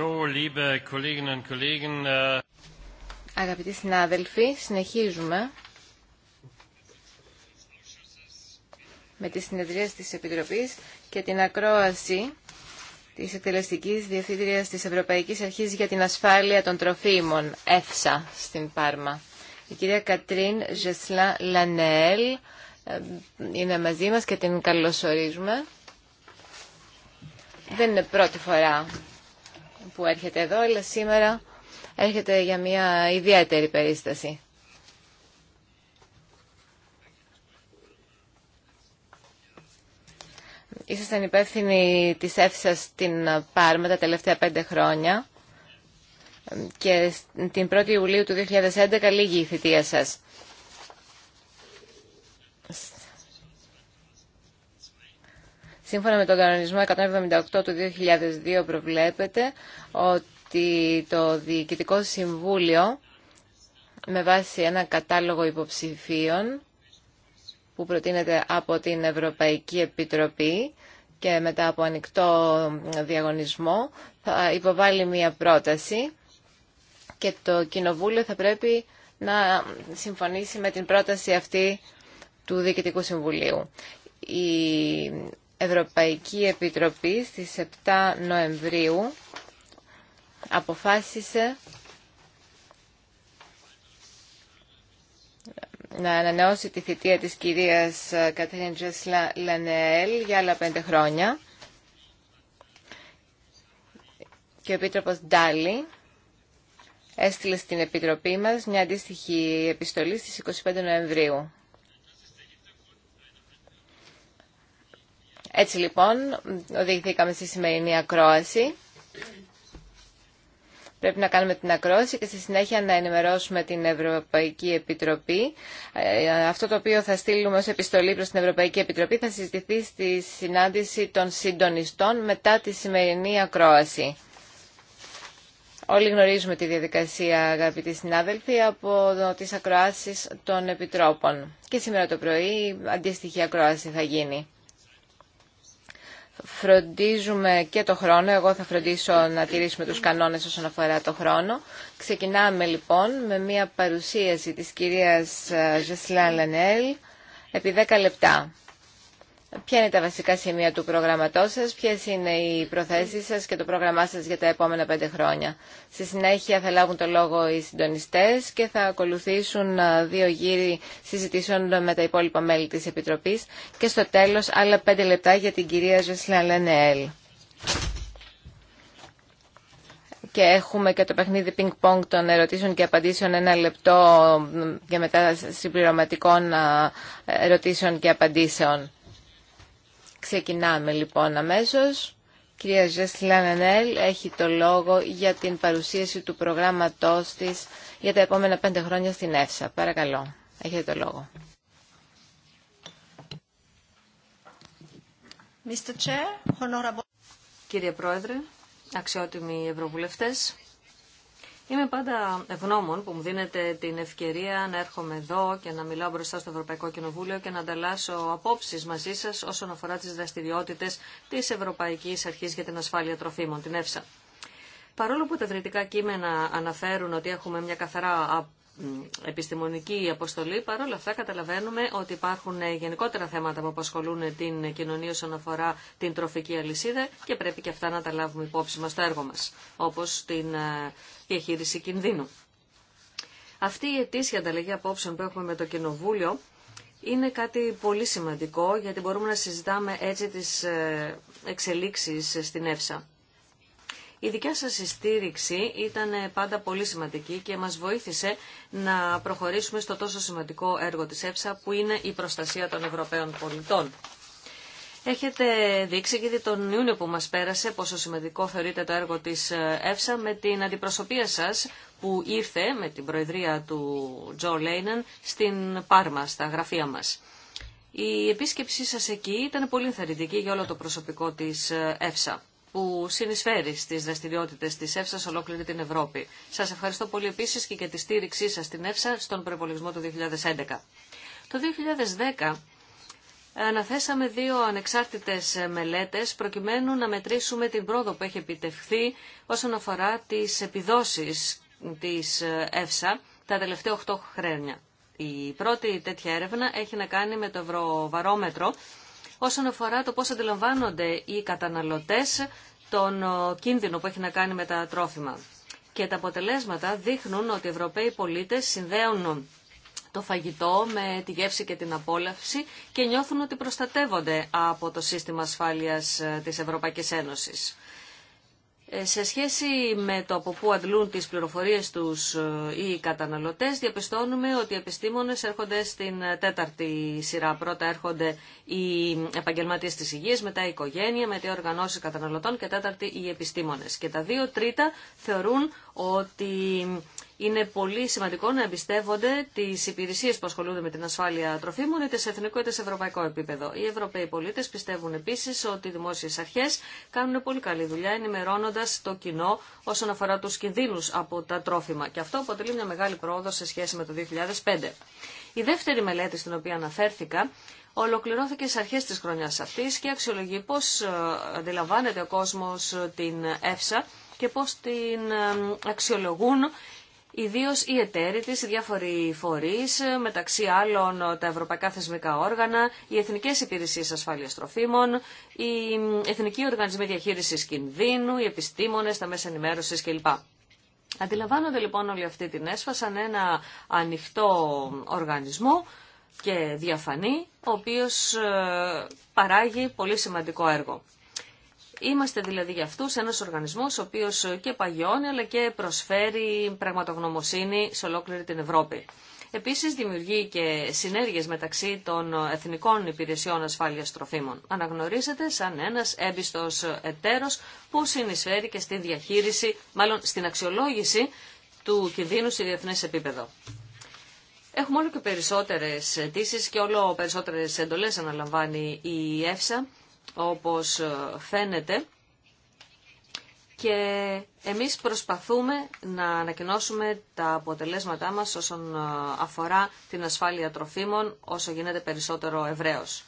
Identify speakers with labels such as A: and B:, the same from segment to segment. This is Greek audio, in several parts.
A: Äh, Αγαπητοί συνάδελφοι, συνεχίζουμε με τις συνεδρίες της Επιτροπής και την ακρόαση της εκτελεστικής διευθύντριας της Ευρωπαϊκής Αρχής για την Ασφάλεια των Τροφίμων, ΕΦΣΑ, στην Πάρμα. Η κυρία Κατρίν Ζεσλά Λανέλ ε, είναι μαζί μας και την καλωσορίζουμε. Δεν είναι πρώτη φορά που έρχεται εδώ, αλλά σήμερα έρχεται για μια ιδιαίτερη περίσταση. Ήσασταν υπεύθυνοι της αίθουσα στην Πάρμα τα τελευταία πέντε χρόνια και την 1η Ιουλίου του 2011 λίγη η θητεία σας. Σύμφωνα με τον κανονισμό 178 του 2002 προβλέπεται ότι το Διοικητικό Συμβούλιο με βάση ένα κατάλογο υποψηφίων που προτείνεται από την Ευρωπαϊκή Επιτροπή και μετά από ανοιχτό διαγωνισμό θα υποβάλει μία πρόταση και το Κοινοβούλιο θα πρέπει να συμφωνήσει με την πρόταση αυτή του Διοικητικού Συμβουλίου. Ευρωπαϊκή Επιτροπή στις 7 Νοεμβρίου αποφάσισε να ανανεώσει τη θητεία της κυρίας Κατρίν Τζεσλα Λανεέλ για άλλα πέντε χρόνια και ο Επίτροπος Ντάλι έστειλε στην Επιτροπή μας μια αντίστοιχη επιστολή στις 25 Νοεμβρίου. Έτσι λοιπόν οδηγηθήκαμε στη σημερινή ακρόαση. Πρέπει να κάνουμε την ακρόαση και στη συνέχεια να ενημερώσουμε την Ευρωπαϊκή Επιτροπή. Ε, αυτό το οποίο θα στείλουμε ως επιστολή προς την Ευρωπαϊκή Επιτροπή θα συζητηθεί στη συνάντηση των συντονιστών μετά τη σημερινή ακρόαση. Όλοι γνωρίζουμε τη διαδικασία, αγαπητοί συνάδελφοι, από τις ακροάσεις των Επιτρόπων. Και σήμερα το πρωί αντίστοιχη ακρόαση θα γίνει φροντίζουμε και το χρόνο. Εγώ θα φροντίσω να τηρήσουμε τους κανόνες όσον αφορά το χρόνο. Ξεκινάμε λοιπόν με μια παρουσίαση της κυρίας Ζεσλά Λανέλ επί 10 λεπτά. Ποια είναι τα βασικά σημεία του προγραμματό σα, ποιε είναι οι προθέσει σα και το πρόγραμμά σα για τα επόμενα πέντε χρόνια. Στη συνέχεια θα λάβουν το λόγο οι συντονιστέ και θα ακολουθήσουν δύο γύροι συζητήσεων με τα υπόλοιπα μέλη τη Επιτροπής και στο τέλο άλλα πέντε λεπτά για την κυρία Ζεσλα Λενεέλ. Και έχουμε και το παιχνίδι πινκ-πονγκ των ερωτήσεων και απαντήσεων ένα λεπτό για μετά συμπληρωματικών ερωτήσεων και απαντήσεων. Ξεκινάμε λοιπόν αμέσως. Κυρία Ζεστιλά Νενέλ έχει το λόγο για την παρουσίαση του προγράμματός της για τα επόμενα πέντε χρόνια στην ΕΦΣΑ. Παρακαλώ, έχετε το λόγο.
B: Κύριε Πρόεδρε, αξιότιμοι ευρωβουλευτές, Είμαι πάντα ευγνώμων που μου δίνετε την ευκαιρία να έρχομαι εδώ και να μιλάω μπροστά στο Ευρωπαϊκό Κοινοβούλιο και να ανταλλάσσω απόψεις μαζί σας όσον αφορά τις δραστηριότητε της Ευρωπαϊκής Αρχής για την Ασφάλεια Τροφίμων, την ΕΦΣΑ. Παρόλο που τα ευρετικά κείμενα αναφέρουν ότι έχουμε μια καθαρά επιστημονική αποστολή. Παρ' όλα αυτά καταλαβαίνουμε ότι υπάρχουν ε, γενικότερα θέματα που απασχολούν την κοινωνία όσον αφορά την τροφική αλυσίδα και πρέπει και αυτά να τα λάβουμε υπόψη μας στο έργο μας, όπως την ε, διαχείριση κινδύνου. Αυτή η αιτήσια ανταλλαγή απόψεων που έχουμε με το Κοινοβούλιο είναι κάτι πολύ σημαντικό γιατί μπορούμε να συζητάμε έτσι τις ε, εξελίξεις στην ΕΦΣΑ. Η δικιά σας στήριξη ήταν ε, πάντα πολύ σημαντική και μας βοήθησε να προχωρήσουμε στο τόσο σημαντικό έργο της ΕΦΣΑ που είναι η προστασία των Ευρωπαίων πολιτών. Έχετε δείξει και τον Ιούνιο που μας πέρασε πόσο σημαντικό θεωρείται το έργο της ε, ΕΦΣΑ με την αντιπροσωπεία σας που ήρθε με την προεδρία του Τζο Λέινεν στην Πάρμα, στα γραφεία μας. Η επίσκεψή σας εκεί ήταν πολύ ενθαρρυντική για όλο το προσωπικό της ε, ΕΦΣΑ που συνεισφέρει στις δραστηριότητε τη ΕΦΣΑ σε ολόκληρη την Ευρώπη. Σα ευχαριστώ πολύ επίση και για τη στήριξή σα στην ΕΦΣΑ στον προπολογισμό του 2011. Το 2010 ε, αναθέσαμε δύο ανεξάρτητες μελέτες προκειμένου να μετρήσουμε την πρόοδο που έχει επιτευχθεί όσον αφορά τις επιδόσεις της ε, ΕΦΣΑ τα τελευταία 8 χρόνια. Η πρώτη τέτοια έρευνα έχει να κάνει με το ευρωβαρόμετρο όσον αφορά το πώς αντιλαμβάνονται οι καταναλωτές τον ε, κίνδυνο που έχει να κάνει με τα τρόφιμα. Και τα αποτελέσματα δείχνουν ότι οι Ευρωπαίοι πολίτες συνδέουν το φαγητό με τη γεύση και την απόλαυση και νιώθουν ότι προστατεύονται από το σύστημα ασφάλειας ε, της Ευρωπαϊκής Ένωσης. Ε, σε σχέση με το από πού αντλούν τις πληροφορίες τους ε, οι καταναλωτές, διαπιστώνουμε ότι οι επιστήμονες έρχονται στην τέταρτη σειρά. Πρώτα έρχονται οι επαγγελματίες της υγείας, μετά η οικογένεια, μετά οι οργανώσεις καταναλωτών και τέταρτη οι επιστήμονες. Και τα δύο τρίτα θεωρούν ότι είναι πολύ σημαντικό να εμπιστεύονται τι υπηρεσίε που ασχολούνται με την ασφάλεια τροφίμων, είτε σε εθνικό είτε σε ευρωπαϊκό επίπεδο. Οι Ευρωπαίοι πολίτε πιστεύουν επίση ότι οι δημόσιε αρχέ κάνουν πολύ καλή δουλειά ενημερώνοντα το κοινό όσον αφορά του κινδύνου από τα τρόφιμα. Και αυτό αποτελεί μια μεγάλη πρόοδο σε σχέση με το 2005. Η δεύτερη μελέτη στην οποία αναφέρθηκα ολοκληρώθηκε στι αρχέ τη χρονιά αυτή και αξιολογεί πώ ε, αντιλαμβάνεται ο κόσμο την ΕΦΣΑ και πώς την ε, αξιολογούν Ιδίω οι εταίροι τη, οι διάφοροι φορεί, ε, μεταξύ άλλων ε, τα ευρωπαϊκά θεσμικά όργανα, οι εθνικέ υπηρεσίε ασφάλεια τροφίμων, οι εθνικοί οργανισμοί διαχείριση κινδύνου, οι επιστήμονε, τα μέσα ενημέρωση κλπ. Αντιλαμβάνονται λοιπόν όλη αυτή την έσφα σαν ένα ανοιχτό οργανισμό και διαφανή, ο οποίος παράγει πολύ σημαντικό έργο. Είμαστε δηλαδή για αυτούς ένας οργανισμός ο οποίος και παγιώνει αλλά και προσφέρει πραγματογνωμοσύνη σε ολόκληρη την Ευρώπη. Επίσης δημιουργεί και συνέργειες μεταξύ των Εθνικών Υπηρεσιών Ασφάλειας Τροφίμων. Αναγνωρίζεται σαν ένας έμπιστος εταίρος που συνεισφέρει και στη διαχείριση, μάλλον στην αξιολόγηση του κινδύνου σε διεθνές επίπεδο. Έχουμε όλο και περισσότερες αιτήσει και όλο περισσότερες εντολές αναλαμβάνει η ΕΦΣΑ όπως ε, φαίνεται και εμείς προσπαθούμε να ανακοινώσουμε τα αποτελέσματά μας όσον ε, αφορά την ασφάλεια τροφίμων όσο γίνεται περισσότερο ευρέως.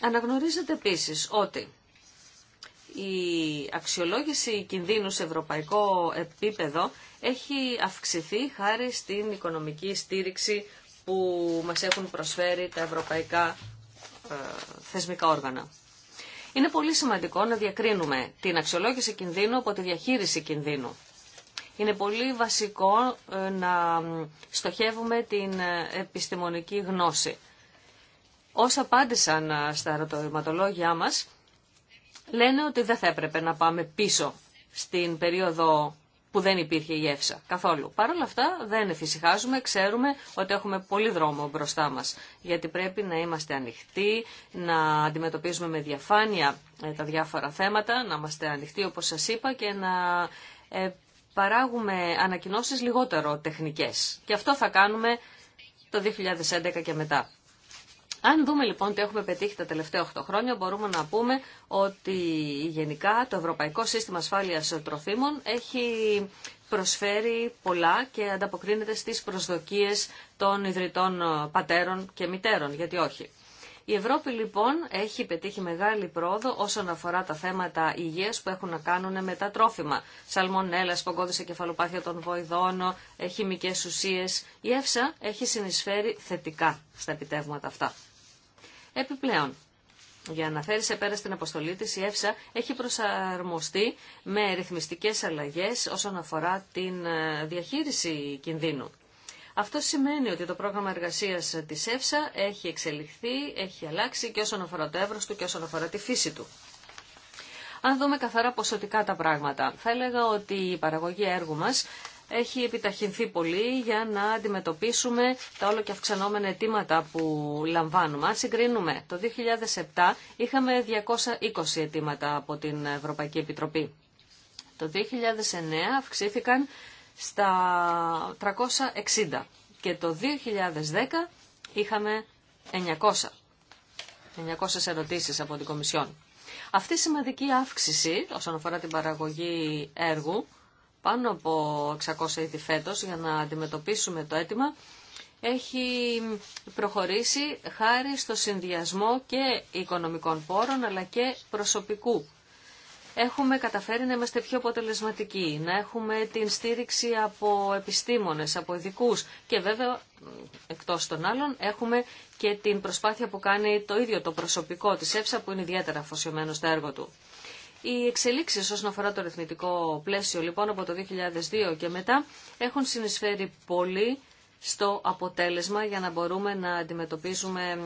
B: Αναγνωρίζετε επίσης ότι η αξιολόγηση κινδύνου σε ευρωπαϊκό επίπεδο έχει αυξηθεί χάρη στην οικονομική στήριξη που μας έχουν προσφέρει τα ευρωπαϊκά ε, θεσμικά όργανα. Είναι πολύ σημαντικό να διακρίνουμε την αξιολόγηση κινδύνου από τη διαχείριση κινδύνου. Είναι πολύ βασικό ε, να στοχεύουμε την ε, επιστημονική γνώση. Όσα απάντησαν στα ερωτηματολόγια μας, λένε ότι δεν θα έπρεπε να πάμε πίσω στην περίοδο που δεν υπήρχε η ΕΦΣΑ καθόλου. Παρ' όλα αυτά δεν εφησυχάζουμε, ξέρουμε ότι έχουμε πολύ δρόμο μπροστά μας, γιατί πρέπει να είμαστε ανοιχτοί, να αντιμετωπίζουμε με διαφάνεια ε, τα διάφορα θέματα, να είμαστε ανοιχτοί όπως σας είπα και να ε, παράγουμε ανακοινώσεις λιγότερο τεχνικές. Και αυτό θα κάνουμε το 2011 και μετά. Αν δούμε λοιπόν τι έχουμε πετύχει τα τελευταία 8 χρόνια, μπορούμε να πούμε ότι γενικά το Ευρωπαϊκό Σύστημα Ασφάλειας Τροφίμων έχει προσφέρει πολλά και ανταποκρίνεται στις προσδοκίες των ιδρυτών ε, πατέρων και μητέρων, γιατί όχι. Η Ευρώπη λοιπόν έχει πετύχει μεγάλη πρόοδο όσον αφορά τα θέματα υγείας που έχουν να κάνουν με τα τρόφιμα. Σαλμονέλα, σπογγώδησε κεφαλοπάθεια των βοηδών, ε, χημικές ουσίες. Η ΕΦΣΑ έχει συνεισφέρει θετικά στα επιτεύγματα αυτά. Επιπλέον, για να φέρει σε πέρα στην αποστολή της, η ΕΦΣΑ έχει προσαρμοστεί με ρυθμιστικές αλλαγές όσον αφορά την ε, διαχείριση κινδύνου. Αυτό σημαίνει ότι το πρόγραμμα εργασίας της ΕΦΣΑ έχει εξελιχθεί, έχει αλλάξει και όσον αφορά το εύρος του και όσον αφορά τη φύση του. Αν δούμε καθαρά ποσοτικά τα πράγματα, θα έλεγα ότι η παραγωγή έργου μας έχει επιταχυνθεί πολύ για να αντιμετωπίσουμε τα όλο και αυξανόμενα αιτήματα που λαμβάνουμε. Αν συγκρίνουμε, το 2007 είχαμε 220 αιτήματα από την Ευρωπαϊκή Επιτροπή. Το 2009 αυξήθηκαν στα 360 και το 2010 είχαμε 900. 900 ερωτήσεις από την Κομισιόν. Αυτή η σημαντική αύξηση όσον αφορά την παραγωγή έργου πάνω από 600 ήδη φέτος για να αντιμετωπίσουμε το αίτημα έχει προχωρήσει χάρη στο συνδυασμό και οικονομικών πόρων αλλά και προσωπικού. Έχουμε καταφέρει να είμαστε πιο αποτελεσματικοί, να έχουμε την στήριξη από επιστήμονες, από ειδικού και βέβαια εκτός των άλλων έχουμε και την προσπάθεια που κάνει το ίδιο το προσωπικό της ΕΦΣΑ που είναι ιδιαίτερα αφοσιωμένο στο έργο του. Οι εξελίξει όσον αφορά το ρυθμιτικό πλαίσιο λοιπόν από το 2002 και μετά έχουν συνεισφέρει πολύ στο αποτέλεσμα για να μπορούμε να αντιμετωπίζουμε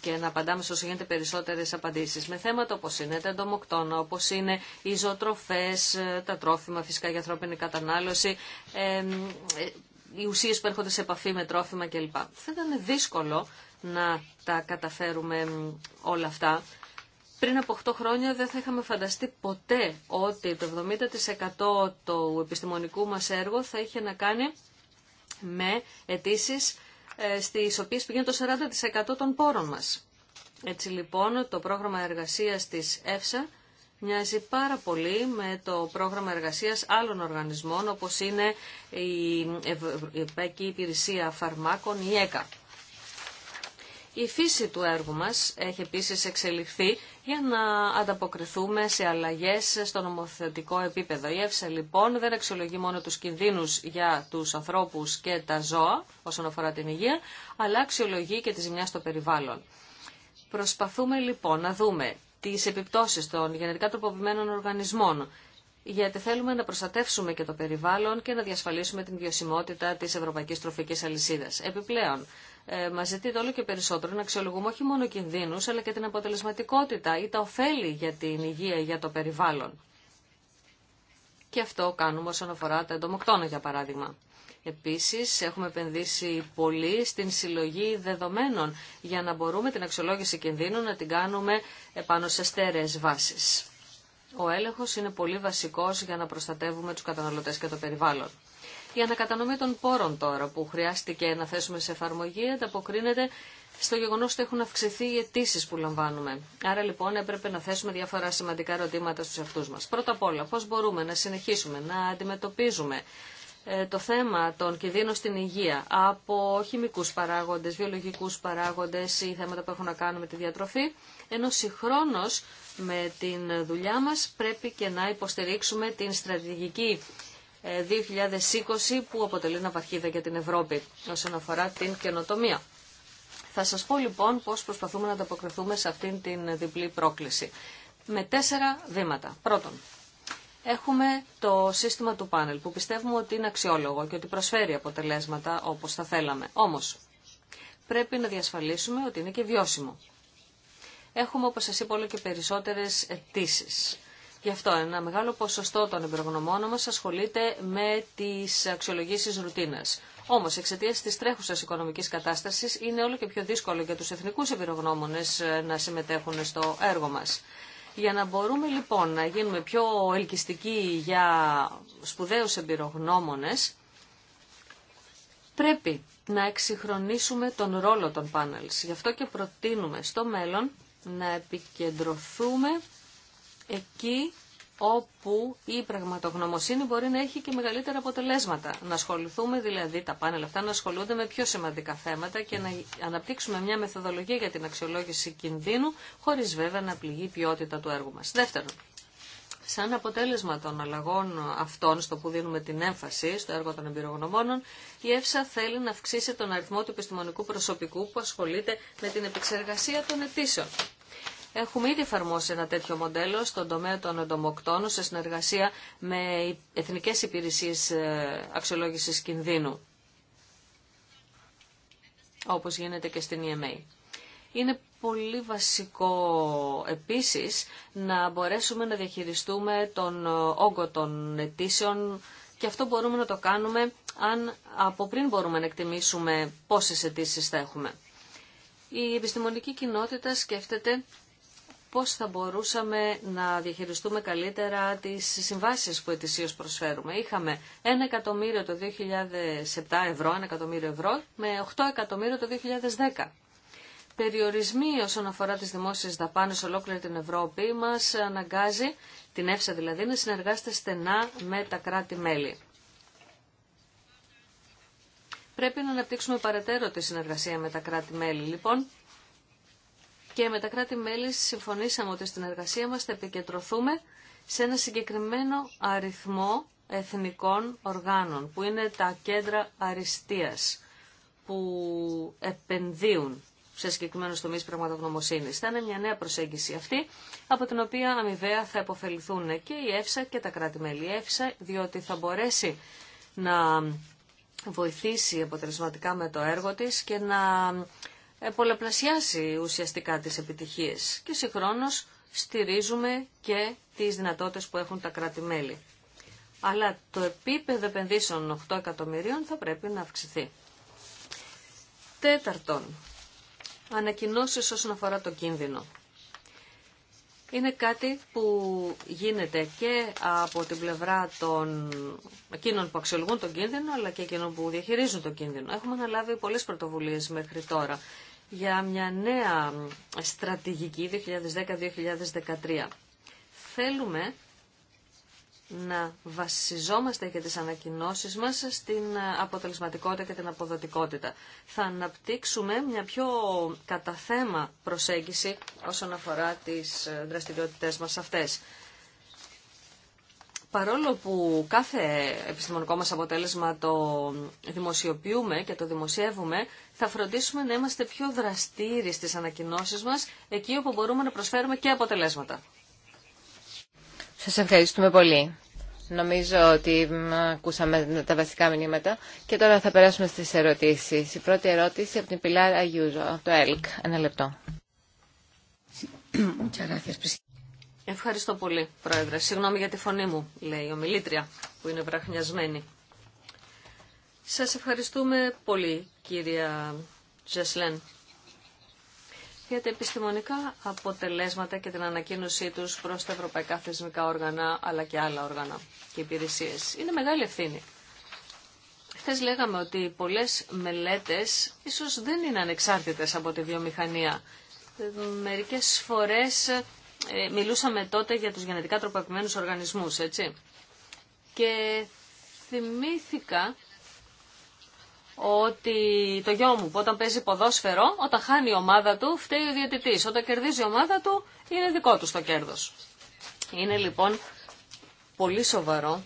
B: και να απαντάμε σε όσο γίνεται περισσότερες απαντήσεις. Με θέματα όπως είναι τα εντομοκτώνα, όπως είναι οι ζωοτροφές, τα τρόφιμα φυσικά για ανθρώπινη κατανάλωση, ε, οι ουσίες που έρχονται σε επαφή με τρόφιμα κλπ. Θα ήταν δύσκολο να τα καταφέρουμε όλα αυτά πριν από 8 χρόνια δεν θα είχαμε φανταστεί ποτέ ότι το 70% του επιστημονικού μας έργου θα είχε να κάνει με αιτήσει ε, στις οποίες πηγαίνει το 40% των πόρων μας. Έτσι λοιπόν το πρόγραμμα εργασίας της ΕΦΣΑ μοιάζει πάρα πολύ με το πρόγραμμα εργασίας άλλων οργανισμών όπως είναι η Ευρωπαϊκή Υπηρεσία Φαρμάκων, η ΕΚΑ. Η φύση του έργου μας έχει επίσης εξελιχθεί για να ανταποκριθούμε σε αλλαγές στο νομοθετικό επίπεδο. Η ΕΦΣΑ λοιπόν δεν αξιολογεί μόνο τους κινδύνους για τους ανθρώπους και τα ζώα όσον αφορά την υγεία, αλλά αξιολογεί και τη ζημιά στο περιβάλλον. Προσπαθούμε λοιπόν να δούμε τις επιπτώσεις των γενετικά τροποποιημένων οργανισμών, γιατί θέλουμε να προστατεύσουμε και το περιβάλλον και να διασφαλίσουμε την βιωσιμότητα της ευρωπαϊκής τροφικής αλυσίδας. Επιπλέον, ε, μας ζητείται όλο και περισσότερο να αξιολογούμε όχι μόνο κινδύνους, αλλά και την αποτελεσματικότητα ή τα ωφέλη για την υγεία ή για το περιβάλλον. Και αυτό κάνουμε όσον αφορά τα εντομοκτώνα, για παράδειγμα. Επίση, έχουμε επενδύσει πολύ στην συλλογή δεδομένων για να μπορούμε την αξιολόγηση κινδύνου να την κάνουμε επάνω σε στέρεες βάσεις. Ο έλεγχος είναι πολύ βασικός για να προστατεύουμε τους καταναλωτές και το περιβάλλον. Η ανακατανομή των πόρων τώρα που χρειάστηκε να θέσουμε σε εφαρμογή ανταποκρίνεται στο γεγονό ότι έχουν αυξηθεί οι αιτήσει που λαμβάνουμε. Άρα λοιπόν έπρεπε να θέσουμε διάφορα σημαντικά ερωτήματα στου εαυτού μα. Πρώτα απ' όλα, πώ μπορούμε να συνεχίσουμε να αντιμετωπίζουμε ε, το θέμα των κινδύνων στην υγεία από χημικού παράγοντε, βιολογικού παράγοντε ή θέματα που έχουν να κάνουν με τη διατροφή, ενώ συγχρόνως με την δουλειά μα πρέπει και να υποστηρίξουμε την στρατηγική 2020 ε, που αποτελεί να βαρχίδα για την Ευρώπη όσον αφορά την καινοτομία. Θα σας πω λοιπόν πώς προσπαθούμε να ανταποκριθούμε σε αυτήν την διπλή πρόκληση. Με τέσσερα βήματα. Πρώτον, έχουμε το σύστημα του πάνελ που πιστεύουμε ότι είναι αξιόλογο και ότι προσφέρει αποτελέσματα όπως θα θέλαμε. Όμως, πρέπει να διασφαλίσουμε ότι είναι και βιώσιμο. Έχουμε, όπως σας είπα, όλο και περισσότερες αιτήσει. Γι' αυτό ένα μεγάλο ποσοστό των εμπειρογνωμών μα ασχολείται με τις αξιολογήσεις ρουτίνας. Όμω, εξαιτία τη τρέχουσα οικονομική κατάσταση, είναι όλο και πιο δύσκολο για του εθνικού εμπειρογνώμονε ε, να συμμετέχουν στο έργο μα. Για να μπορούμε λοιπόν να γίνουμε πιο ελκυστικοί για σπουδαίους εμπειρογνώμονε. πρέπει να εξυγχρονίσουμε τον ρόλο των πάνελ. Γι' αυτό και προτείνουμε στο μέλλον να επικεντρωθούμε εκεί όπου η πραγματογνωμοσύνη μπορεί να έχει και μεγαλύτερα αποτελέσματα. Να ασχοληθούμε δηλαδή τα πάνελ αυτά, να ασχολούνται με πιο σημαντικά θέματα και να αναπτύξουμε μια μεθοδολογία για την αξιολόγηση κινδύνου, χωρίς βέβαια να πληγεί η ποιότητα του έργου μας. Δεύτερον, σαν αποτέλεσμα των αλλαγών αυτών, στο που δίνουμε την έμφαση στο έργο των εμπειρογνωμόνων, η ΕΦΣΑ θέλει να αυξήσει τον αριθμό του επιστημονικού προσωπικού που ασχολείται με την επεξεργασία των αιτήσεων. Έχουμε ήδη εφαρμόσει ένα τέτοιο μοντέλο στον τομέα των εντομοκτών σε συνεργασία με εθνικές υπηρεσίες ε, αξιολόγησης κινδύνου, όπως γίνεται και στην EMA. Είναι πολύ βασικό επίσης να μπορέσουμε να διαχειριστούμε τον όγκο των αιτήσεων και αυτό μπορούμε να το κάνουμε αν από πριν μπορούμε να εκτιμήσουμε πόσες αιτήσει θα έχουμε. Η επιστημονική κοινότητα σκέφτεται πώς θα μπορούσαμε να διαχειριστούμε καλύτερα τις συμβάσεις που ετησίως προσφέρουμε. Είχαμε 1 εκατομμύριο το 2007 ευρώ, 1 εκατομμύριο ευρώ, με 8 εκατομμύριο το 2010. Περιορισμοί όσον αφορά τις δημόσιες δαπάνες ολόκληρη την Ευρώπη μας αναγκάζει, την ΕΦΣΑ δηλαδή, να συνεργάζεται στενά με τα κράτη-μέλη. Πρέπει να αναπτύξουμε παρετέρω τη συνεργασία με τα κράτη-μέλη, λοιπόν, και με τα κράτη-μέλη συμφωνήσαμε ότι στην εργασία μας θα επικεντρωθούμε σε ένα συγκεκριμένο αριθμό εθνικών οργάνων, που είναι τα κέντρα αριστείας, που επενδύουν σε συγκεκριμένους τομείς πραγματογνωμοσύνης. Θα είναι μια νέα προσέγγιση αυτή, από την οποία αμοιβαία θα υποφεληθούν και η ΕΦΣΑ και τα κράτη-μέλη. Η ΕΦΣΑ, διότι θα μπορέσει να βοηθήσει αποτελεσματικά με το έργο της και να ε, πολλαπλασιάσει ουσιαστικά τις επιτυχίες και συγχρόνως στηρίζουμε και τις δυνατότητες που έχουν τα κράτη-μέλη. Αλλά το επίπεδο επενδύσεων 8 εκατομμυρίων θα πρέπει να αυξηθεί. Τέταρτον, ανακοινώσεις όσον αφορά το κίνδυνο. Είναι κάτι που γίνεται και από την πλευρά των εκείνων που αξιολογούν τον κίνδυνο, αλλά και εκείνων που διαχειρίζουν τον κίνδυνο. Έχουμε αναλάβει πολλές πρωτοβουλίες μέχρι τώρα για μια νέα στρατηγική 2010-2013. Θέλουμε να βασιζόμαστε και τις ανακοινώσεις μας στην αποτελεσματικότητα και την αποδοτικότητα. Θα αναπτύξουμε μια πιο καταθέμα προσέγγιση όσον αφορά τις δραστηριότητές μας αυτές. Παρόλο που κάθε επιστημονικό μας αποτέλεσμα το δημοσιοποιούμε και το δημοσιεύουμε, θα φροντίσουμε να είμαστε πιο δραστήριοι στις ανακοινώσεις μας, εκεί όπου μπορούμε να προσφέρουμε και αποτελέσματα.
A: Σας ευχαριστούμε πολύ. Νομίζω ότι ακούσαμε τα βασικά μηνύματα και τώρα θα περάσουμε στις ερωτήσεις. Η πρώτη ερώτηση από την Πιλάρ Αγιούζο, από το ΕΛΚ. Ένα λεπτό. Ευχαριστώ
B: πολύ, Πρόεδρε. Συγγνώμη για τη φωνή μου, λέει η ομιλήτρια, που είναι βραχνιασμένη. Σας ευχαριστούμε πολύ, κυρία Τζεσλέν, για τα επιστημονικά αποτελέσματα και την ανακοίνωσή τους προς τα ευρωπαϊκά θεσμικά όργανα, αλλά και άλλα όργανα και υπηρεσίες. Είναι μεγάλη ευθύνη. Χθε λέγαμε ότι πολλές μελέτες ίσως δεν είναι ανεξάρτητες από τη βιομηχανία. Μερικές φορές ε, μιλούσαμε τότε για τους γενετικά τροποποιημένους οργανισμούς, έτσι. Και θυμήθηκα ότι το γιο μου όταν παίζει ποδόσφαιρο, όταν χάνει η ομάδα του, φταίει ο διαιτητής. Όταν κερδίζει η ομάδα του, είναι δικό του το κέρδος. Είναι λοιπόν πολύ σοβαρό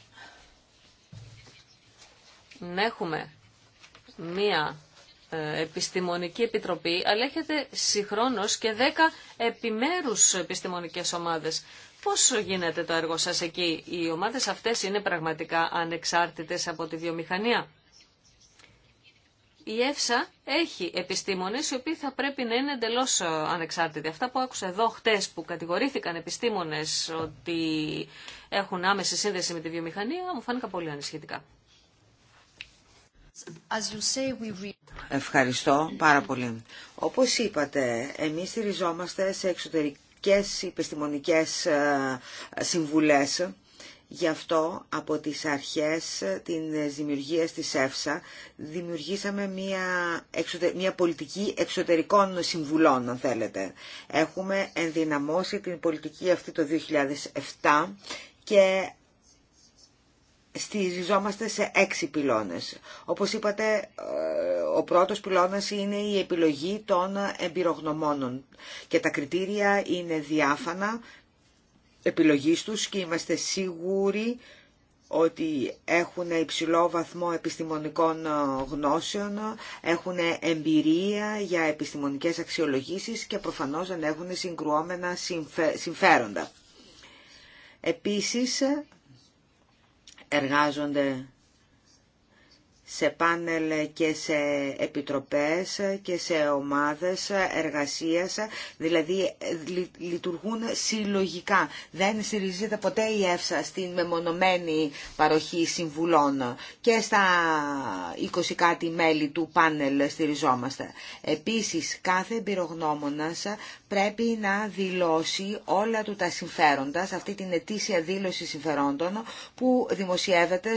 B: να έχουμε μία ε, επιστημονική επιτροπή, αλλά έχετε συγχρόνως και 10 επιμέρους επιστημονικές ομάδες. Πώς γίνεται το έργο σας εκεί, οι ομάδες αυτές είναι πραγματικά ανεξάρτητες από τη βιομηχανία. Η ΕΦΣΑ έχει επιστήμονες οι οποίοι θα πρέπει να είναι εντελώ ε, ανεξάρτητοι. Αυτά που άκουσα εδώ χτες που κατηγορήθηκαν επιστήμονες ότι έχουν άμεση σύνδεση με τη βιομηχανία μου φάνηκαν πολύ ανησυχητικά.
C: Ευχαριστώ πάρα πολύ. Όπως είπατε, εμείς στηριζόμαστε σε εξωτερικές επιστημονικές ε, συμβουλές. Γι' αυτό από τις αρχές την δημιουργία της ΕΦΣΑ δημιουργήσαμε μια, μια πολιτική εξωτερικών συμβουλών, αν θέλετε. Έχουμε ενδυναμώσει την πολιτική αυτή το 2007 και στηριζόμαστε σε έξι πυλώνες. Όπως είπατε, ε, ο πρώτος πυλώνας είναι η επιλογή των εμπειρογνωμόνων και τα κριτήρια είναι διάφανα επιλογής τους και είμαστε σίγουροι ότι έχουν υψηλό βαθμό επιστημονικών ε, γνώσεων, έχουν εμπειρία για επιστημονικές αξιολογήσεις και προφανώς δεν έχουν συγκρουόμενα συμφέροντα. Επίσης, εργάζονται σε πάνελ και σε επιτροπές και σε ομάδες εργασίας, δηλαδή ε, λειτουργούν συλλογικά. Δεν στηρίζεται ποτέ η ΕΦΣΑ στην μεμονωμένη παροχή συμβουλών και στα 20 κάτι μέλη του πάνελ στηριζόμαστε. Επίσης, κάθε εμπειρογνώμονας πρέπει να δηλώσει όλα του τα συμφέροντα, σε αυτή την ετήσια δήλωση συμφερόντων που δημοσιεύεται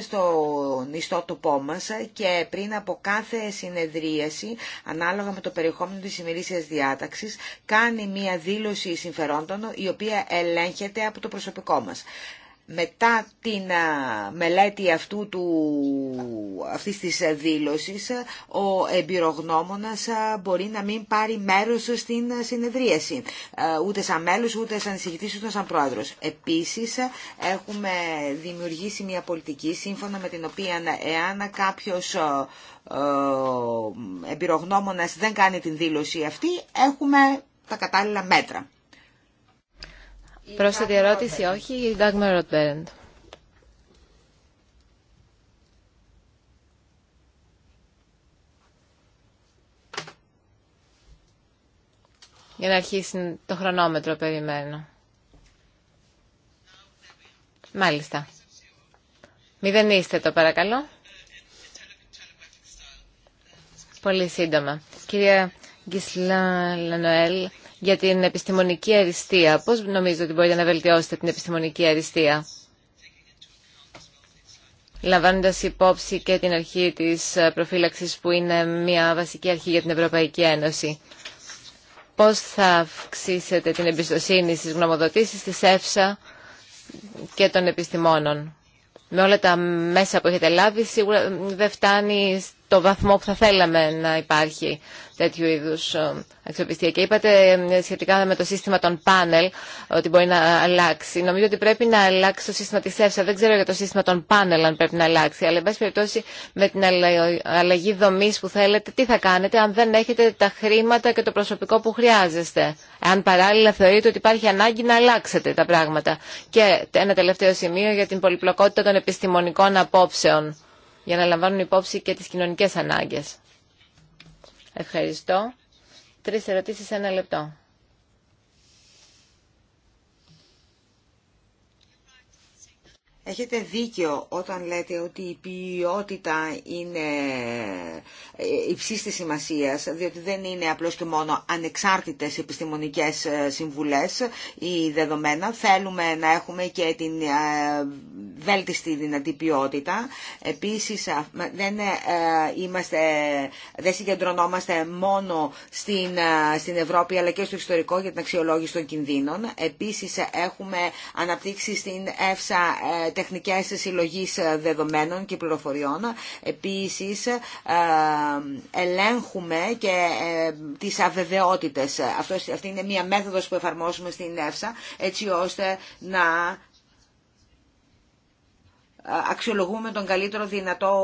C: νηστό τοπό μας και πριν από κάθε συνεδρίαση, ανάλογα με το περιεχόμενο της ημερήσιας διάταξης, κάνει μία δήλωση συμφερόντων η οποία ελέγχεται από το προσωπικό μας μετά την μελέτη αυτού του, αυτής της δήλωσης ο εμπειρογνώμονας μπορεί να μην πάρει μέρος στην συνεδρίαση ούτε σαν μέλος ούτε σαν εισηγητής ούτε σαν πρόεδρος. Επίσης έχουμε δημιουργήσει μια πολιτική σύμφωνα με την οποία εάν κάποιος εμπειρογνώμονας δεν κάνει την δήλωση αυτή έχουμε τα κατάλληλα μέτρα.
A: Πρόσθετη ερώτηση, όχι, η Dagmar Για να αρχίσει το χρονόμετρο, περιμένω. Μάλιστα. Μηδεν είστε το παρακαλώ. Πολύ σύντομα. Κυρία Γκισλά Λανοέλ, για την επιστημονική αριστεία. Πώς νομίζετε ότι μπορείτε να βελτιώσετε την επιστημονική αριστεία λαμβάνοντας υπόψη και την αρχή της προφύλαξης που είναι μια βασική αρχή για την Ευρωπαϊκή Ένωση. Πώς θα αυξήσετε την εμπιστοσύνη στις γνωμοδοτήσεις της ΕΦΣΑ και των επιστημόνων. Με όλα τα μέσα που έχετε λάβει σίγουρα δεν φτάνει το βαθμό που θα θέλαμε να υπάρχει τέτοιου είδου ε, αξιοπιστία. Και είπατε σχετικά με το σύστημα των πάνελ ότι μπορεί να αλλάξει. Νομίζω ότι πρέπει να αλλάξει το σύστημα τη ΕΦΣΑ. Δεν ξέρω για το σύστημα των πάνελ αν πρέπει να αλλάξει. Αλλά, εν πάση περιπτώσει, με την αλλαγή δομή που θέλετε, τι θα κάνετε αν δεν έχετε τα χρήματα και το προσωπικό που χρειάζεστε. Αν παράλληλα θεωρείτε ότι υπάρχει ανάγκη να αλλάξετε τα πράγματα. Και ένα τελευταίο σημείο για την πολυπλοκότητα των επιστημονικών απόψεων για να λαμβάνουν υπόψη και τις κοινωνικές ανάγκες. Ευχαριστώ. Τρεις ερωτήσεις σε ένα λεπτό.
C: Έχετε δίκιο όταν λέτε ότι η ποιότητα είναι ε, υψίστης σημασία, διότι δεν είναι απλώς και μόνο ανεξάρτητες επιστημονικές ε, συμβουλές ή δεδομένα. Θέλουμε να έχουμε και την ε, βέλτιστη δυνατή ποιότητα. Επίσης δεν, ε, είμαστε, δεν συγκεντρωνόμαστε μόνο στην, ε, στην Ευρώπη αλλά και στο ιστορικό για την αξιολόγηση των κινδύνων. Επίσης έχουμε αναπτύξει στην ΕΦΣΑ ε, τεχνικές συλλογής δεδομένων και πληροφοριών. Επίσης ελέγχουμε και τις αβεβαιότητες. αυτή είναι μία μέθοδος που εφαρμόσουμε στην ΕΦΣΑ έτσι ώστε να αξιολογούμε τον καλύτερο δυνατό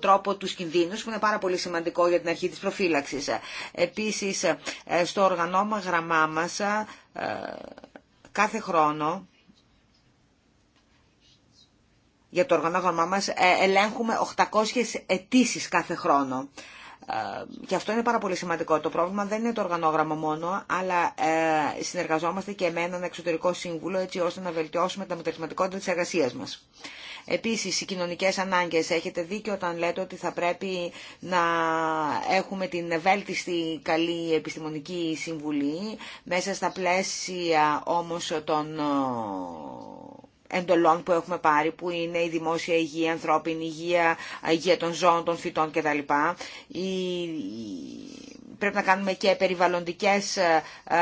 C: τρόπο του κινδύνου, που είναι πάρα πολύ σημαντικό για την αρχή της προφύλαξης. Επίσης ε, στο οργανώμα γραμμά ε, κάθε χρόνο για το οργανόγραμμά μας ε, ελέγχουμε 800 αιτήσει κάθε χρόνο. Και αυτό είναι πάρα πολύ σημαντικό. Το πρόβλημα δεν είναι το οργανόγραμμα μόνο, αλλά συνεργαζόμαστε και με έναν εξωτερικό σύμβουλο έτσι ώστε να βελτιώσουμε τα μεταρρυθματικότητα της εργασίας μας. Επίσης, οι κοινωνικές ανάγκες. Έχετε δίκιο όταν λέτε ότι θα πρέπει να έχουμε την ευέλτιστη καλή επιστημονική συμβουλή, μέσα στα πλαίσια όμως των ε, εντολών που έχουμε πάρει, που είναι η δημόσια υγεία, η ανθρώπινη υγεία, η υγεία των ζώων, των φυτών κτλ. Η πρέπει να κάνουμε και περιβαλλοντικές ε, ε,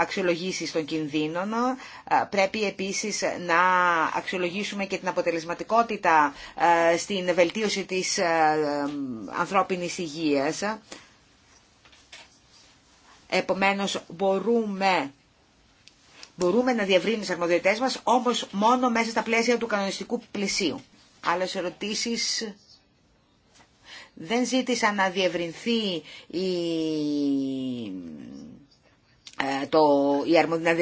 C: αξιολογήσεις των κινδύνων. Ε, πρέπει επίσης να αξιολογήσουμε και την αποτελεσματικότητα στην βελτίωση της ανθρώπινης υγείας. Επομένως, μπορούμε Μπορούμε να διευρύνουμε τι αρμοδιότητέ μας όμως μόνο μέσα στα πλαίσια του κανονιστικού πλαισίου. Άλλες ερωτήσεις δεν ζήτησα να διευρυνθεί η... Ε, το, η αρμο, να,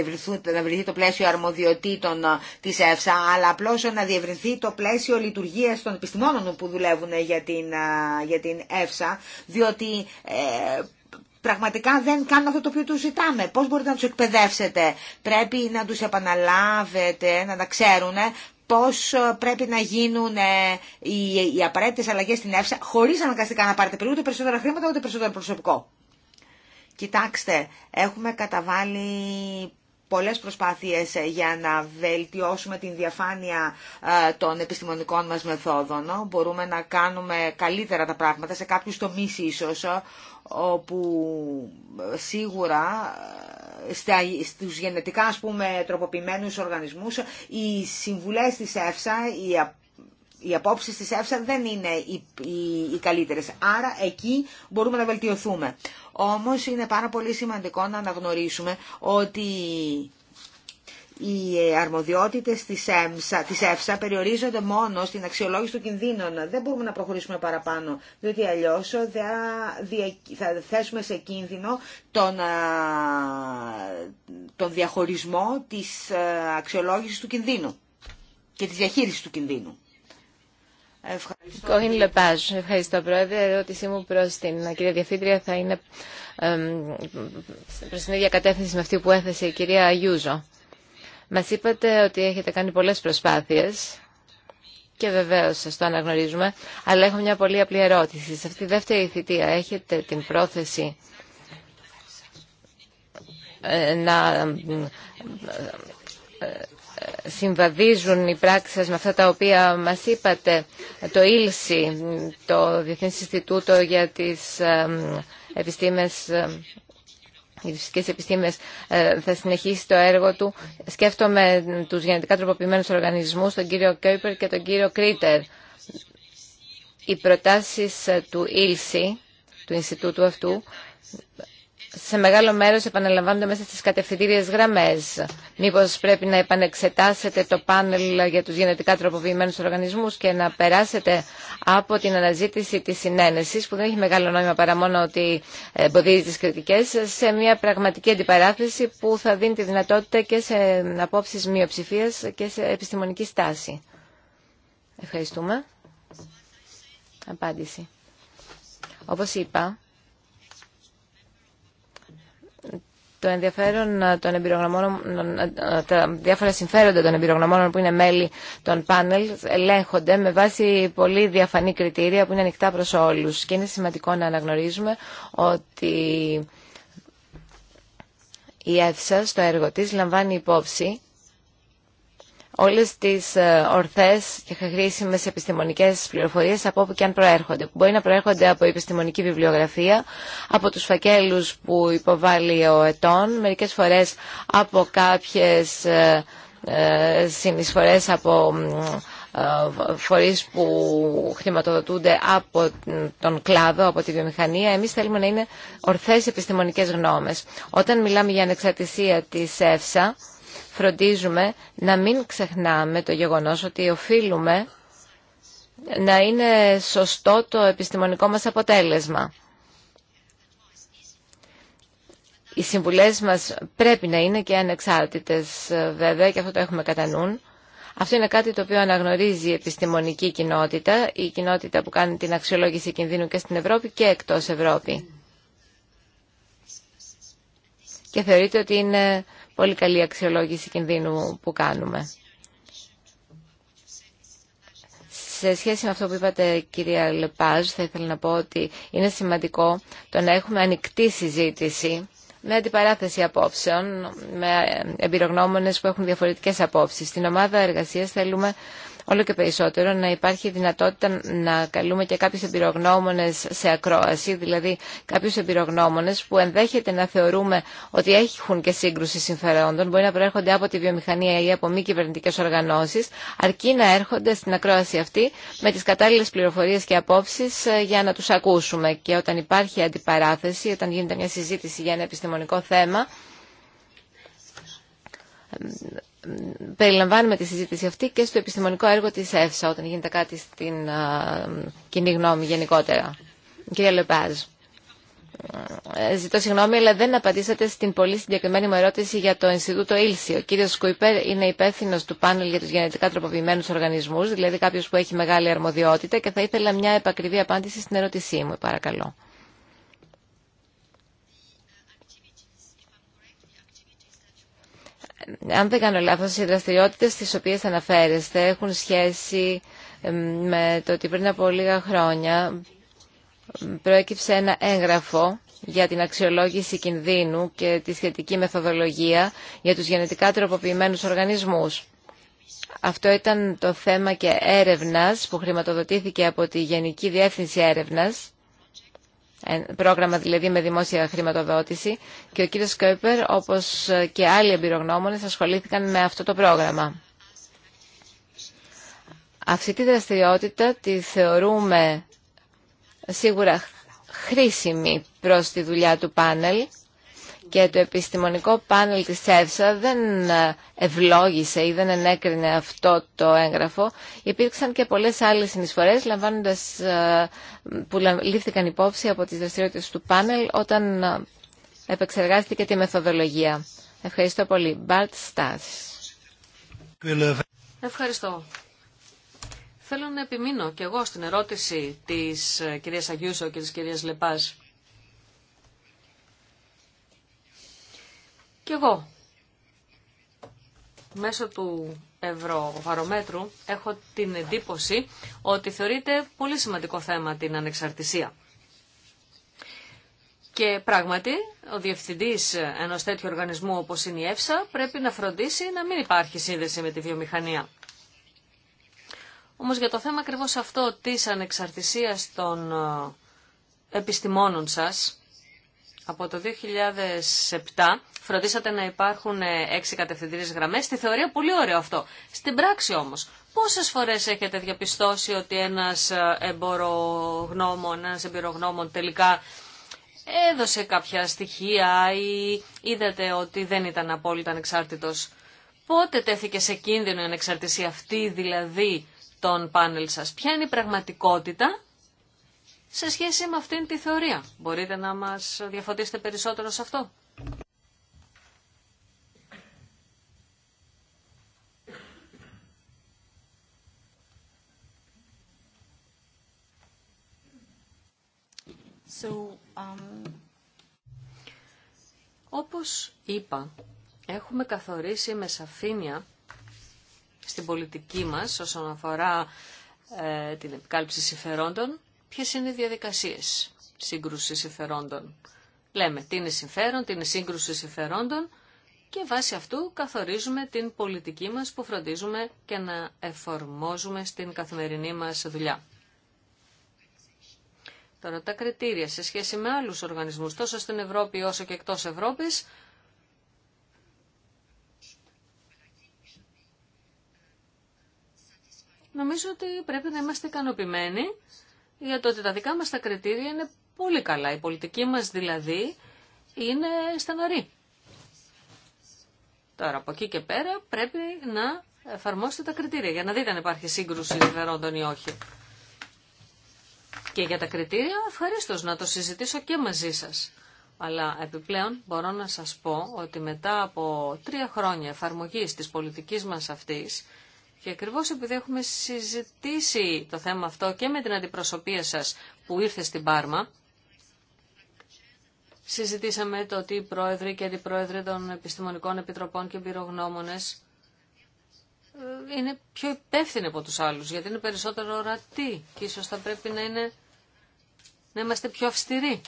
C: να βρεθεί το πλαίσιο αρμοδιοτήτων ε, της ΕΦΣΑ, αλλά απλώς να διευρυνθεί το πλαίσιο λειτουργίας των επιστημόνων που δουλεύουν για την, ε, για την ΕΦΣΑ, διότι ε, πραγματικά δεν κάνουν αυτό το οποίο τους ζητάμε. Πώς μπορείτε να τους εκπαιδεύσετε. Πρέπει να τους επαναλάβετε, να τα ξέρουν πώς ε, πρέπει να γίνουν ε, οι, οι απαραίτητες αλλαγές στην ΕΦΣΑ χωρίς αναγκαστικά να πάρετε ούτε περισσότερα χρήματα ούτε περισσότερο προσωπικό. Κοιτάξτε, έχουμε καταβάλει πολλές προσπάθειες ε, για να βελτιώσουμε την διαφάνεια ε, των επιστημονικών μας μεθόδων. Ε, μπορούμε να κάνουμε καλύτερα τα πράγματα σε κάποιους τομείς ίσως, όπου σίγουρα στους γενετικά ας πούμε τροποποιημένους οργανισμούς οι συμβουλές της ΕΦΣΑ, οι οι απόψει τη ΕΦΣΑ δεν είναι οι, οι, Άρα εκεί μπορούμε να βελτιωθούμε. Όμως είναι πάρα πολύ σημαντικό να αναγνωρίσουμε ότι οι αρμοδιότητες της, της ΕΦΣΑ περιορίζονται μόνο στην αξιολόγηση των κινδύνων. Δεν μπορούμε να προχωρήσουμε παραπάνω, διότι αλλιώς θα, θέσουμε σε κίνδυνο τον, τον διαχωρισμό της αξιολόγησης του κινδύνου και της διαχείρισης του κινδύνου. Ευχαριστώ.
A: Ευχαριστώ, Πρόεδρε. Η ερώτησή μου προ την κυρία Διευθύντρια θα είναι προ την ίδια κατεύθυνση με αυτή που έθεσε η κυρία Αγιούζο. Μα είπατε ότι έχετε κάνει πολλέ προσπάθειε και βεβαίω σα το αναγνωρίζουμε, αλλά έχω μια πολύ απλή ερώτηση. Σε αυτή τη δεύτερη θητεία έχετε την πρόθεση ε, να ε, ε, συμβαδίζουν οι πράξεις σας με αυτά τα οποία μας είπατε. Το Ηλσι, το Διεθνές Ινστιτούτο για τις επιστήμες οι φυσικές επιστήμες ε, θα συνεχίσει το έργο του. Σκέφτομαι τους γενετικά τροποποιημένους οργανισμούς, τον κύριο Κέιπερ και τον κύριο Κρίτερ. Οι προτάσεις ε, του ΙΛΣΙ, του Ινστιτούτου αυτού, σε μεγάλο μέρος επαναλαμβάνονται μέσα στις κατευθυντήριες γραμμές. Μήπως πρέπει να επανεξετάσετε το πάνελ για τους γενετικά τροποποιημένους οργανισμούς και να περάσετε από την αναζήτηση της συνένεσης, που δεν έχει μεγάλο νόημα παρά μόνο ότι εμποδίζει τις κριτικές, σε μια πραγματική αντιπαράθεση που θα δίνει τη δυνατότητα και σε απόψεις μειοψηφία και σε επιστημονική στάση. Ευχαριστούμε. Απάντηση. Όπως είπα, το ενδιαφέρον ε, των ε, ε, τα διάφορα συμφέροντα των εμπειρογνωμόνων που είναι μέλη των πάνελ ελέγχονται με βάση πολύ διαφανή κριτήρια που είναι ανοιχτά προς όλους. Και είναι σημαντικό να αναγνωρίζουμε ότι η ΕΦΣΑ στο έργο της λαμβάνει υπόψη όλες τις ε, ορθές και χρήσιμες επιστημονικές πληροφορίες από όπου και αν προέρχονται. μπορεί να προέρχονται από επιστημονική βιβλιογραφία, από τους φακέλους που υποβάλλει ο ετών, μερικές φορές από κάποιες ε, ε, συνεισφορές από φορείς που χρηματοδοτούνται από τον κλάδο, από τη βιομηχανία. Εμείς θέλουμε να είναι ορθές επιστημονικές γνώμες. Όταν μιλάμε για ανεξαρτησία της ΕΦΣΑ, φροντίζουμε να μην ξεχνάμε το γεγονός ότι οφείλουμε να είναι σωστό το επιστημονικό μας αποτέλεσμα. Οι συμβουλές μας πρέπει να είναι και ανεξάρτητες βέβαια και αυτό το έχουμε κατά νου. Αυτό είναι κάτι το οποίο αναγνωρίζει η επιστημονική κοινότητα, η κοινότητα που κάνει την αξιολόγηση κινδύνου και στην Ευρώπη και εκτός Ευρώπη. Και θεωρείται ότι είναι πολύ καλή αξιολόγηση κινδύνου που κάνουμε. Σε σχέση με αυτό που είπατε κυρία Λεπάζ, θα ήθελα να πω ότι είναι σημαντικό το να έχουμε ανοιχτή συζήτηση με αντιπαράθεση απόψεων, με εμπειρογνώμονες που έχουν διαφορετικές απόψεις. Στην ομάδα εργασίας θέλουμε όλο και περισσότερο να υπάρχει δυνατότητα να καλούμε και κάποιους εμπειρογνώμονες σε ακρόαση, δηλαδή κάποιους εμπειρογνώμονες που ενδέχεται να θεωρούμε ότι έχουν και σύγκρουση συμφερόντων, μπορεί να προέρχονται από τη βιομηχανία ή από μη κυβερνητικέ οργανώσεις, αρκεί να έρχονται στην ακρόαση αυτή με τις κατάλληλες πληροφορίες και απόψεις ε, για να τους ακούσουμε. Και όταν υπάρχει αντιπαράθεση, όταν γίνεται μια συζήτηση για ένα επιστημονικό θέμα, περιλαμβάνουμε τη συζήτηση αυτή και στο επιστημονικό έργο της ΕΦΣΑ όταν γίνεται κάτι στην κοινή γνώμη γενικότερα. Κύριε Λεπάζ, ε, ζητώ συγγνώμη, αλλά δεν απαντήσατε στην πολύ συγκεκριμένη μου ερώτηση για το Ινστιτούτο Ήλση. Ο κύριος Σκουιπέρ είναι υπεύθυνο του πάνελ για τους γενετικά τροποποιημένους οργανισμούς, δηλαδή κάποιος που έχει μεγάλη αρμοδιότητα και θα ήθελα μια επακριβή απάντηση στην ερώτησή μου, παρακαλώ. αν δεν κάνω λάθος, οι δραστηριότητες στις οποίες αναφέρεστε έχουν σχέση με το ότι πριν από λίγα χρόνια προέκυψε ένα έγγραφο για την αξιολόγηση κινδύνου και τη σχετική μεθοδολογία για τους γενετικά τροποποιημένους οργανισμούς. Αυτό ήταν το θέμα και έρευνας που χρηματοδοτήθηκε από τη Γενική Διεύθυνση Έρευνας πρόγραμμα δηλαδή με δημόσια χρηματοδότηση και ο κύριος Σκόιπερ όπως και άλλοι εμπειρογνώμονες ασχολήθηκαν με αυτό το πρόγραμμα. Αυτή τη δραστηριότητα τη θεωρούμε σίγουρα χρήσιμη προς τη δουλειά του πάνελ και το επιστημονικό πάνελ της ΕΦΣΑ δεν ε, ευλόγησε ή δεν ενέκρινε αυτό το έγγραφο. Υπήρξαν και πολλές άλλες συνεισφορές λαμβάνοντας, ε, που λήφθηκαν υπόψη από τις δραστηριότητες του πάνελ όταν ε, επεξεργάστηκε τη μεθοδολογία. Ευχαριστώ πολύ. Μπαρτ
B: Ευχαριστώ. Θέλω να επιμείνω και εγώ στην ερώτηση της κυρίας Αγιούσο και της κυρίας Λεπάς Και εγώ, μέσω του Ευρωβαρομέτρου, έχω την εντύπωση ότι θεωρείται πολύ σημαντικό θέμα την ανεξαρτησία. Και πράγματι, ο διευθυντή ενό τέτοιου οργανισμού όπω είναι η ΕΦΣΑ πρέπει να φροντίσει να μην υπάρχει σύνδεση με τη βιομηχανία. Όμω για το θέμα ακριβώ αυτό τη ανεξαρτησία των ε, επιστημόνων σας, από το 2007 φροντίσατε να υπάρχουν έξι κατευθυντήριες γραμμές. Στη θεωρία πολύ ωραίο αυτό. Στην πράξη όμως, πόσες φορές έχετε διαπιστώσει ότι ένας ε, εμπορογνώμων, ένας εμπειρογνώμων τελικά έδωσε κάποια στοιχεία ή είδατε ότι δεν ήταν απόλυτα ανεξάρτητος. Πότε τέθηκε σε κίνδυνο η ανεξαρτησία αυτή δηλαδή των πάνελ σας. Ποια είναι η πραγματικότητα σε σχέση με αυτήν τη θεωρία. Μπορείτε να μας διαφωτίσετε περισσότερο σε αυτό. So, um, Όπως είπα, έχουμε καθορίσει με σαφήνεια στην πολιτική μας όσον αφορά ε, την επικάλυψη συμφερόντων Ποιες είναι οι διαδικασίες σύγκρουση συμφερόντων. Λέμε τι είναι συμφέρον, τι είναι σύγκρουση συμφερόντων και βάσει αυτού καθορίζουμε την πολιτική μας που φροντίζουμε και να εφορμόζουμε στην καθημερινή μας δουλειά. Τώρα τα κριτήρια σε σχέση με άλλους οργανισμούς τόσο στην Ευρώπη όσο και εκτός Ευρώπης νομίζω ότι πρέπει να είμαστε ικανοποιημένοι για το ότι τα δικά μας τα κριτήρια είναι πολύ καλά. Η πολιτική μας δηλαδή είναι στεναρή. Τώρα από εκεί και πέρα πρέπει να εφαρμόσετε τα κριτήρια για να δείτε αν υπάρχει σύγκρουση συμφερόντων ή όχι. Και για τα κριτήρια ευχαρίστω να το συζητήσω και μαζί σας. Αλλά επιπλέον μπορώ να σας πω ότι μετά από τρία χρόνια εφαρμογής της πολιτικής μας αυτής και ακριβώ επειδή έχουμε συζητήσει το θέμα αυτό και με την αντιπροσωπεία σας που ήρθε στην Πάρμα, συζητήσαμε το ότι οι πρόεδροι και αντιπρόεδροι των επιστημονικών επιτροπών και εμπειρογνώμονε ε, είναι πιο υπεύθυνοι από τους άλλους, γιατί είναι περισσότερο ορατοί και ίσως θα πρέπει να, είναι, να είμαστε πιο αυστηροί.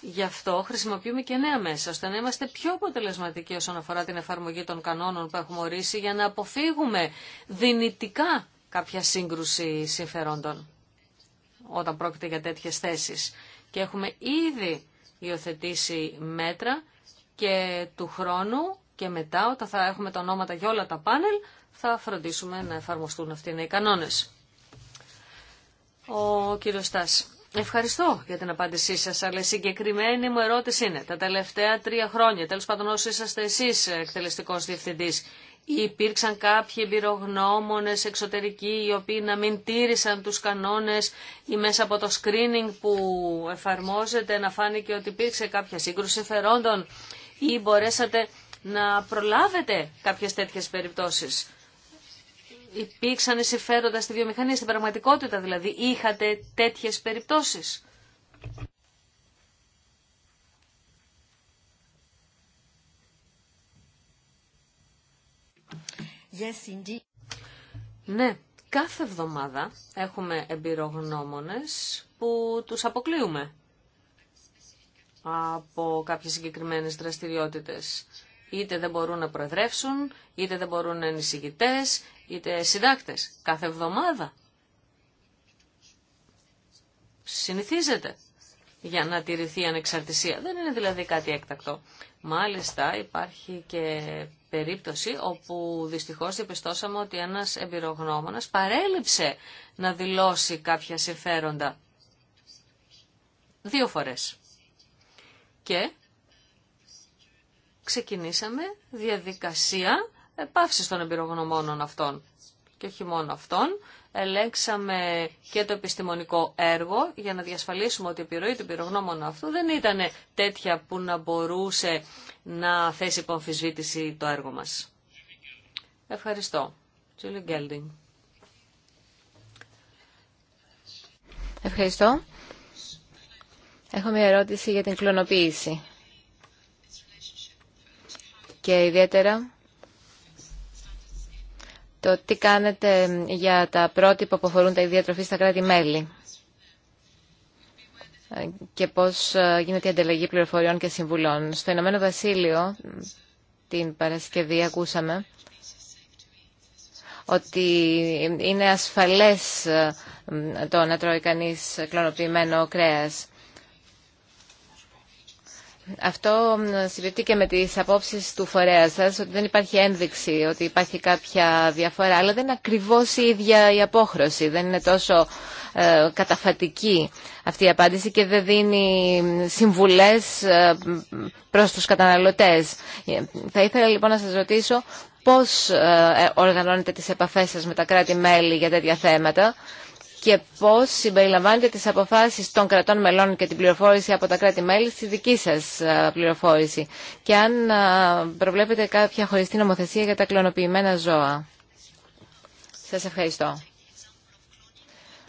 B: Γι' αυτό χρησιμοποιούμε και νέα μέσα, ώστε να είμαστε πιο αποτελεσματικοί όσον αφορά την εφαρμογή των κανόνων που έχουμε ορίσει, για να αποφύγουμε δυνητικά κάποια σύγκρουση συμφερόντων όταν πρόκειται για τέτοιες θέσεις. Και έχουμε ήδη υιοθετήσει μέτρα και του χρόνου και μετά όταν θα έχουμε τα ονόματα για όλα τα πάνελ θα φροντίσουμε να εφαρμοστούν αυτοί οι κανόνες. Ο κύριος Στάση. Ευχαριστώ για την απάντησή σα, αλλά η συγκεκριμένη μου ερώτηση είναι, τα τελευταία τρία χρόνια, τέλο πάντων όσοι είσαστε εσεί εκτελεστικό διευθυντή, υπήρξαν κάποιοι εμπειρογνώμονε εξωτερικοί οι οποίοι να μην τήρησαν του κανόνε ή μέσα από το screening που εφαρμόζεται να φάνηκε ότι υπήρξε κάποια σύγκρουση συμφερόντων ή μπορέσατε να προλάβετε κάποιες τέτοιες περιπτώσεις υπήρξαν συμφέροντα στη βιομηχανία, στην πραγματικότητα δηλαδή. Είχατε τέτοιες περιπτώσεις. Yes, Ναι, κάθε εβδομάδα έχουμε εμπειρογνώμονες που τους αποκλείουμε από κάποιες συγκεκριμένες δραστηριότητες είτε δεν μπορούν να προεδρεύσουν, είτε δεν μπορούν να είναι εισηγητές, είτε συντάκτες. Κάθε εβδομάδα. Συνηθίζεται για να τηρηθεί η ανεξαρτησία. Δεν είναι δηλαδή κάτι έκτακτο. Μάλιστα υπάρχει και περίπτωση όπου δυστυχώς διαπιστώσαμε ότι ένας εμπειρογνώμονας παρέλειψε να δηλώσει κάποια συμφέροντα. Δύο φορές. Και ξεκινήσαμε διαδικασία επάυσης των εμπειρογνωμόνων αυτών. Και όχι μόνο αυτών, ελέγξαμε και το επιστημονικό έργο για να διασφαλίσουμε ότι η επιρροή του πυρογνώμων αυτού δεν ήταν τέτοια που να μπορούσε να θέσει υπομφισβήτηση το έργο μας. Ευχαριστώ.
A: Ευχαριστώ. Έχω μια ερώτηση για την κλωνοποίηση και ιδιαίτερα το τι κάνετε για τα πρότυπα που αφορούν τα ιδιατροφή στα κράτη-μέλη και πώς ε, γίνεται η ανταλλαγή πληροφοριών και συμβουλών. Στο Ηνωμένο Βασίλειο, την Παρασκευή, ακούσαμε ότι είναι ασφαλές ε, το να τρώει κανείς κλωνοποιημένο κρέας. Αυτό συμπληκτεί και με τις απόψει του φορέα σα, ότι δεν υπάρχει ένδειξη ότι υπάρχει κάποια διαφορά αλλά δεν είναι ακριβώς η ίδια η απόχρωση, δεν είναι τόσο ε, καταφατική αυτή η απάντηση και δεν δίνει συμβουλές ε, προς τους καταναλωτές. Ε, θα ήθελα λοιπόν να σας ρωτήσω πώς οργανώνετε τι επαφές σα με τα κράτη-μέλη για τέτοια θέματα και πώς συμπεριλαμβάνετε τις αποφάσεις των κρατών μελών και την πληροφόρηση από τα κράτη-μέλη στη δική σας ε, πληροφόρηση και αν ε, προβλέπετε κάποια χωριστή νομοθεσία για τα κλωνοποιημένα ζώα. Σας ευχαριστώ.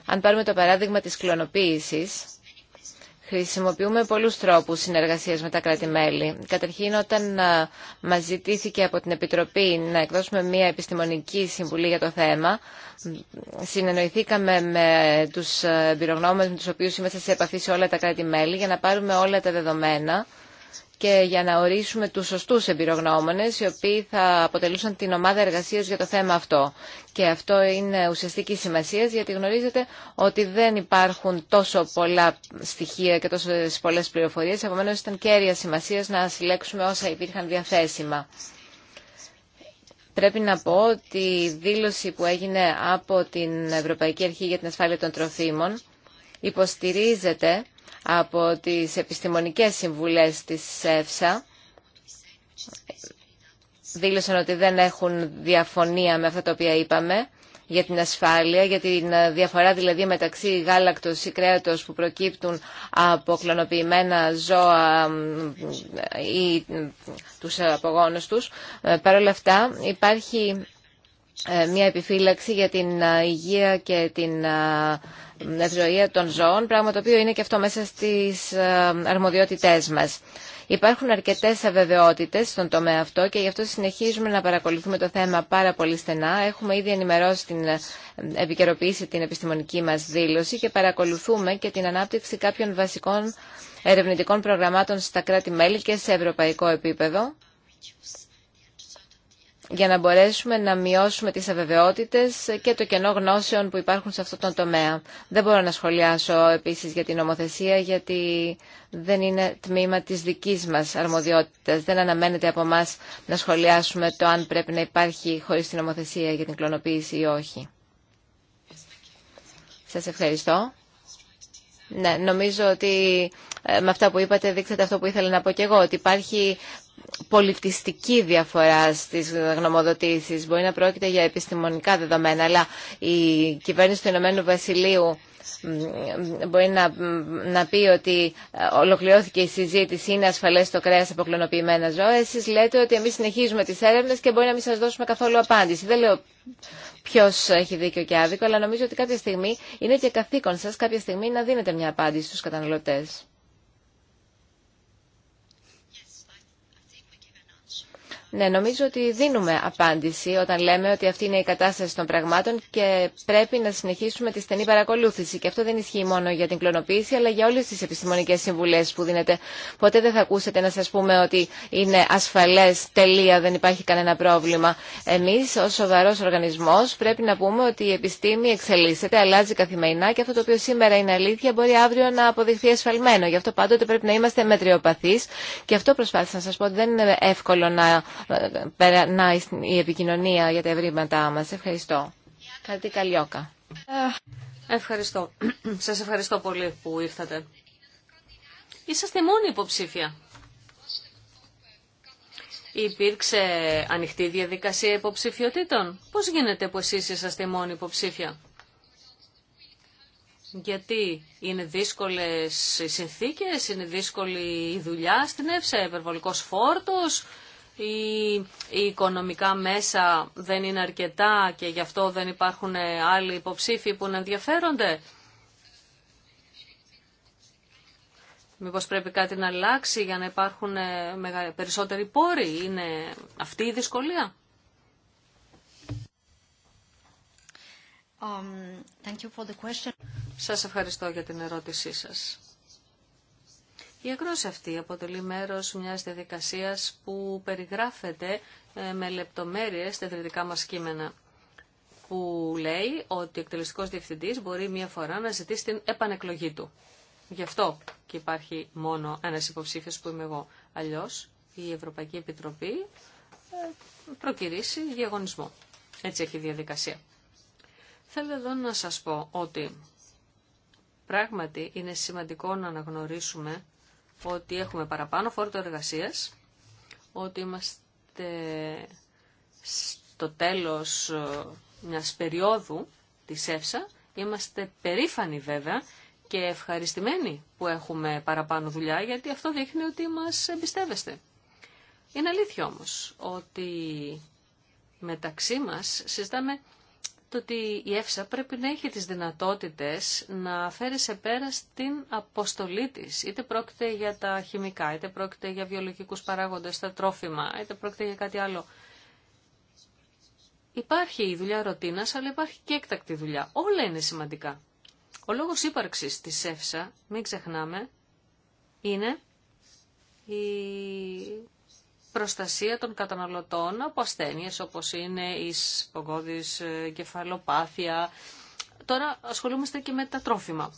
A: Αν πάρουμε το παράδειγμα της κλωνοποίησης, Χρησιμοποιούμε πολλούς τρόπους συνεργασίας με τα κράτη-μέλη. Καταρχήν, όταν μας ζητήθηκε από την Επιτροπή να εκδώσουμε μια επιστημονική συμβουλή για το θέμα, συνεννοηθήκαμε με τους ε, εμπειρογνώμες με τους οποίους είμαστε σε επαφή σε όλα τα κράτη-μέλη για να πάρουμε όλα τα δεδομένα και για να ορίσουμε τους σωστούς εμπειρογνώμονες οι οποίοι θα αποτελούσαν την ομάδα εργασίας για το θέμα αυτό. Και αυτό είναι ουσιαστική σημασία γιατί γνωρίζετε ότι δεν υπάρχουν τόσο πολλά στοιχεία και τόσο πολλές πληροφορίες, επομένως ήταν κέρια σημασία να συλλέξουμε όσα υπήρχαν διαθέσιμα. Πρέπει να πω ότι η δήλωση που έγινε από την Ευρωπαϊκή Αρχή για την Ασφάλεια των Τροφίμων υποστηρίζεται από τις επιστημονικές συμβουλές της ΕΦΣΑ δήλωσαν ότι δεν έχουν διαφωνία με αυτά τα οποία είπαμε για την ασφάλεια, για την διαφορά δηλαδή μεταξύ γάλακτος ή κρέατος που προκύπτουν από κλωνοποιημένα ζώα ή τους απογόνους τους. Ε, Παρ' όλα αυτά υπάρχει ε, μια επιφύλαξη για την ε, υγεία και την ε, ευζοία των ζώων, πράγμα το οποίο είναι και αυτό μέσα στις αρμοδιότητές μας. Υπάρχουν αρκετές αβεβαιότητες στον τομέα αυτό και γι' αυτό συνεχίζουμε να παρακολουθούμε το θέμα πάρα πολύ στενά. Έχουμε ήδη ενημερώσει την επικαιροποίηση την επιστημονική μας δήλωση και παρακολουθούμε και την ανάπτυξη κάποιων βασικών ερευνητικών προγραμμάτων στα κράτη-μέλη και σε ευρωπαϊκό επίπεδο για να μπορέσουμε να μειώσουμε τις αβεβαιότητες και το κενό γνώσεων που υπάρχουν σε αυτό τον τομέα. Δεν μπορώ να σχολιάσω επίσης για την νομοθεσία γιατί δεν είναι τμήμα της δικής μας αρμοδιότητας. Δεν αναμένεται από εμά να σχολιάσουμε το αν πρέπει να υπάρχει χωρίς την νομοθεσία για την κλωνοποίηση ή όχι. Σας ευχαριστώ. Ναι, νομίζω ότι ε, με αυτά που είπατε δείξατε αυτό που ήθελα να πω και εγώ, ότι υπάρχει πολιτιστική διαφορά στις γνωμοδοτήσεις. Μπορεί να πρόκειται για επιστημονικά δεδομένα, αλλά η κυβέρνηση του Ηνωμένου Βασιλείου μπορεί να, να πει ότι ε, ολοκληρώθηκε η συζήτηση, είναι ασφαλές το κρέας από κλωνοποιημένα ζώα. Εσείς λέτε ότι εμείς συνεχίζουμε τις έρευνες και μπορεί να μην σας δώσουμε καθόλου απάντηση. Δεν λέω ποιο έχει δίκιο και άδικο, αλλά νομίζω ότι κάποια στιγμή είναι και καθήκον σας κάποια στιγμή να δίνετε μια απάντηση στους καταναλωτές. Ναι, νομίζω ότι δίνουμε απάντηση όταν λέμε ότι αυτή είναι η κατάσταση των πραγμάτων και πρέπει να συνεχίσουμε τη στενή παρακολούθηση. Και αυτό δεν ισχύει μόνο για την κλωνοποίηση, αλλά για όλε τι επιστημονικέ συμβουλέ που δίνετε. Ποτέ δεν θα ακούσετε να σα πούμε ότι είναι ασφαλέ, τελεία, δεν υπάρχει κανένα πρόβλημα. Εμεί, ω σοβαρό οργανισμό, πρέπει να πούμε ότι η επιστήμη εξελίσσεται, αλλάζει καθημερινά και αυτό το οποίο σήμερα είναι αλήθεια μπορεί αύριο να αποδειχθεί ασφαλμένο. Γι' αυτό πάντοτε πρέπει να είμαστε μετριοπαθεί και αυτό προσπάθησα να σα πω ότι δεν είναι εύκολο να ε, περνάει η επικοινωνία για τα ευρήματά μας. Ευχαριστώ. Κάτι καλλιόκα.
B: Ευχαριστώ. Σας ευχαριστώ πολύ που ήρθατε. Είσαστε η μόνη υποψήφια. Υπήρξε ανοιχτή διαδικασία υποψηφιότητων. Πώς γίνεται που εσείς είσαστε η υποψήφια. Γιατί είναι δύσκολες οι συνθήκες, είναι δύσκολη η δουλειά στην ΕΦΣΑ, υπερβολικός φόρτος, ή οι οικονομικά μέσα δεν είναι αρκετά και γι' αυτό δεν υπάρχουν άλλοι υποψήφοι που να ενδιαφέρονται. Μήπως πρέπει κάτι να αλλάξει για να υπάρχουν ε, περισσότεροι πόροι. Είναι αυτή η δυσκολία.
C: Um, thank you
B: Σας ευχαριστώ για την ερώτησή σας. Η ακρόαση αυτή αποτελεί μέρος μια διαδικασίας που περιγράφεται ε, με λεπτομέρειες στα ιδρυτικά μας κείμενα που λέει ότι ο εκτελεστικός διευθυντής μπορεί μία φορά να ζητήσει την επανεκλογή του. Γι' αυτό και υπάρχει μόνο ένας υποψήφιος που είμαι εγώ. Αλλιώς η Ευρωπαϊκή Επιτροπή ε, προκυρήσει διαγωνισμό. Έτσι έχει η διαδικασία. Θέλω εδώ να σας πω ότι πράγματι είναι σημαντικό να αναγνωρίσουμε ότι έχουμε παραπάνω φόρτο εργασίας, ότι είμαστε στο τέλος ε, μιας περίοδου της ΕΦΣΑ. Είμαστε περήφανοι βέβαια και ευχαριστημένοι που έχουμε παραπάνω δουλειά, γιατί αυτό δείχνει ότι μας εμπιστεύεστε. Είναι αλήθεια όμως ότι μεταξύ μας συζητάμε το ότι η ΕΦΣΑ πρέπει να έχει τις δυνατότητες να φέρει σε πέρα στην αποστολή της. Είτε πρόκειται για τα χημικά, είτε πρόκειται για βιολογικούς παράγοντες, τα τρόφιμα, είτε πρόκειται για κάτι άλλο. Υπάρχει η δουλειά ροτίνας, αλλά υπάρχει και έκτακτη δουλειά. Όλα είναι σημαντικά. Ο λόγος ύπαρξης της ΕΦΣΑ, μην ξεχνάμε, είναι η προστασία των καταναλωτών από ασθένειες όπως είναι η σπογγόδης ε, κεφαλοπάθεια. Τώρα ασχολούμαστε και με τα τρόφιμα.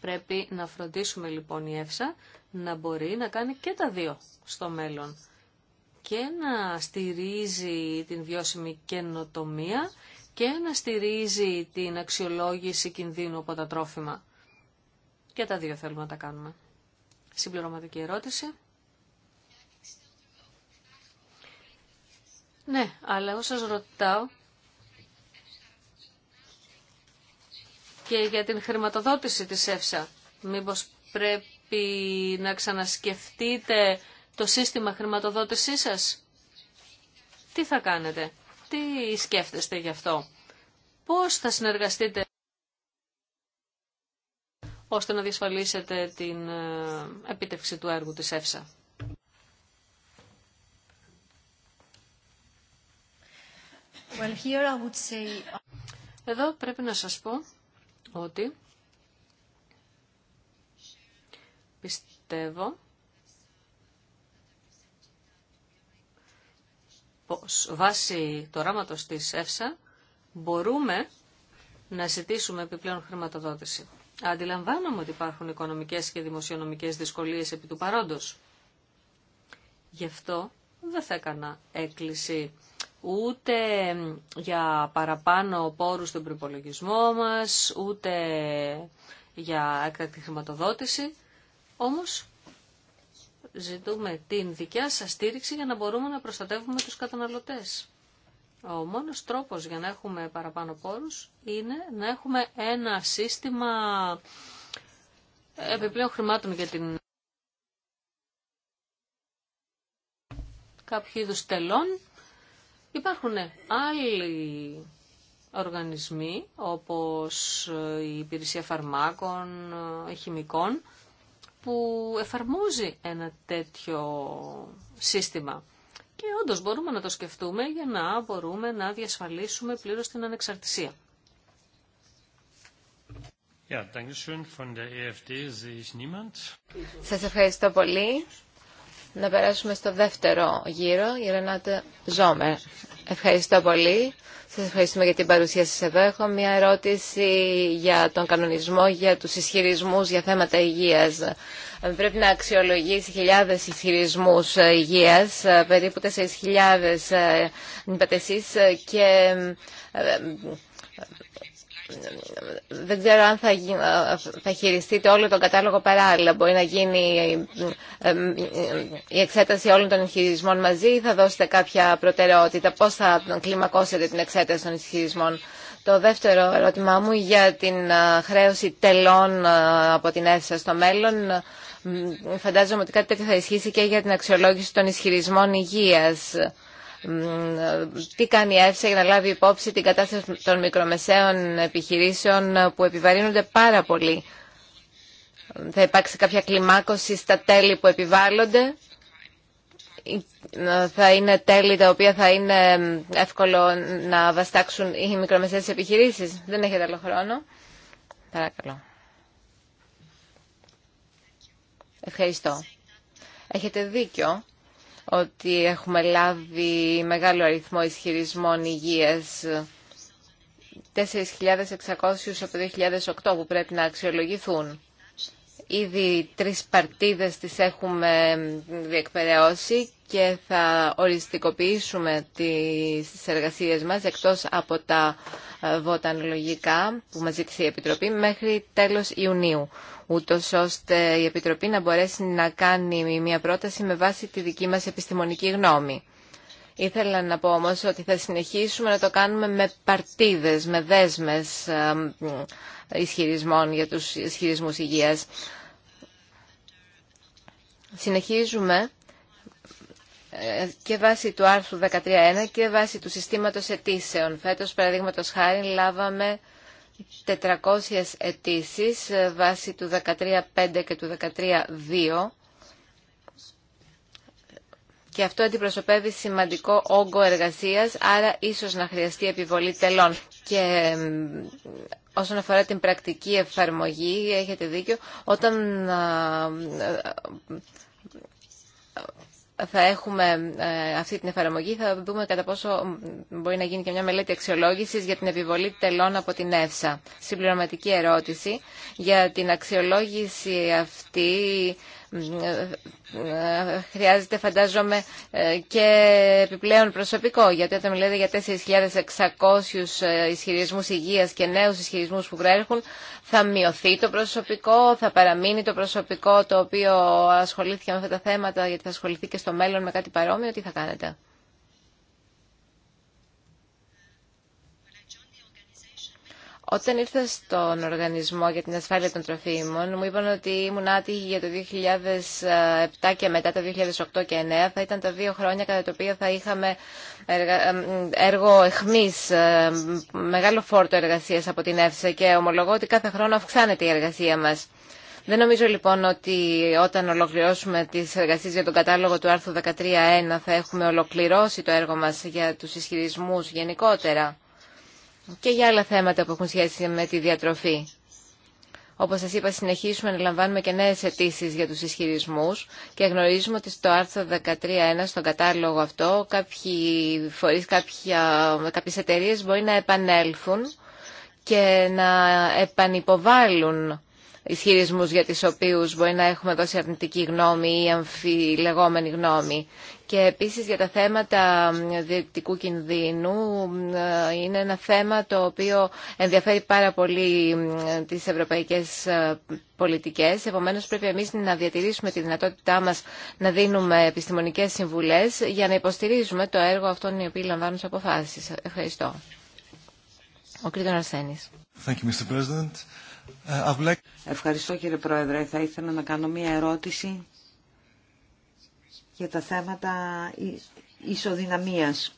B: Πρέπει να φροντίσουμε λοιπόν η ΕΦΣΑ να μπορεί να κάνει και τα δύο στο μέλλον και να στηρίζει την βιώσιμη καινοτομία και να στηρίζει την αξιολόγηση κινδύνου από τα τρόφιμα. Και τα δύο θέλουμε να τα κάνουμε. Συμπληρωματική ερώτηση. Ναι, αλλά εγώ σας ρωτάω και για την χρηματοδότηση της ΕΦΣΑ. Μήπως πρέπει να ξανασκεφτείτε το σύστημα χρηματοδότησής σας. Τι θα κάνετε, τι σκέφτεστε γι' αυτό, πώς θα συνεργαστείτε ώστε να διασφαλίσετε την ε, επίτευξη του έργου της ΕΦΣΑ. Well, here I would say... Εδώ πρέπει να σας πω ότι πιστεύω πως βάσει το ράματος της ΕΦΣΑ μπορούμε να ζητήσουμε επιπλέον χρηματοδότηση. Αντιλαμβάνομαι ότι υπάρχουν οικονομικές και δημοσιονομικές δυσκολίες επί του παρόντος. Γι' αυτό δεν θα έκανα έκκληση ούτε για παραπάνω πόρους στον προπολογισμό μας, ούτε για έκτακτη χρηματοδότηση. Όμως ζητούμε την δικιά σας στήριξη για να μπορούμε να προστατεύουμε τους καταναλωτές. Ο μόνος τρόπος για να έχουμε παραπάνω πόρους είναι να έχουμε ένα σύστημα επιπλέον χρημάτων για την κάποιο είδου τελών Υπάρχουν άλλοι οργανισμοί όπως η Υπηρεσία Φαρμάκων, ε, Χημικών που εφαρμόζει ένα τέτοιο σύστημα. Και όντως μπορούμε να το σκεφτούμε για να μπορούμε να διασφαλίσουμε πλήρως
A: την ανεξαρτησία. E Σας ευχαριστώ πολύ να περάσουμε στο δεύτερο γύρο, η Ρενάτε Ζόμερ. Ευχαριστώ πολύ. Σας ευχαριστούμε για την παρουσία σας εδώ. Έχω μια ερώτηση για τον κανονισμό, για τους ισχυρισμούς για θέματα υγείας. Πρέπει να αξιολογήσει χιλιάδες ισχυρισμούς ε, υγείας, ε, περίπου 4.000 είπατε ε, και δεν ξέρω αν θα, χειριστείτε όλο τον κατάλογο παράλληλα. Μπορεί να γίνει ε, ε, η εξέταση όλων των ισχυρισμών μαζί ή θα δώσετε κάποια προτεραιότητα. Πώς θα κλιμακώσετε την εξέταση των ισχυρισμών. Το δεύτερο ερώτημά μου για την χρέωση τελών από την αίθουσα στο μέλλον. Φαντάζομαι ότι κάτι τέτοιο θα ισχύσει και για την αξιολόγηση των ισχυρισμών υγείας τι κάνει η ΕΦΣΑ για να λάβει υπόψη την κατάσταση των μικρομεσαίων επιχειρήσεων που επιβαρύνονται πάρα πολύ. Θα υπάρξει κάποια κλιμάκωση στα τέλη που επιβάλλονται. Θα είναι τέλη τα οποία θα είναι εύκολο να βαστάξουν οι μικρομεσαίες επιχειρήσεις. Δεν έχετε άλλο χρόνο. Παρακαλώ. Ευχαριστώ. Έχετε δίκιο ότι έχουμε λάβει μεγάλο αριθμό ισχυρισμών υγείας 4.600 από το 2008 που πρέπει να αξιολογηθούν. Ήδη τρεις παρτίδες τις έχουμε διεκπαιρεώσει και θα οριστικοποιήσουμε τις εργασίες μας εκτός από τα βοτανολογικά που μας ζήτησε η Επιτροπή μέχρι τέλος Ιουνίου ούτως ώστε η Επιτροπή να μπορέσει να κάνει μια πρόταση με βάση τη δική μας επιστημονική γνώμη. Ήθελα να πω όμως ότι θα συνεχίσουμε να το κάνουμε με παρτίδες, με δέσμες ισχυρισμών για τους ισχυρισμούς υγείας. Συνεχίζουμε ε, και βάσει του άρθρου 13.1 και βάσει του συστήματος αιτήσεων. Φέτος, παραδείγματος χάρη, λάβαμε 400 αιτήσει ε, βάσει του 13.5 και του 13.2 και αυτό αντιπροσωπεύει σημαντικό όγκο εργασίας, άρα ίσως να χρειαστεί επιβολή τελών. Και όσον αφορά την πρακτική εφαρμογή, έχετε δίκιο, όταν θα έχουμε ε, αυτή την εφαρμογή, θα δούμε κατά πόσο μπορεί να γίνει και μια μελέτη αξιολόγηση για την επιβολή τελών από την ΕΦΣΑ. Συμπληρωματική ερώτηση για την αξιολόγηση αυτή Χρειάζεται φαντάζομαι ε, και επιπλέον προσωπικό γιατί όταν μιλάτε για 4.600 ε, ισχυρισμούς υγείας και νέους ισχυρισμούς που προέρχουν θα μειωθεί το προσωπικό, θα παραμείνει το προσωπικό το οποίο ασχολήθηκε με αυτά τα θέματα γιατί θα ασχοληθεί και στο μέλλον με κάτι παρόμοιο. Τι θα κάνετε. Όταν ήρθα στον Οργανισμό για την Ασφάλεια των Τροφίμων, μου είπαν ότι ήμουν άτυχη για το 2007 και μετά το 2008 και 2009. Θα ήταν τα δύο χρόνια κατά τα οποία θα είχαμε έργο εχμής, μεγάλο φόρτο εργασίας από την ΕΦΣΕ και ομολογώ ότι κάθε χρόνο αυξάνεται η εργασία μας. Δεν νομίζω λοιπόν ότι όταν ολοκληρώσουμε τις εργασίες για τον κατάλογο του άρθρου 13.1 θα έχουμε ολοκληρώσει το έργο μας για τους ισχυρισμούς γενικότερα και για άλλα θέματα που έχουν σχέση με τη διατροφή. Όπως σας είπα, συνεχίσουμε να λαμβάνουμε και νέες αιτήσει για τους ισχυρισμούς και γνωρίζουμε ότι στο άρθρο 13.1, στον κατάλογο αυτό, κάποιοι φορείς, κάποια, κάποιες μπορεί να επανέλθουν και να επανυποβάλλουν ισχυρισμούς για τις οποίους μπορεί να έχουμε δώσει αρνητική γνώμη ή αμφιλεγόμενη γνώμη και επίσης για τα θέματα διεκτικού κινδύνου είναι ένα θέμα το οποίο ενδιαφέρει πάρα πολύ τις ευρωπαϊκές ε, πολιτικές. Επομένως πρέπει εμείς να διατηρήσουμε τη δυνατότητά μας να δίνουμε επιστημονικές συμβουλές για να υποστηρίζουμε το έργο αυτών οι οποίοι λαμβάνουν τις αποφάσεις. Ευχαριστώ. Ο κ. Αρσένης.
C: Ε, Ευχαριστώ κύριε Πρόεδρε. Θα ήθελα να κάνω μία ερώτηση για τα θέματα ισοδυναμίας.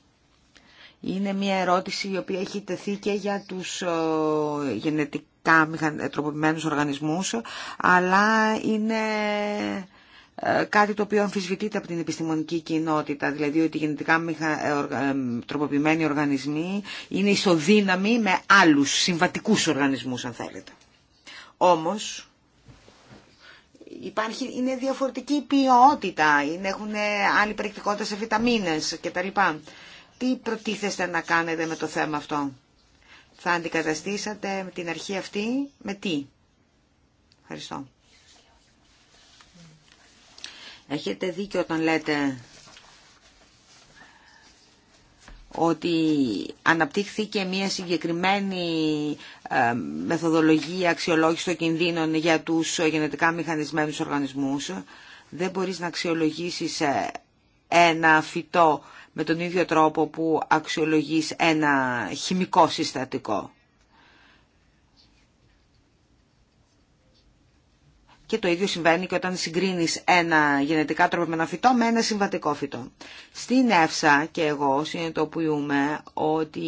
C: Είναι μια ερώτηση η οποία έχει τεθεί και για τους γενετικά τροποποιημένους οργανισμούς, αλλά είναι ε, κάτι το οποίο αμφισβητείται από την επιστημονική κοινότητα, δηλαδή ότι οι γενετικά ε, ε, τροποποιημένοι οργανισμοί είναι ισοδύναμοι με άλλους συμβατικούς οργανισμούς, αν θέλετε. Όμως, υπάρχει, είναι διαφορετική ποιότητα, είναι, έχουν άλλη περιεκτικότητα σε βιταμίνες κτλ. Τι προτίθεστε να κάνετε με το θέμα αυτό. Θα αντικαταστήσατε την αρχή αυτή με τι. Ευχαριστώ. Έχετε δίκιο όταν λέτε ότι αναπτύχθηκε μια συγκεκριμένη ε, μεθοδολογία αξιολόγηση των κινδύνων για τους γενετικά μηχανισμένους οργανισμούς. Δεν μπορείς να αξιολογήσεις ε, ένα φυτό με τον ίδιο τρόπο που αξιολογείς ένα χημικό συστατικό. Και το ίδιο συμβαίνει και όταν συγκρίνει ένα γενετικά ένα φυτό με ένα συμβατικό φυτό. Στην ΕΦΣΑ και εγώ συνειδητοποιούμε ότι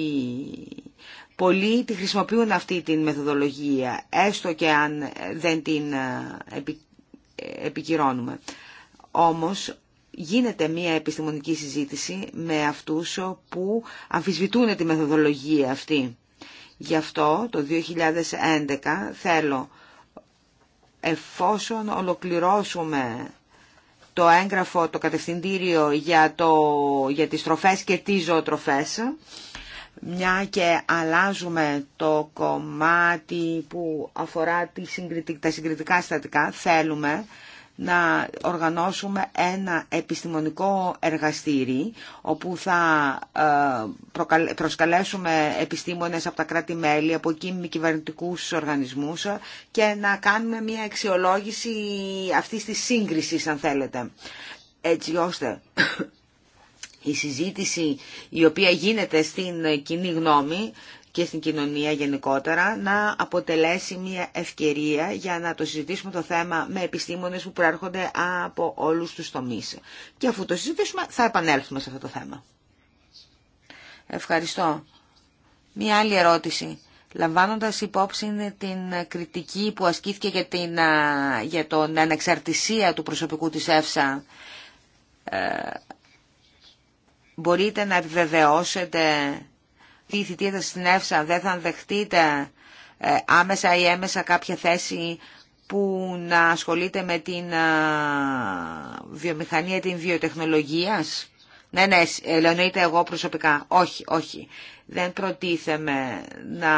C: πολλοί τη χρησιμοποιούν αυτή τη μεθοδολογία, έστω και αν δεν την ε, ε, επικυρώνουμε. Όμως γίνεται μια επιστημονική συζήτηση με αυτούς που αμφισβητούν τη μεθοδολογία αυτή. Γι' αυτό το 2011 θέλω εφόσον ολοκληρώσουμε το έγγραφο, το κατευθυντήριο για, το, για τις τροφές και τις ζωοτροφές, μια και αλλάζουμε το κομμάτι που αφορά τα συγκριτικά στατικά, θέλουμε να οργανώσουμε ένα επιστημονικό εργαστήρι όπου θα ε, προσκαλέσουμε επιστήμονες από τα κράτη-μέλη, από με κυβερνητικούς οργανισμούς ε, και να κάνουμε μια αξιολόγηση αυτής της σύγκρισης αν θέλετε. Έτσι ώστε η συζήτηση η οποία γίνεται στην κοινή γνώμη και στην κοινωνία γενικότερα να αποτελέσει μια ευκαιρία για να το συζητήσουμε το θέμα με επιστήμονες που προέρχονται από όλους τους τομείς. Και αφού το συζητήσουμε θα επανέλθουμε σε αυτό το θέμα. Ευχαριστώ. Μια άλλη ερώτηση. Λαμβάνοντας υπόψη την κριτική που ασκήθηκε για, την, για τον ανεξαρτησία του προσωπικού της ΕΦΣΑ, ε, μπορείτε να επιβεβαιώσετε τι θητεία στην Εύσα, δεν θα ανδεχτείτε ε, άμεσα ή έμεσα κάποια θέση που να ασχολείται με την ε, βιομηχανία, την βιοτεχνολογία. Ναι, ναι, ε, εννοείται εγώ προσωπικά. Όχι, όχι. Δεν προτίθεμαι να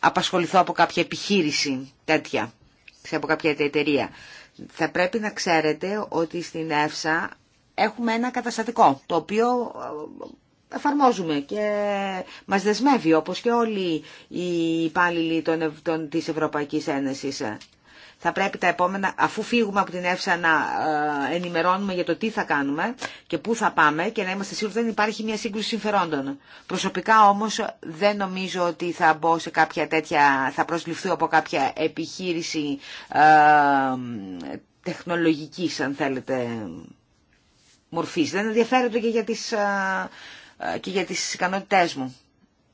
C: απασχοληθώ από κάποια επιχείρηση τέτοια, από κάποια εταιρεία. Θα πρέπει να ξέρετε ότι στην ΕΦΣΑ έχουμε ένα καταστατικό, το οποίο εφαρμόζουμε και μας δεσμεύει όπως και όλοι οι υπάλληλοι των, των, της Ευρωπαϊκής Ένωσης. Θα πρέπει τα επόμενα, αφού φύγουμε από την ΕΦΣΑ να ε, ενημερώνουμε για το τι θα κάνουμε και πού θα πάμε και να είμαστε σίγουροι ότι δεν υπάρχει μια σύγκρουση συμφερόντων. Προσωπικά όμως δεν νομίζω ότι θα μπω κάποια τέτοια, θα προσληφθώ από κάποια επιχείρηση ε, αν θέλετε μορφής. Δεν ενδιαφέρονται και για τις ε, και για τις ικανότητές μου.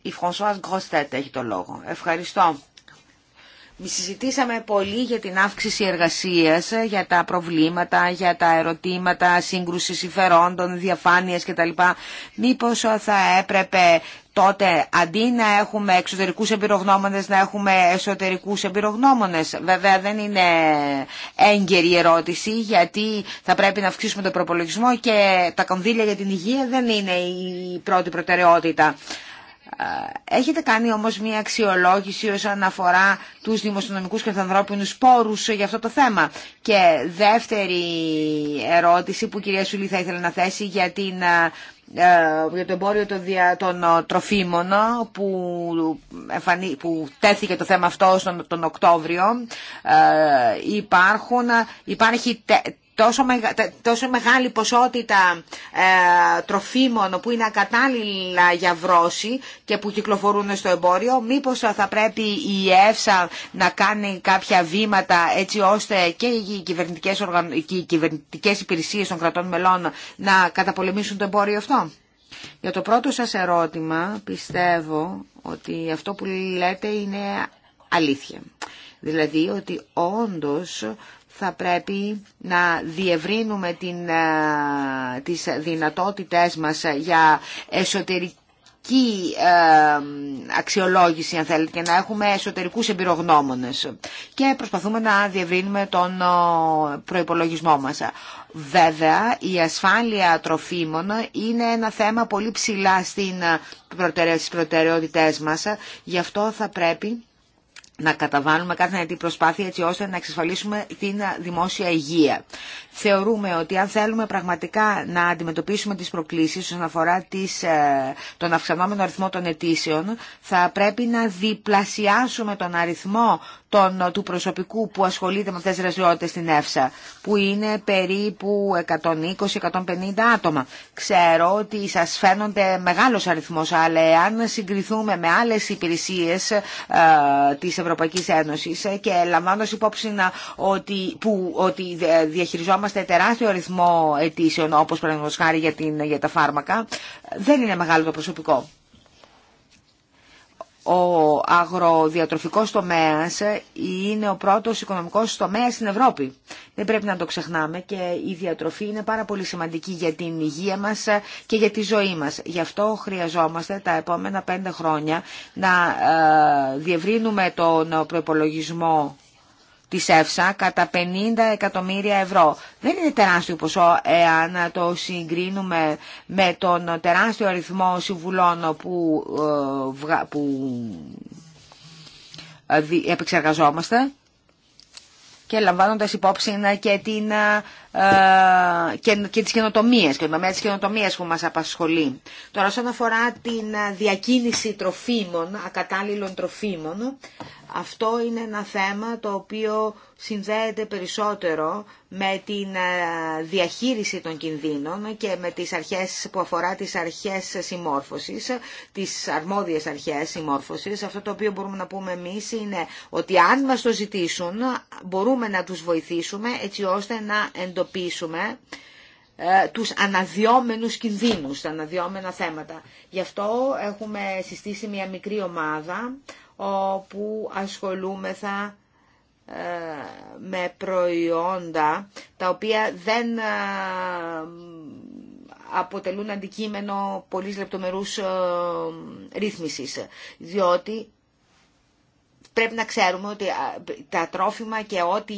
C: Η Φρανσουάς Γκροστέτ έχει το λόγο. Ευχαριστώ συζητήσαμε πολύ για την αύξηση εργασίας, για τα προβλήματα, για τα ερωτήματα, σύγκρουση συμφερόντων, διαφάνειας κτλ. Μήπως θα έπρεπε τότε αντί να έχουμε εξωτερικούς εμπειρογνώμονες να έχουμε εσωτερικούς εμπειρογνώμονες. Βέβαια δεν είναι έγκαιρη η ερώτηση γιατί θα πρέπει να αυξήσουμε τον προπολογισμό και τα κονδύλια για την υγεία δεν είναι η πρώτη προτεραιότητα. Ε, έχετε κάνει όμως μια αξιολόγηση όσον αφορά τους δημοσιονομικούς και τους ανθρώπινους πόρους για αυτό το θέμα. Και δεύτερη ερώτηση που η κυρία Σουλή θα ήθελε να θέσει για, την, ε, ε, για το εμπόριο των, τροφίμων που, που τέθηκε το θέμα αυτό στον, τον Οκτώβριο. υπάρχουν, υπάρχει τόσο, μεγάλη ποσότητα ε, τροφίμων που είναι ακατάλληλα για βρώση και που κυκλοφορούν στο εμπόριο, μήπως θα πρέπει η ΕΕ να κάνει κάποια βήματα έτσι ώστε και οι κυβερνητικές, οργαν... και οι κυβερνητικές υπηρεσίες των κρατών μελών να καταπολεμήσουν το εμπόριο αυτό. Για το πρώτο σας ερώτημα πιστεύω ότι αυτό που λέτε είναι αλήθεια. Δηλαδή ότι όντως θα πρέπει να διευρύνουμε την, ε, τις δυνατότητές μας για εσωτερική ε, αξιολόγηση αν θέλετε και να έχουμε εσωτερικούς εμπειρογνώμονες και προσπαθούμε να διευρύνουμε τον ε, προϋπολογισμό μας. Βέβαια, η ασφάλεια τροφίμων είναι ένα θέμα πολύ ψηλά στην στις προτεραιότητές μας, γι' αυτό θα πρέπει να καταβάλουμε κάθε δυνατή προσπάθεια έτσι ώστε να εξασφαλίσουμε την δημόσια υγεία θεωρούμε ότι αν θέλουμε πραγματικά να αντιμετωπίσουμε τις προκλήσεις όσον αφορά τις, ε, τον αυξανόμενο αριθμό των αιτήσεων, θα πρέπει να διπλασιάσουμε τον αριθμό ε, του προσωπικού που ασχολείται με αυτές τις δραστηριότητε στην ΕΦΣΑ, που είναι περίπου 120-150 άτομα. Ξέρω ότι σας φαίνονται μεγάλος αριθμός, αλλά εάν συγκριθούμε με άλλες υπηρεσίες ε, της Ευρωπαϊκής Ένωσης ε, και λαμβάνοντας υπόψη ότι, που, ότι διαχειριζόμαστε στο τεράστιο αριθμό αιτήσεων, όπως πρέπει χάρη για, την, για τα φάρμακα, δεν είναι μεγάλο το προσωπικό. Ο αγροδιατροφικός τομέας είναι ο πρώτος οικονομικός τομέας στην Ευρώπη. Δεν πρέπει να το ξεχνάμε και η διατροφή είναι πάρα πολύ σημαντική για την υγεία μας και για τη ζωή μας. Γι' αυτό χρειαζόμαστε τα επόμενα πέντε χρόνια να ε, διευρύνουμε τον προπολογισμό Τη ΕΦΣΑ κατά 50 εκατομμύρια ευρώ. Δεν είναι τεράστιο ποσό εάν το συγκρίνουμε με τον τεράστιο αριθμό συμβουλών που, ε, που ε, επεξεργαζόμαστε και λαμβάνοντας υπόψη και, την, ε, και, τις καινοτομίες και το τις καινοτομίες που μας απασχολεί. Τώρα όσον αφορά την διακίνηση τροφίμων, ακατάλληλων τροφίμων, αυτό είναι ένα θέμα το οποίο συνδέεται περισσότερο με την ε, διαχείριση των κινδύνων και με τις αρχές που αφορά τις αρχές συμμόρφωσης, τις αρμόδιες αρχές συμμόρφωσης. Αυτό το οποίο μπορούμε να πούμε εμείς είναι ότι αν μας το ζητήσουν μπορούμε να τους βοηθήσουμε έτσι ώστε να εντοπίσουμε ε, τους αναδιόμενους κινδύνους, τα αναδιόμενα θέματα. Γι' αυτό έχουμε συστήσει μια μικρή ομάδα όπου ασχολούμεθα ε, με προϊόντα τα οποία δεν ε, αποτελούν αντικείμενο πολλής λεπτομερούς ρύθμισης, διότι πρέπει να ξέρουμε ότι τα τρόφιμα και ό,τι,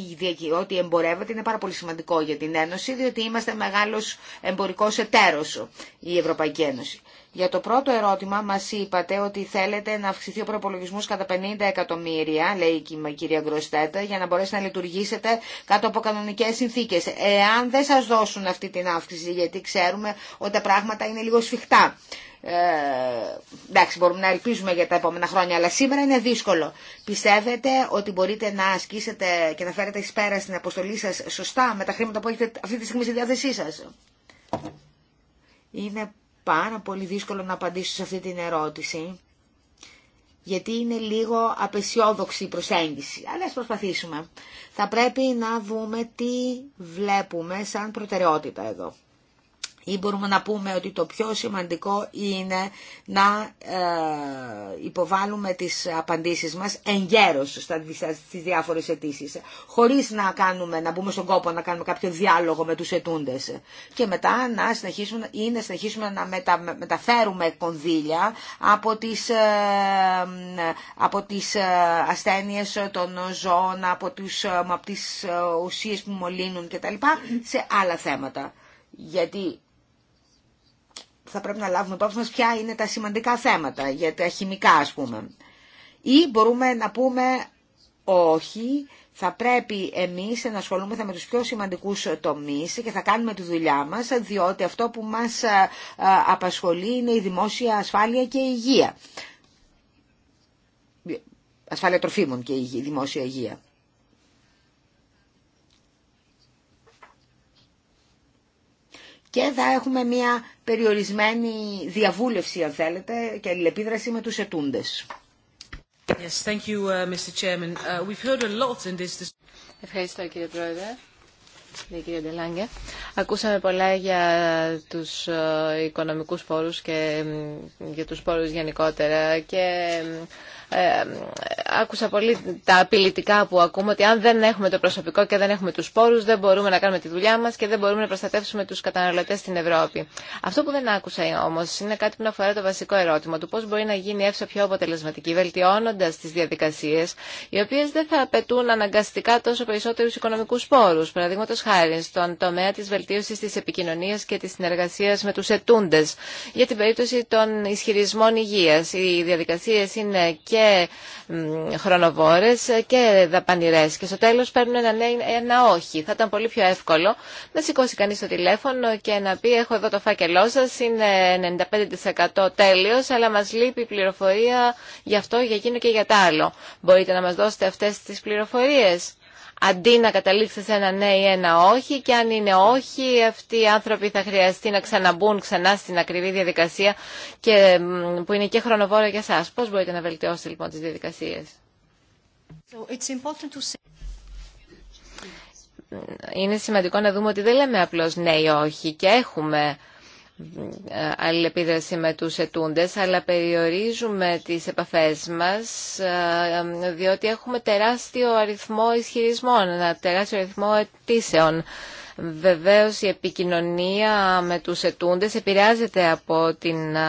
C: ό,τι εμπορεύεται είναι πάρα πολύ σημαντικό για την Ένωση, διότι είμαστε μεγάλος εμπορικός εταίρος η Ευρωπαϊκή Ένωση. Για το πρώτο ερώτημα μας είπατε ότι θέλετε να αυξηθεί ο προπολογισμό κατά 50 εκατομμύρια, λέει η κυρία Γκροστέτα, για να μπορέσετε να λειτουργήσετε κάτω από κανονικές συνθήκες. Εάν δεν σας δώσουν αυτή την αύξηση, γιατί ξέρουμε ότι τα πράγματα είναι λίγο σφιχτά. Ε, εντάξει, μπορούμε να ελπίζουμε για τα επόμενα χρόνια, αλλά σήμερα είναι δύσκολο. Πιστεύετε ότι μπορείτε να ασκήσετε και να φέρετε εις πέρα στην αποστολή σας σωστά με τα χρήματα που έχετε αυτή τη στιγμή στη διάθεσή σας. Είναι πάρα πολύ δύσκολο να απαντήσω σε αυτή την ερώτηση, γιατί είναι λίγο απεσιόδοξη η προσέγγιση. Αλλά ας προσπαθήσουμε. Θα πρέπει να δούμε τι βλέπουμε σαν προτεραιότητα εδώ. Ή μπορούμε να πούμε ότι το πιο σημαντικό είναι να ε, υποβάλουμε τις απαντήσεις μας εν στις διάφορες αιτήσει, χωρίς να, κάνουμε, να μπούμε στον κόπο να κάνουμε κάποιο διάλογο με τους ετούντες. Και μετά να συνεχίσουμε, ή να, να μετα, μεταφέρουμε κονδύλια από τις, ε, από τις ε, ασθένειες των ζώων, από, τους, από τις ουσίες που μολύνουν κτλ. σε άλλα θέματα. Γιατί θα πρέπει να λάβουμε υπόψη μας ποια είναι τα σημαντικά θέματα για τα χημικά ας πούμε. Ή μπορούμε να πούμε όχι, θα πρέπει εμείς να ασχολούμεθα με τους πιο σημαντικούς τομείς και θα κάνουμε τη δουλειά μας, διότι αυτό που μας ε, ε, απασχολεί είναι η δημόσια ασφάλεια και η υγεία. Ασφάλεια τροφίμων και η δημόσια υγεία. και θα έχουμε μια περιορισμένη διαβούλευση, αν θέλετε, και αλληλεπίδραση με τους ετούντες.
B: Yes, thank you, uh, Mr. Chairman. Uh, we've heard a lot in this...
A: Ευχαριστώ, κύριε Πρόεδρε. Κύριε Ντελάγκε. Ακούσαμε πολλά για τους ε, οικονομικούς πόρους και για τους πόρους γενικότερα και άκουσα πολύ τα απειλητικά που ακούμε ότι αν δεν έχουμε το προσωπικό και δεν έχουμε τους πόρους δεν μπορούμε να κάνουμε τη δουλειά μας και δεν μπορούμε να προστατεύσουμε τους καταναλωτές στην Ευρώπη. Αυτό που δεν άκουσα όμως είναι κάτι που αφορά το βασικό ερώτημα του πώς μπορεί να γίνει ΕΦΣΑ πιο αποτελεσματική βελτιώνοντας τις διαδικασίες οι οποίες δεν θα απαιτούν αναγκαστικά τόσο περισσότερους οικονομικούς πόρους. Παραδείγματος χάρη στον τομέα της βελτίωσης της επικοινωνίας και της συνεργασίας με τους ετούντες για την περίπτωση των ισχυρισμών υγείας. Οι διαδικασίες είναι και και χρονοβόρες και δαπανηρές και στο τέλος παίρνουν ένα ναι, ένα όχι. Θα ήταν πολύ πιο εύκολο να σηκώσει κανείς το τηλέφωνο και να πει έχω εδώ το φάκελό σας, είναι 95% τέλειος αλλά μας λείπει η πληροφορία για αυτό, για εκείνο και για τα άλλο. Μπορείτε να μας δώσετε αυτές τις πληροφορίες αντί να καταλήξετε σε ένα ναι ή ένα όχι και αν είναι όχι αυτοί οι άνθρωποι θα χρειαστεί να ξαναμπούν ξανά στην ακριβή διαδικασία και, που είναι και χρονοβόρο για εσάς. Πώς μπορείτε να βελτιώσετε λοιπόν τις διαδικασίες. Είναι σημαντικό να δούμε ότι δεν λέμε απλώς ναι ή όχι και έχουμε αλληλεπίδραση με τους ετούντες, αλλά περιορίζουμε τις επαφές μας, ε, διότι έχουμε τεράστιο αριθμό ισχυρισμών, ένα τεράστιο αριθμό αιτήσεων. Βεβαίως η επικοινωνία με τους ετούντες επηρεάζεται από την ε,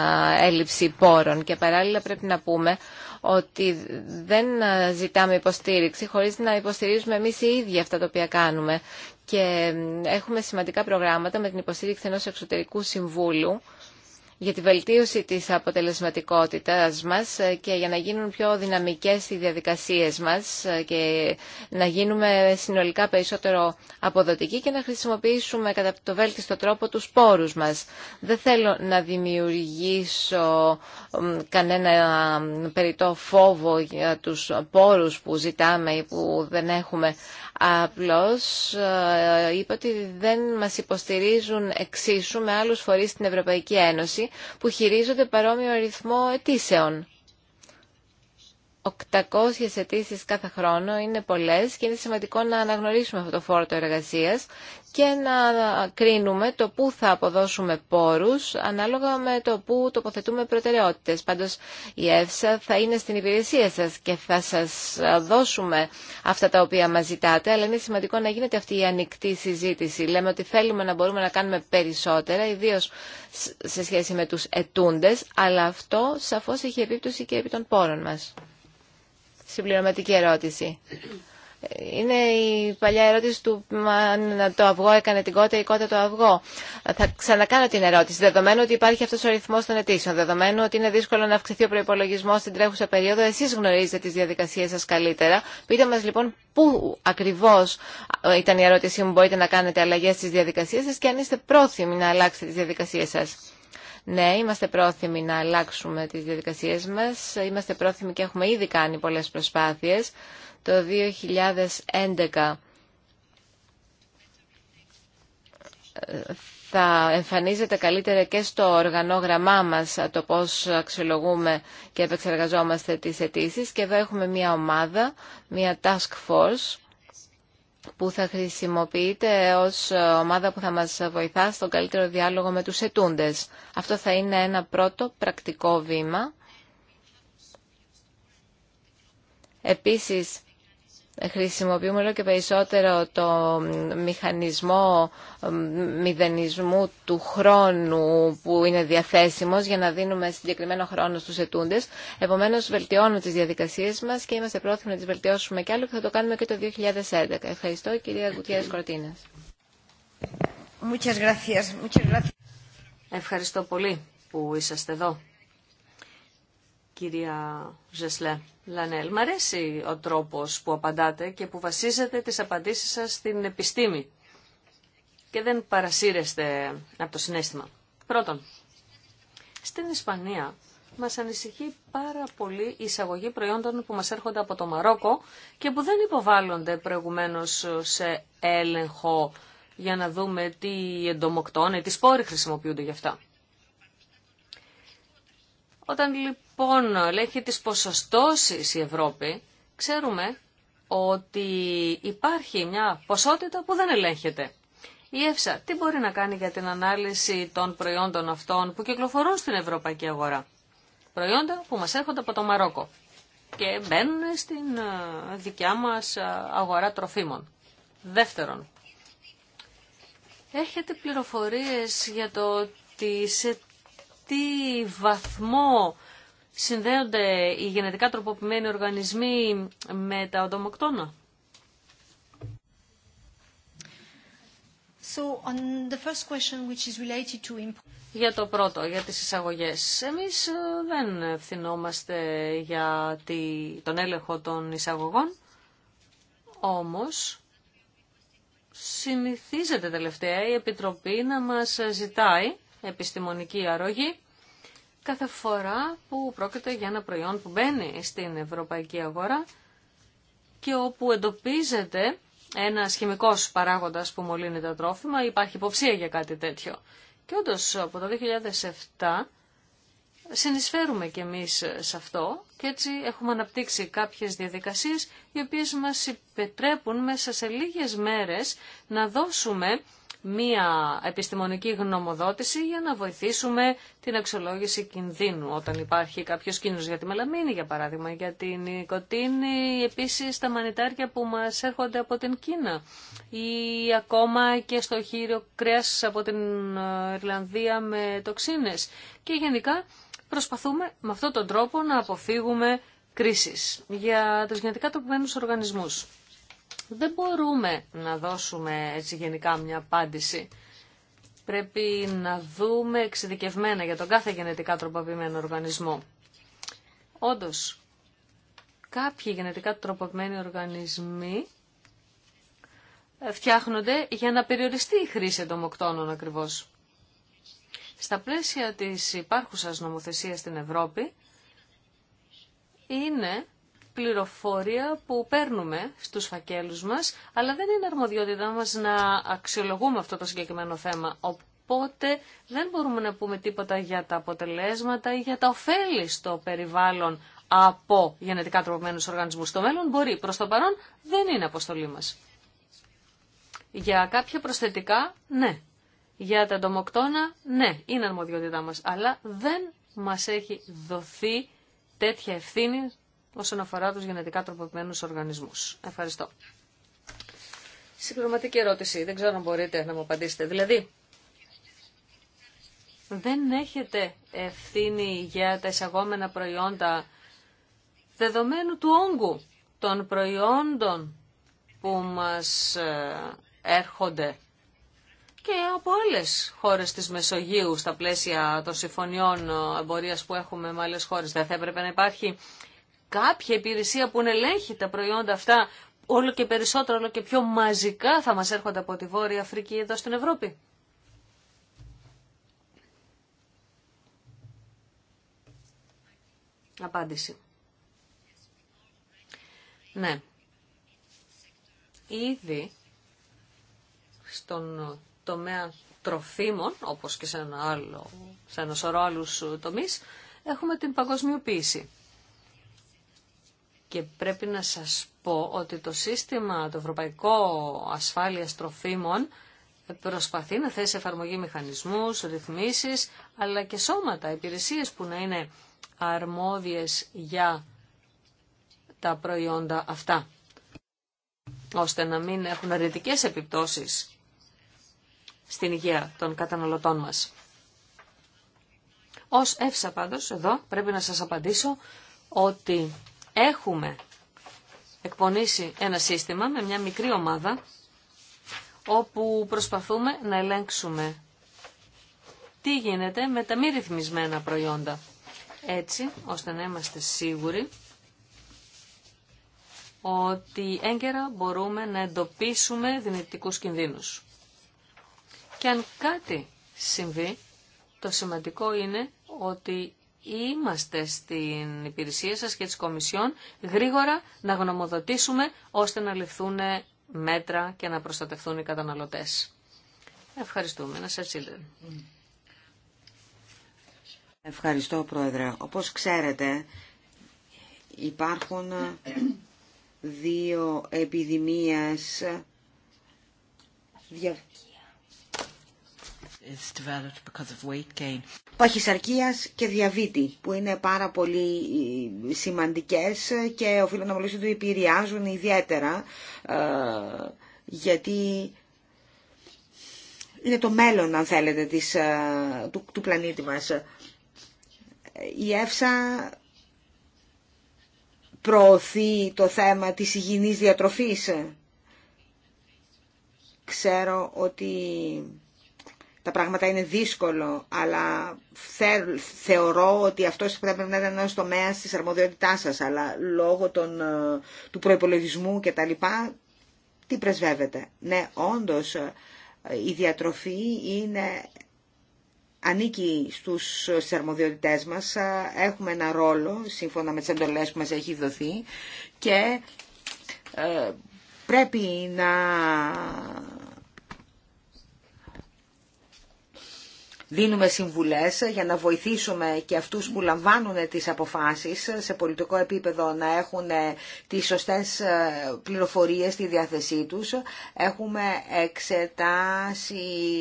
A: έλλειψη πόρων και παράλληλα πρέπει να πούμε ότι δεν ε, ζητάμε υποστήριξη χωρίς να υποστηρίζουμε εμείς οι ίδιοι αυτά τα οποία κάνουμε και έχουμε σημαντικά προγράμματα με την υποστήριξη ενός εξωτερικού συμβούλου για τη βελτίωση της αποτελεσματικότητας μας ε, και για να γίνουν πιο δυναμικές οι διαδικασίες μας ε, και να γίνουμε συνολικά περισσότερο αποδοτικοί και να χρησιμοποιήσουμε κατά το βέλτιστο τρόπο τους πόρους μας. Δεν θέλω να δημιουργήσω κανένα περιττό φόβο για τους πόρους που ζητάμε ή που δεν έχουμε, Απλώς ε, είπα ότι δεν μας υποστηρίζουν εξίσου με άλλους φορείς στην Ευρωπαϊκή Ένωση που χειρίζονται παρόμοιο αριθμό αιτήσεων. 800 αιτήσει κάθε χρόνο είναι πολλέ και είναι σημαντικό να αναγνωρίσουμε αυτό το φόρτο εργασία και να κρίνουμε το πού θα αποδώσουμε πόρου ανάλογα με το πού τοποθετούμε προτεραιότητε. Πάντω η ΕΦΣΑ θα είναι στην υπηρεσία σα και θα σα δώσουμε αυτά τα οποία μα ζητάτε, αλλά είναι σημαντικό να γίνεται αυτή η ανοιχτή συζήτηση. Λέμε ότι θέλουμε να μπορούμε να κάνουμε περισσότερα, ιδίω σε σχέση με του ετούντε, αλλά αυτό σαφώ έχει επίπτωση και επί των πόρων μα συμπληρωματική ερώτηση. Είναι η παλιά ερώτηση του αν το αυγό έκανε την κότα ή κότα το αυγό. Θα ξανακάνω την ερώτηση. Δεδομένου ότι υπάρχει αυτό ο ρυθμό των αιτήσεων, δεδομένου ότι είναι δύσκολο να αυξηθεί ο προπολογισμό στην τρέχουσα περίοδο, εσεί γνωρίζετε τι διαδικασίε σα καλύτερα. Πείτε μα λοιπόν πού ακριβώ ε, ήταν η ερώτησή μου, μπορείτε να κάνετε αλλαγέ στι διαδικασίε σα και αν είστε πρόθυμοι να αλλάξετε τι διαδικασίε σα. Ναι, είμαστε πρόθυμοι να αλλάξουμε τις διαδικασίες μας. Είμαστε πρόθυμοι και έχουμε ήδη κάνει πολλές προσπάθειες. Το 2011 ε, θα εμφανίζεται καλύτερα και στο οργανόγραμμά μας το πώς αξιολογούμε και επεξεργαζόμαστε τις αιτήσει και εδώ έχουμε μια ομάδα, μια task force που θα χρησιμοποιείται ως ομάδα που θα μας βοηθά στον καλύτερο διάλογο με τους ετούντες. Αυτό θα είναι ένα πρώτο πρακτικό βήμα. Επίσης, χρησιμοποιούμε όλο και περισσότερο το μηχανισμό ε, μηδενισμού του χρόνου που είναι διαθέσιμος για να δίνουμε συγκεκριμένο χρόνο στους ετούντες. Επομένως βελτιώνουμε τις διαδικασίες μας και είμαστε πρόθυμοι να τις βελτιώσουμε κι άλλο και θα το κάνουμε και το 2011. Ευχαριστώ κυρία Γκουτιέρης Κορτίνας.
B: Ευχαριστώ πολύ που είσαστε εδώ κυρία Ζεσλέ Λανέλ. Μ' αρέσει ο τρόπος που απαντάτε και που βασίζετε τις απαντήσεις σας στην επιστήμη και δεν παρασύρεστε από το συνέστημα. Πρώτον, στην Ισπανία μας ανησυχεί πάρα πολύ η εισαγωγή προϊόντων που μας έρχονται από το Μαρόκο και που δεν υποβάλλονται προηγουμένως σε έλεγχο για να δούμε τι εντομοκτώνε, τι σπόροι χρησιμοποιούνται γι' αυτά. Όταν λοιπόν ελέγχει τις ποσοστώσεις η Ευρώπη, ξέρουμε ότι υπάρχει μια ποσότητα που δεν ελέγχεται. Η ΕΦΣΑ τι μπορεί να κάνει για την ανάλυση των προϊόντων αυτών που κυκλοφορούν στην ευρωπαϊκή αγορά. Προϊόντα που μας έρχονται από το Μαρόκο και μπαίνουν στην ε, δικιά μας ε, αγορά τροφίμων. Δεύτερον, έχετε πληροφορίες για το ότι τι βαθμό συνδέονται οι γενετικά τροποποιημένοι οργανισμοί με τα οντομοκτώνα.
C: So on the first question, which
B: Για το πρώτο, για τις εισαγωγές. Εμείς ε, δεν ευθυνόμαστε για τον έλεγχο των εισαγωγών, όμως συνηθίζεται τελευταία η Επιτροπή να μας ζητάει επιστημονική αρρωγή κάθε φορά που πρόκειται για ένα προϊόν που μπαίνει στην ευρωπαϊκή αγορά και όπου εντοπίζεται ένα χημικός παράγοντας που μολύνει τα τρόφιμα, υπάρχει υποψία για κάτι τέτοιο. Και όντω από το 2007 συνεισφέρουμε κι εμείς σε αυτό και έτσι έχουμε αναπτύξει κάποιες διαδικασίες οι οποίες μας επιτρέπουν μέσα σε λίγε μέρες να δώσουμε μία επιστημονική γνωμοδότηση για να βοηθήσουμε την αξιολόγηση κινδύνου όταν υπάρχει κάποιο κίνδυνο για τη μελαμίνη, για παράδειγμα, για την νοικοτήνη, επίση τα μανιτάρια που μα έρχονται από την Κίνα ή ακόμα και στο χείριο κρέα από την ε, Ιρλανδία με τοξίνε. Και γενικά προσπαθούμε με αυτόν τον τρόπο να αποφύγουμε κρίσεις για τους γενετικά τροπημένους οργανισμούς. Δεν μπορούμε να δώσουμε έτσι γενικά μια απάντηση. Πρέπει να δούμε εξειδικευμένα για τον κάθε γενετικά τροποποιημένο οργανισμό. Όντως, κάποιοι γενετικά τροποποιημένοι οργανισμοί ε, φτιάχνονται για να περιοριστεί η χρήση εντομοκτώνων ακριβώς. Στα πλαίσια της υπάρχουσας νομοθεσίας στην Ευρώπη είναι πληροφορία που παίρνουμε στους φακέλους μας, αλλά δεν είναι αρμοδιότητά μας να αξιολογούμε αυτό το συγκεκριμένο θέμα. Οπότε δεν μπορούμε να πούμε τίποτα για τα αποτελέσματα ή για τα ωφέλη στο περιβάλλον από γενετικά τροπομένους οργανισμούς. Στο μέλλον μπορεί. Προς το παρόν δεν είναι αποστολή μας. Για κάποια προσθετικά, ναι. Για τα ντομοκτώνα, ναι, είναι αρμοδιότητά μας. Αλλά δεν μας έχει δοθεί τέτοια ευθύνη όσον αφορά τους γενετικά τροποποιημένους οργανισμούς. Ευχαριστώ. Συγκροματική ερώτηση. Δεν ξέρω αν μπορείτε να μου απαντήσετε. Δηλαδή, δεν έχετε ευθύνη για τα εισαγόμενα προϊόντα δεδομένου του όγκου των προϊόντων που μας ε, έρχονται και από άλλες χώρες της Μεσογείου στα πλαίσια των συμφωνιών ε, εμπορίας που έχουμε με άλλες χώρες. Δεν θα έπρεπε να υπάρχει κάποια υπηρεσία που ελέγχει τα προϊόντα αυτά όλο και περισσότερο, όλο και πιο μαζικά θα μας έρχονται από τη Βόρεια Αφρική εδώ στην Ευρώπη. Απάντηση. Ναι. Ήδη στον τομέα τροφίμων, όπως και σε ένα, άλλο, σε ένα σωρό άλλους τομείς, έχουμε την παγκοσμιοποίηση. Και πρέπει να σας πω ότι το σύστημα, το Ευρωπαϊκό Ασφάλειας Τροφίμων, προσπαθεί να θέσει εφαρμογή μηχανισμούς, ρυθμίσεις, αλλά και σώματα, υπηρεσίες που να είναι αρμόδιες για τα προϊόντα αυτά, ώστε να μην έχουν αρνητικές επιπτώσεις στην υγεία των καταναλωτών μας. Ως εύσα πάντως, εδώ πρέπει να σας απαντήσω ότι έχουμε εκπονήσει ένα σύστημα με μια μικρή ομάδα όπου προσπαθούμε να ελέγξουμε τι γίνεται με τα μη ρυθμισμένα προϊόντα. Έτσι, ώστε να είμαστε σίγουροι ότι έγκαιρα μπορούμε να εντοπίσουμε δυνητικούς κινδύνους. Και αν κάτι συμβεί, το σημαντικό είναι ότι είμαστε στην υπηρεσία σας και της Κομισιόν γρήγορα να γνωμοδοτήσουμε ώστε να ληφθούν μέτρα και να προστατευτούν οι καταναλωτές. Ευχαριστούμε. Να σας
C: Ευχαριστώ Πρόεδρε. Όπως ξέρετε υπάρχουν δύο επιδημίες Παχυσαρκία και διαβήτη που είναι πάρα πολύ ε, σημαντικές και οφείλω να μιλήσω ότι επηρεάζουν ιδιαίτερα ε, γιατί είναι το μέλλον αν θέλετε της, ε, του, πλανήτη μας. Η ΕΦΣΑ προωθεί το θέμα της υγιεινής διατροφής. Ξέρω ότι τα πράγματα είναι δύσκολο, αλλά θεωρώ ότι αυτό πρέπει να είναι ένα τομέα τη αρμοδιότητά σα. Αλλά λόγω των, ε, του προπολογισμού και τα λοιπά, τι πρεσβεύεται. Ναι, όντω ε, η διατροφή είναι ανήκει στους, αρμοδιότητε μα. μας, ε, έχουμε ένα ρόλο σύμφωνα με τι εντολές που μα έχει δοθεί και πρέπει να δίνουμε συμβουλές για να βοηθήσουμε και αυτούς που λαμβάνουν τις αποφάσεις σε πολιτικό επίπεδο να έχουν ε, τις σωστές ε, πληροφορίες στη διάθεσή τους. Έχουμε εξετάσει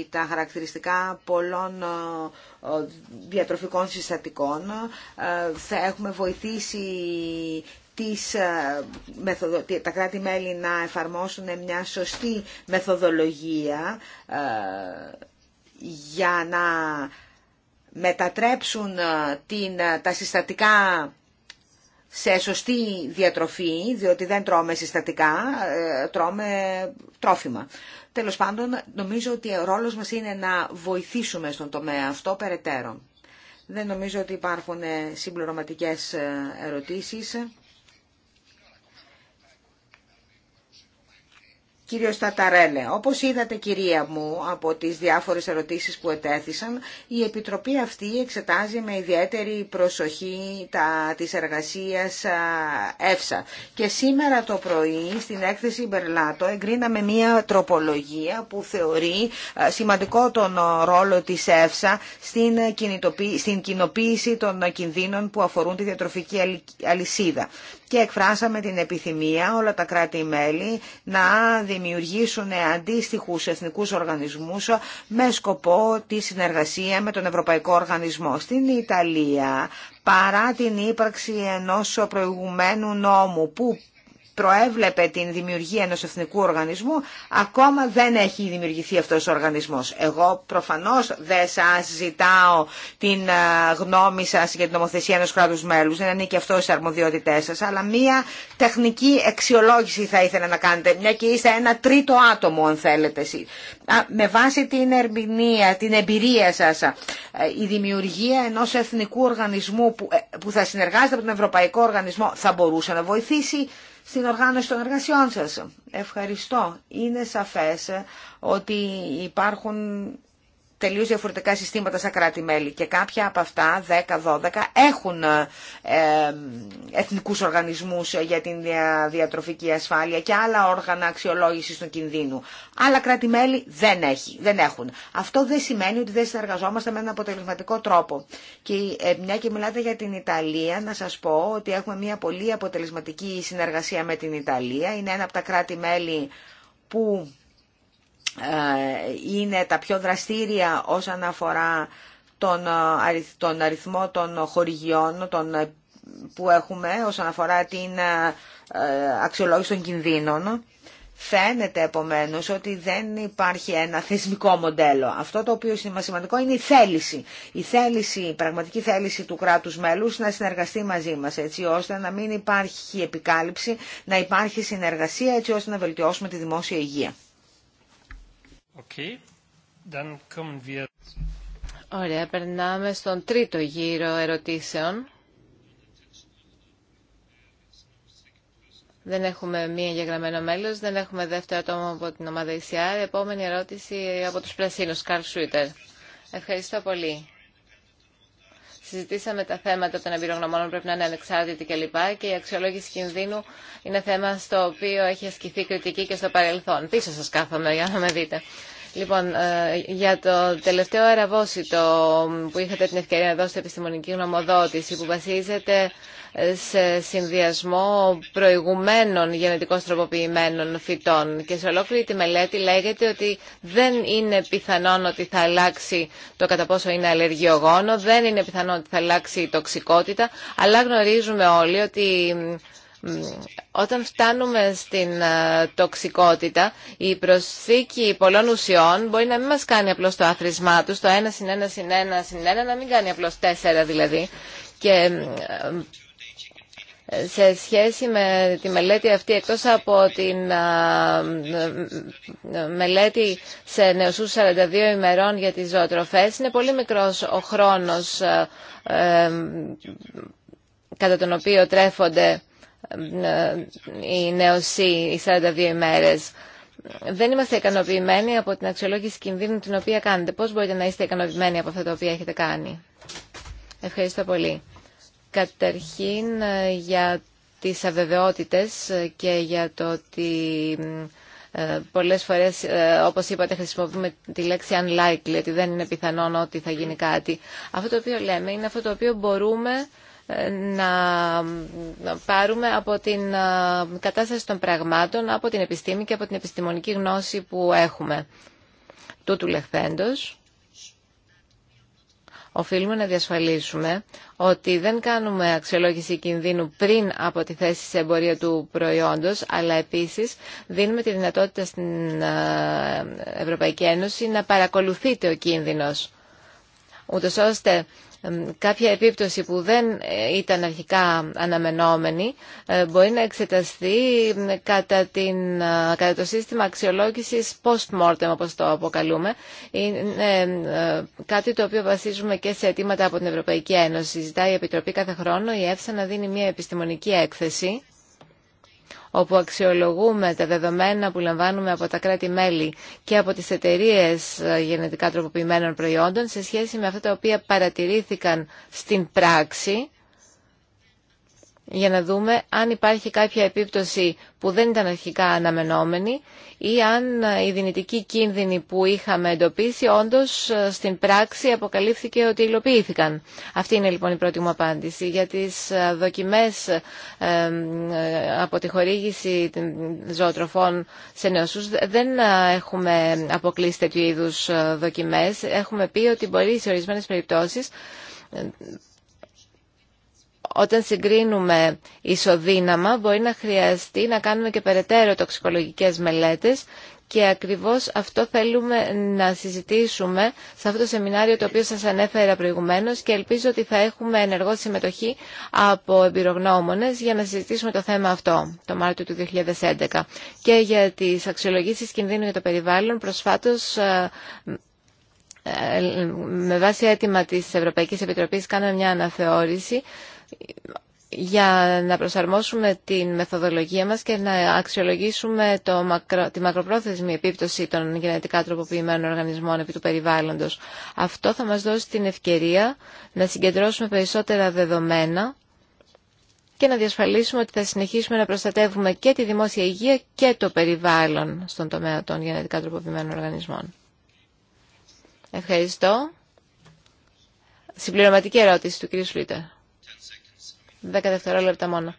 C: τα χαρακτηριστικά πολλών ε, διατροφικών συστατικών. Θα έχουμε βοηθήσει τις, τα κράτη-μέλη να εφαρμόσουν μια σωστή μεθοδολογία για να μετατρέψουν ε, την, ε, τα συστατικά σε σωστή διατροφή, διότι δεν τρώμε συστατικά, ε, τρώμε τρόφιμα. Τέλος πάντων, νομίζω ότι ο ρόλος μας είναι να βοηθήσουμε στον τομέα αυτό περαιτέρω. Δεν νομίζω ότι υπάρχουν συμπληρωματικές ερωτήσεις. Κύριο Σταταρέλε, Όπως είδατε κυρία μου από τις διάφορες ερωτήσεις που ετέθησαν, η Επιτροπή αυτή εξετάζει με ιδιαίτερη προσοχή τα, της εργασίας ΕΦΣΑ. Και σήμερα το πρωί στην έκθεση Μπερλάτο εγκρίναμε μια τροπολογία που θεωρεί σημαντικό τον ρόλο της ΕΦΣΑ στην, στην κοινοποίηση των κινδύνων που αφορούν τη διατροφική αλυσίδα και εκφράσαμε την επιθυμία όλα τα κράτη-μέλη να δημιουργήσουν αντίστοιχους εθνικούς οργανισμούς με σκοπό τη συνεργασία με τον Ευρωπαϊκό Οργανισμό. Στην Ιταλία παρά την ύπαρξη ενός προηγουμένου νόμου που προέβλεπε την δημιουργία ενός εθνικού οργανισμού, ακόμα δεν έχει δημιουργηθεί αυτός ο οργανισμός. Εγώ προφανώς δεν σας ζητάω την ε, γνώμη σας για την νομοθεσία ενός κράτους μέλους, δεν ανήκει αυτό στις αρμοδιότητές σας, αλλά μία τεχνική αξιολόγηση θα ήθελα να κάνετε, μια και είστε ένα τρίτο άτομο αν θέλετε εσείς. Με βάση την ερμηνεία, την εμπειρία σας, ε, η δημιουργία ενός εθνικού οργανισμού ε, που θα συνεργάζεται με τον Ευρωπαϊκό Οργανισμό θα μπορούσε να βοηθήσει στην οργάνωση των εργασιών σας. Ευχαριστώ. Είναι σαφές ότι υπάρχουν τελείως διαφορετικά συστήματα στα κράτη-μέλη και κάποια από αυτά, 10-12, έχουν ε, εθνικούς οργανισμούς για την διατροφική ασφάλεια και άλλα όργανα αξιολόγησης των κινδύνου. Άλλα κράτη-μέλη δεν, έχει, δεν έχουν. Αυτό δεν σημαίνει ότι δεν συνεργαζόμαστε με έναν αποτελεσματικό τρόπο. Και ε, μια και μιλάτε για την Ιταλία, να σας πω ότι έχουμε μια πολύ αποτελεσματική συνεργασία με την Ιταλία. Είναι ένα από τα κράτη-μέλη που ε, είναι τα πιο δραστήρια όσον αφορά τον ε, αριθμό των χορηγιών των ε, που έχουμε όσον αφορά την αξιολόγηση των κινδύνων. Φαίνεται επομένως ότι δεν υπάρχει ένα θεσμικό μοντέλο. Αυτό το οποίο είναι σημαντικό είναι η θέληση. Η θέληση, η πραγματική θέληση του κράτους μέλους να συνεργαστεί μαζί μας έτσι ώστε να μην υπάρχει επικάλυψη, να υπάρχει συνεργασία έτσι ώστε να βελτιώσουμε τη δημόσια υγεία.
A: Okay. Ωραία, περνάμε στον τρίτο γύρο ερωτήσεων. Δεν έχουμε μία εγγεγραμμένο μέλο, δεν έχουμε δεύτερο άτομο από την ομάδα ECR. Επόμενη ερώτηση από του Πρασίνου, Καρλ Σούιτερ. Ευχαριστώ πολύ συζητήσαμε τα θέματα των εμπειρογνωμόνων πρέπει να είναι ανεξάρτητοι κλπ. Και η αξιολόγηση κινδύνου είναι θέμα στο οποίο έχει ασκηθεί κριτική και στο παρελθόν. Πίσω σας κάθομαι για να με δείτε. Λοιπόν, ε, για το τελευταίο αεραβόσιτο που είχατε την ευκαιρία να δώσετε επιστημονική γνωμοδότηση που βασίζεται ε, σε συνδυασμό προηγουμένων γενετικώς τροποποιημένων φυτών και σε ολόκληρη τη μελέτη λέγεται ότι δεν είναι πιθανόν ότι θα αλλάξει το κατά πόσο είναι αλλεργιογόνο, δεν είναι πιθανόν ότι θα αλλάξει η τοξικότητα, αλλά γνωρίζουμε όλοι ότι όταν φτάνουμε στην ε, τοξικότητα, η προσθήκη πολλών ουσιών μπορεί να μην μας κάνει απλώς το άθροισμά τους, το ενα συν 1 συν 1 συν 1, να μην κάνει απλώς τέσσερα δηλαδή. Και ε, σε σχέση με τη μελέτη αυτή, εκτός από τη ε, μελέτη σε νεοσούς 42 ημερών για τις ζωοτροφές, είναι πολύ μικρός ο χρόνος κατά τον οποίο τρέφονται ε, η νέωση οι 42 ημέρες. Δεν είμαστε ικανοποιημένοι από την αξιολόγηση κινδύνου την οποία κάνετε. Πώς μπορείτε να είστε ικανοποιημένοι από αυτά τα οποία έχετε κάνει. Ευχαριστώ πολύ. Καταρχήν ε, για τις αβεβαιότητες ε, και για το ότι πολλές φορές, όπως είπατε, χρησιμοποιούμε τη λέξη unlikely, ότι δεν είναι πιθανόν ότι θα γίνει κάτι. Αυτό το οποίο λέμε είναι αυτό το οποίο μπορούμε να πάρουμε από την κατάσταση των πραγμάτων, από την επιστήμη και από την επιστημονική γνώση που έχουμε. Τούτου λεχθέντος, οφείλουμε να διασφαλίσουμε ότι δεν κάνουμε αξιολόγηση κινδύνου πριν από τη θέση σε εμπορία του προϊόντος, αλλά επίσης δίνουμε τη δυνατότητα στην Ευρωπαϊκή Ένωση να παρακολουθείται ο κίνδυνος, ούτως ώστε κάποια επίπτωση που δεν ε, ήταν αρχικά αναμενόμενη ε, μπορεί να εξεταστεί κατά, την, ε, κατά το σύστημα αξιολόγησης post-mortem, όπως το αποκαλούμε. Είναι κάτι το οποίο βασίζουμε και σε αιτήματα από την Ευρωπαϊκή Ένωση. Ζητάει η Επιτροπή κάθε χρόνο η ΕΦΣΑ να δίνει μια επιστημονική έκθεση όπου αξιολογούμε τα δεδομένα που λαμβάνουμε από τα κράτη-μέλη και από τις εταιρείες ε, γενετικά τροποποιημένων προϊόντων σε σχέση με αυτά τα οποία παρατηρήθηκαν στην πράξη για να δούμε αν υπάρχει κάποια επίπτωση που δεν ήταν αρχικά αναμενόμενη ή αν η δυνητική κίνδυνη που είχαμε εντοπίσει όντως ε, στην πράξη αποκαλύφθηκε ότι υλοποιήθηκαν. Αυτή είναι λοιπόν η πρώτη μου απάντηση. Για τις ε, δοκιμές ε, από τη χορήγηση ζωοτροφών σε νεοσούς δεν έχουμε αποκλείσει τέτοιου είδους δοκιμές. Έχουμε πει ότι μπορεί σε ορισμένες περιπτώσεις όταν συγκρίνουμε ισοδύναμα μπορεί να χρειαστεί να κάνουμε και περαιτέρω τοξικολογικές μελέτες και ακριβώς αυτό θέλουμε να συζητήσουμε σε αυτό το σεμινάριο το οποίο σας ανέφερα προηγουμένως και ελπίζω ότι θα έχουμε ενεργό συμμετοχή από εμπειρογνώμονες για να συζητήσουμε το θέμα αυτό το Μάρτιο του 2011. Και για τις αξιολογήσεις κινδύνου για το περιβάλλον προσφάτως ε, ε, ε, με βάση αίτημα της Ευρωπαϊκής Επιτροπής κάναμε μια αναθεώρηση για να προσαρμόσουμε την μεθοδολογία μας και να αξιολογήσουμε το τη μακροπρόθεσμη επίπτωση των γενετικά τροποποιημένων οργανισμών επί του περιβάλλοντος. Αυτό θα μας δώσει την ευκαιρία να συγκεντρώσουμε περισσότερα δεδομένα και να διασφαλίσουμε ότι θα συνεχίσουμε να προστατεύουμε και τη δημόσια υγεία και το περιβάλλον στον τομέα των γενετικά τροποποιημένων οργανισμών. Ευχαριστώ. Συμπληρωματική ερώτηση του κ. Σλίτερ. Δέκα δευτερόλεπτα μόνο.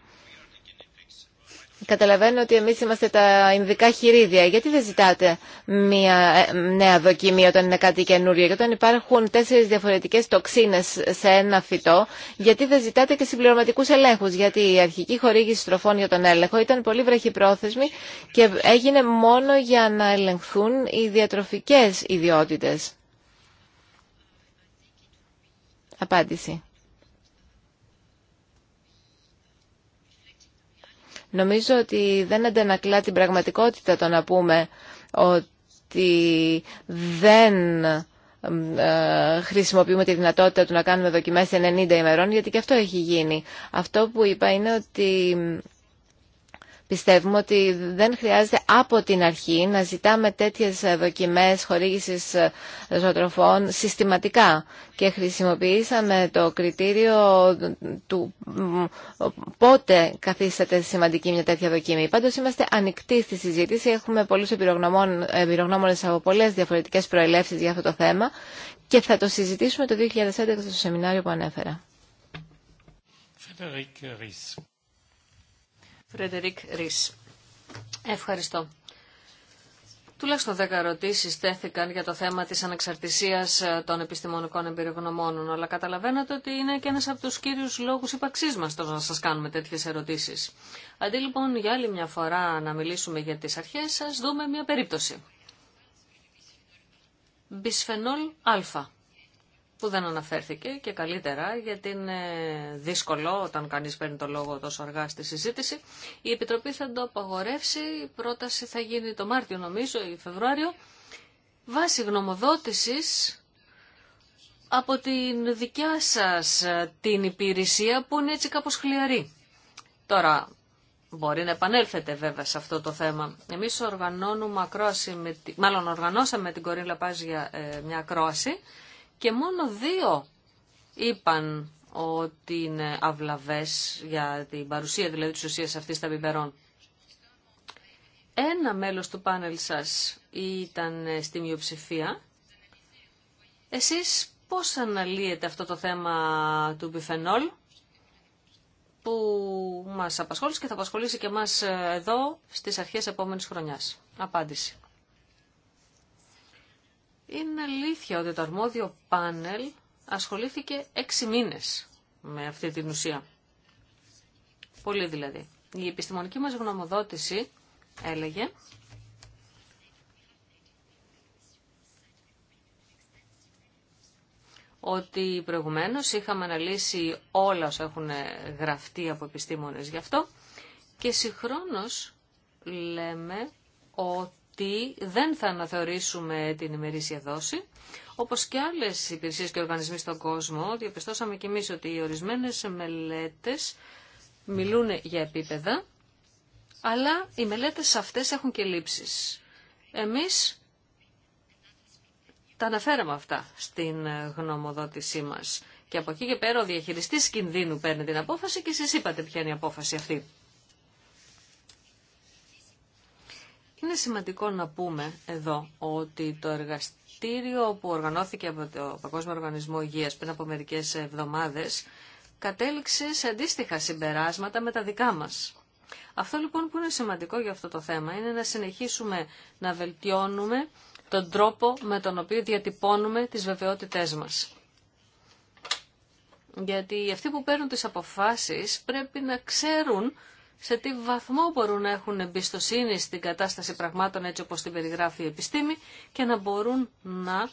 A: Καταλαβαίνω ότι εμείς είμαστε τα ειδικά χειρίδια. Γιατί δεν ζητάτε μια ε, νέα δοκιμή όταν είναι κάτι καινούριο. Και όταν υπάρχουν τέσσερις διαφορετικές τοξίνες σε ένα φυτό, γιατί δεν ζητάτε και συμπληρωματικούς ελέγχους. Γιατί η αρχική χορήγηση στροφών για τον έλεγχο ήταν πολύ βραχυπρόθεσμη και έγινε μόνο για να ελεγχθούν οι διατροφικές ιδιότητες. Απάντηση. Νομίζω ότι δεν αντανακλά την πραγματικότητα το να πούμε ότι δεν ε, χρησιμοποιούμε τη δυνατότητα του να κάνουμε δοκιμές 90 ημερών, γιατί και αυτό έχει γίνει. Αυτό που είπα είναι ότι Πιστεύουμε ότι δεν χρειάζεται από την αρχή να ζητάμε τέτοιες δοκιμές χορήγησης ζωοτροφών συστηματικά και χρησιμοποιήσαμε το κριτήριο του πότε καθίσταται σημαντική μια τέτοια δοκίμη. Πάντως είμαστε ανοιχτοί στη συζήτηση, έχουμε πολλούς εμπειρογνώμονες από πολλές διαφορετικές προελεύσεις για αυτό το θέμα και θα το συζητήσουμε το 2011 στο σεμινάριο που ανέφερα.
B: Φρεντερικ Ρίς.
A: Ευχαριστώ.
B: Τουλάχιστον 10 ερωτήσει τέθηκαν για το θέμα τη ανεξαρτησία ε, των επιστημονικών εμπειρογνωμόνων, αλλά καταλαβαίνετε ότι είναι και ένα από του κύριου λόγου ύπαρξή μα το να σα κάνουμε τέτοιε ερωτήσει. Αντί λοιπόν για άλλη μια φορά να μιλήσουμε για τι αρχέ, σα δούμε μια περίπτωση. Μπισφενόλ Α που δεν αναφέρθηκε και καλύτερα γιατί είναι δύσκολο όταν κανείς παίρνει το λόγο τόσο αργά στη συζήτηση. Η Επιτροπή θα το απαγορεύσει, η πρόταση θα γίνει το Μάρτιο νομίζω ή Φεβρουάριο βάσει γνωμοδότησης από την δικιά σας την υπηρεσία που είναι έτσι κάπως χλιαρή. Τώρα, Μπορεί να επανέλθετε βέβαια σε αυτό το θέμα. Εμείς οργανώνουμε ακρόαση, με, μάλλον οργανώσαμε την Κορίν Πάζια ε, μια ακρόαση και μόνο δύο είπαν ότι είναι αυλαβές για την παρουσία δηλαδή της ουσίας αυτής στα πιπερών. Ένα μέλος του πάνελ σας ήταν στη μειοψηφία. Εσείς πώς αναλύετε αυτό το θέμα του πιφενόλ που μας απασχόλησε και θα απασχολήσει και μας εδώ στις αρχές επόμενης χρονιάς. Απάντηση. Είναι αλήθεια ότι το αρμόδιο πάνελ ασχολήθηκε έξι μήνες με αυτή την ουσία. Πολύ δηλαδή. Η επιστημονική μας γνωμοδότηση έλεγε ότι προηγουμένως είχαμε αναλύσει όλα όσα έχουν γραφτεί από επιστήμονες γι' αυτό και συγχρόνως λέμε ότι ότι δεν θα αναθεωρήσουμε την ημερήσια δόση. Όπως και άλλες υπηρεσίες και οργανισμοί στον κόσμο, διαπιστώσαμε κι εμείς ότι οι ορισμένες μελέτες μιλούν για επίπεδα, αλλά οι μελέτες αυτές έχουν και λήψεις. Εμείς τα αναφέραμε αυτά στην γνωμοδότησή μας. Και από εκεί και πέρα ο διαχειριστής κινδύνου παίρνει την απόφαση και εσείς είπατε ποια είναι η απόφαση αυτή. Είναι σημαντικό να πούμε εδώ ότι το εργαστήριο που οργανώθηκε από το Παγκόσμιο Οργανισμό Υγείας πριν από μερικές εβδομάδες κατέληξε σε αντίστοιχα συμπεράσματα με τα δικά μας. Αυτό λοιπόν που είναι σημαντικό για αυτό το θέμα είναι να συνεχίσουμε να βελτιώνουμε τον τρόπο με τον οποίο διατυπώνουμε τις βεβαιότητές μας. Γιατί αυτοί που παίρνουν τις αποφάσεις πρέπει να ξέρουν σε τι βαθμό μπορούν να έχουν εμπιστοσύνη στην κατάσταση πραγμάτων έτσι όπως την περιγράφει η επιστήμη και να μπορούν να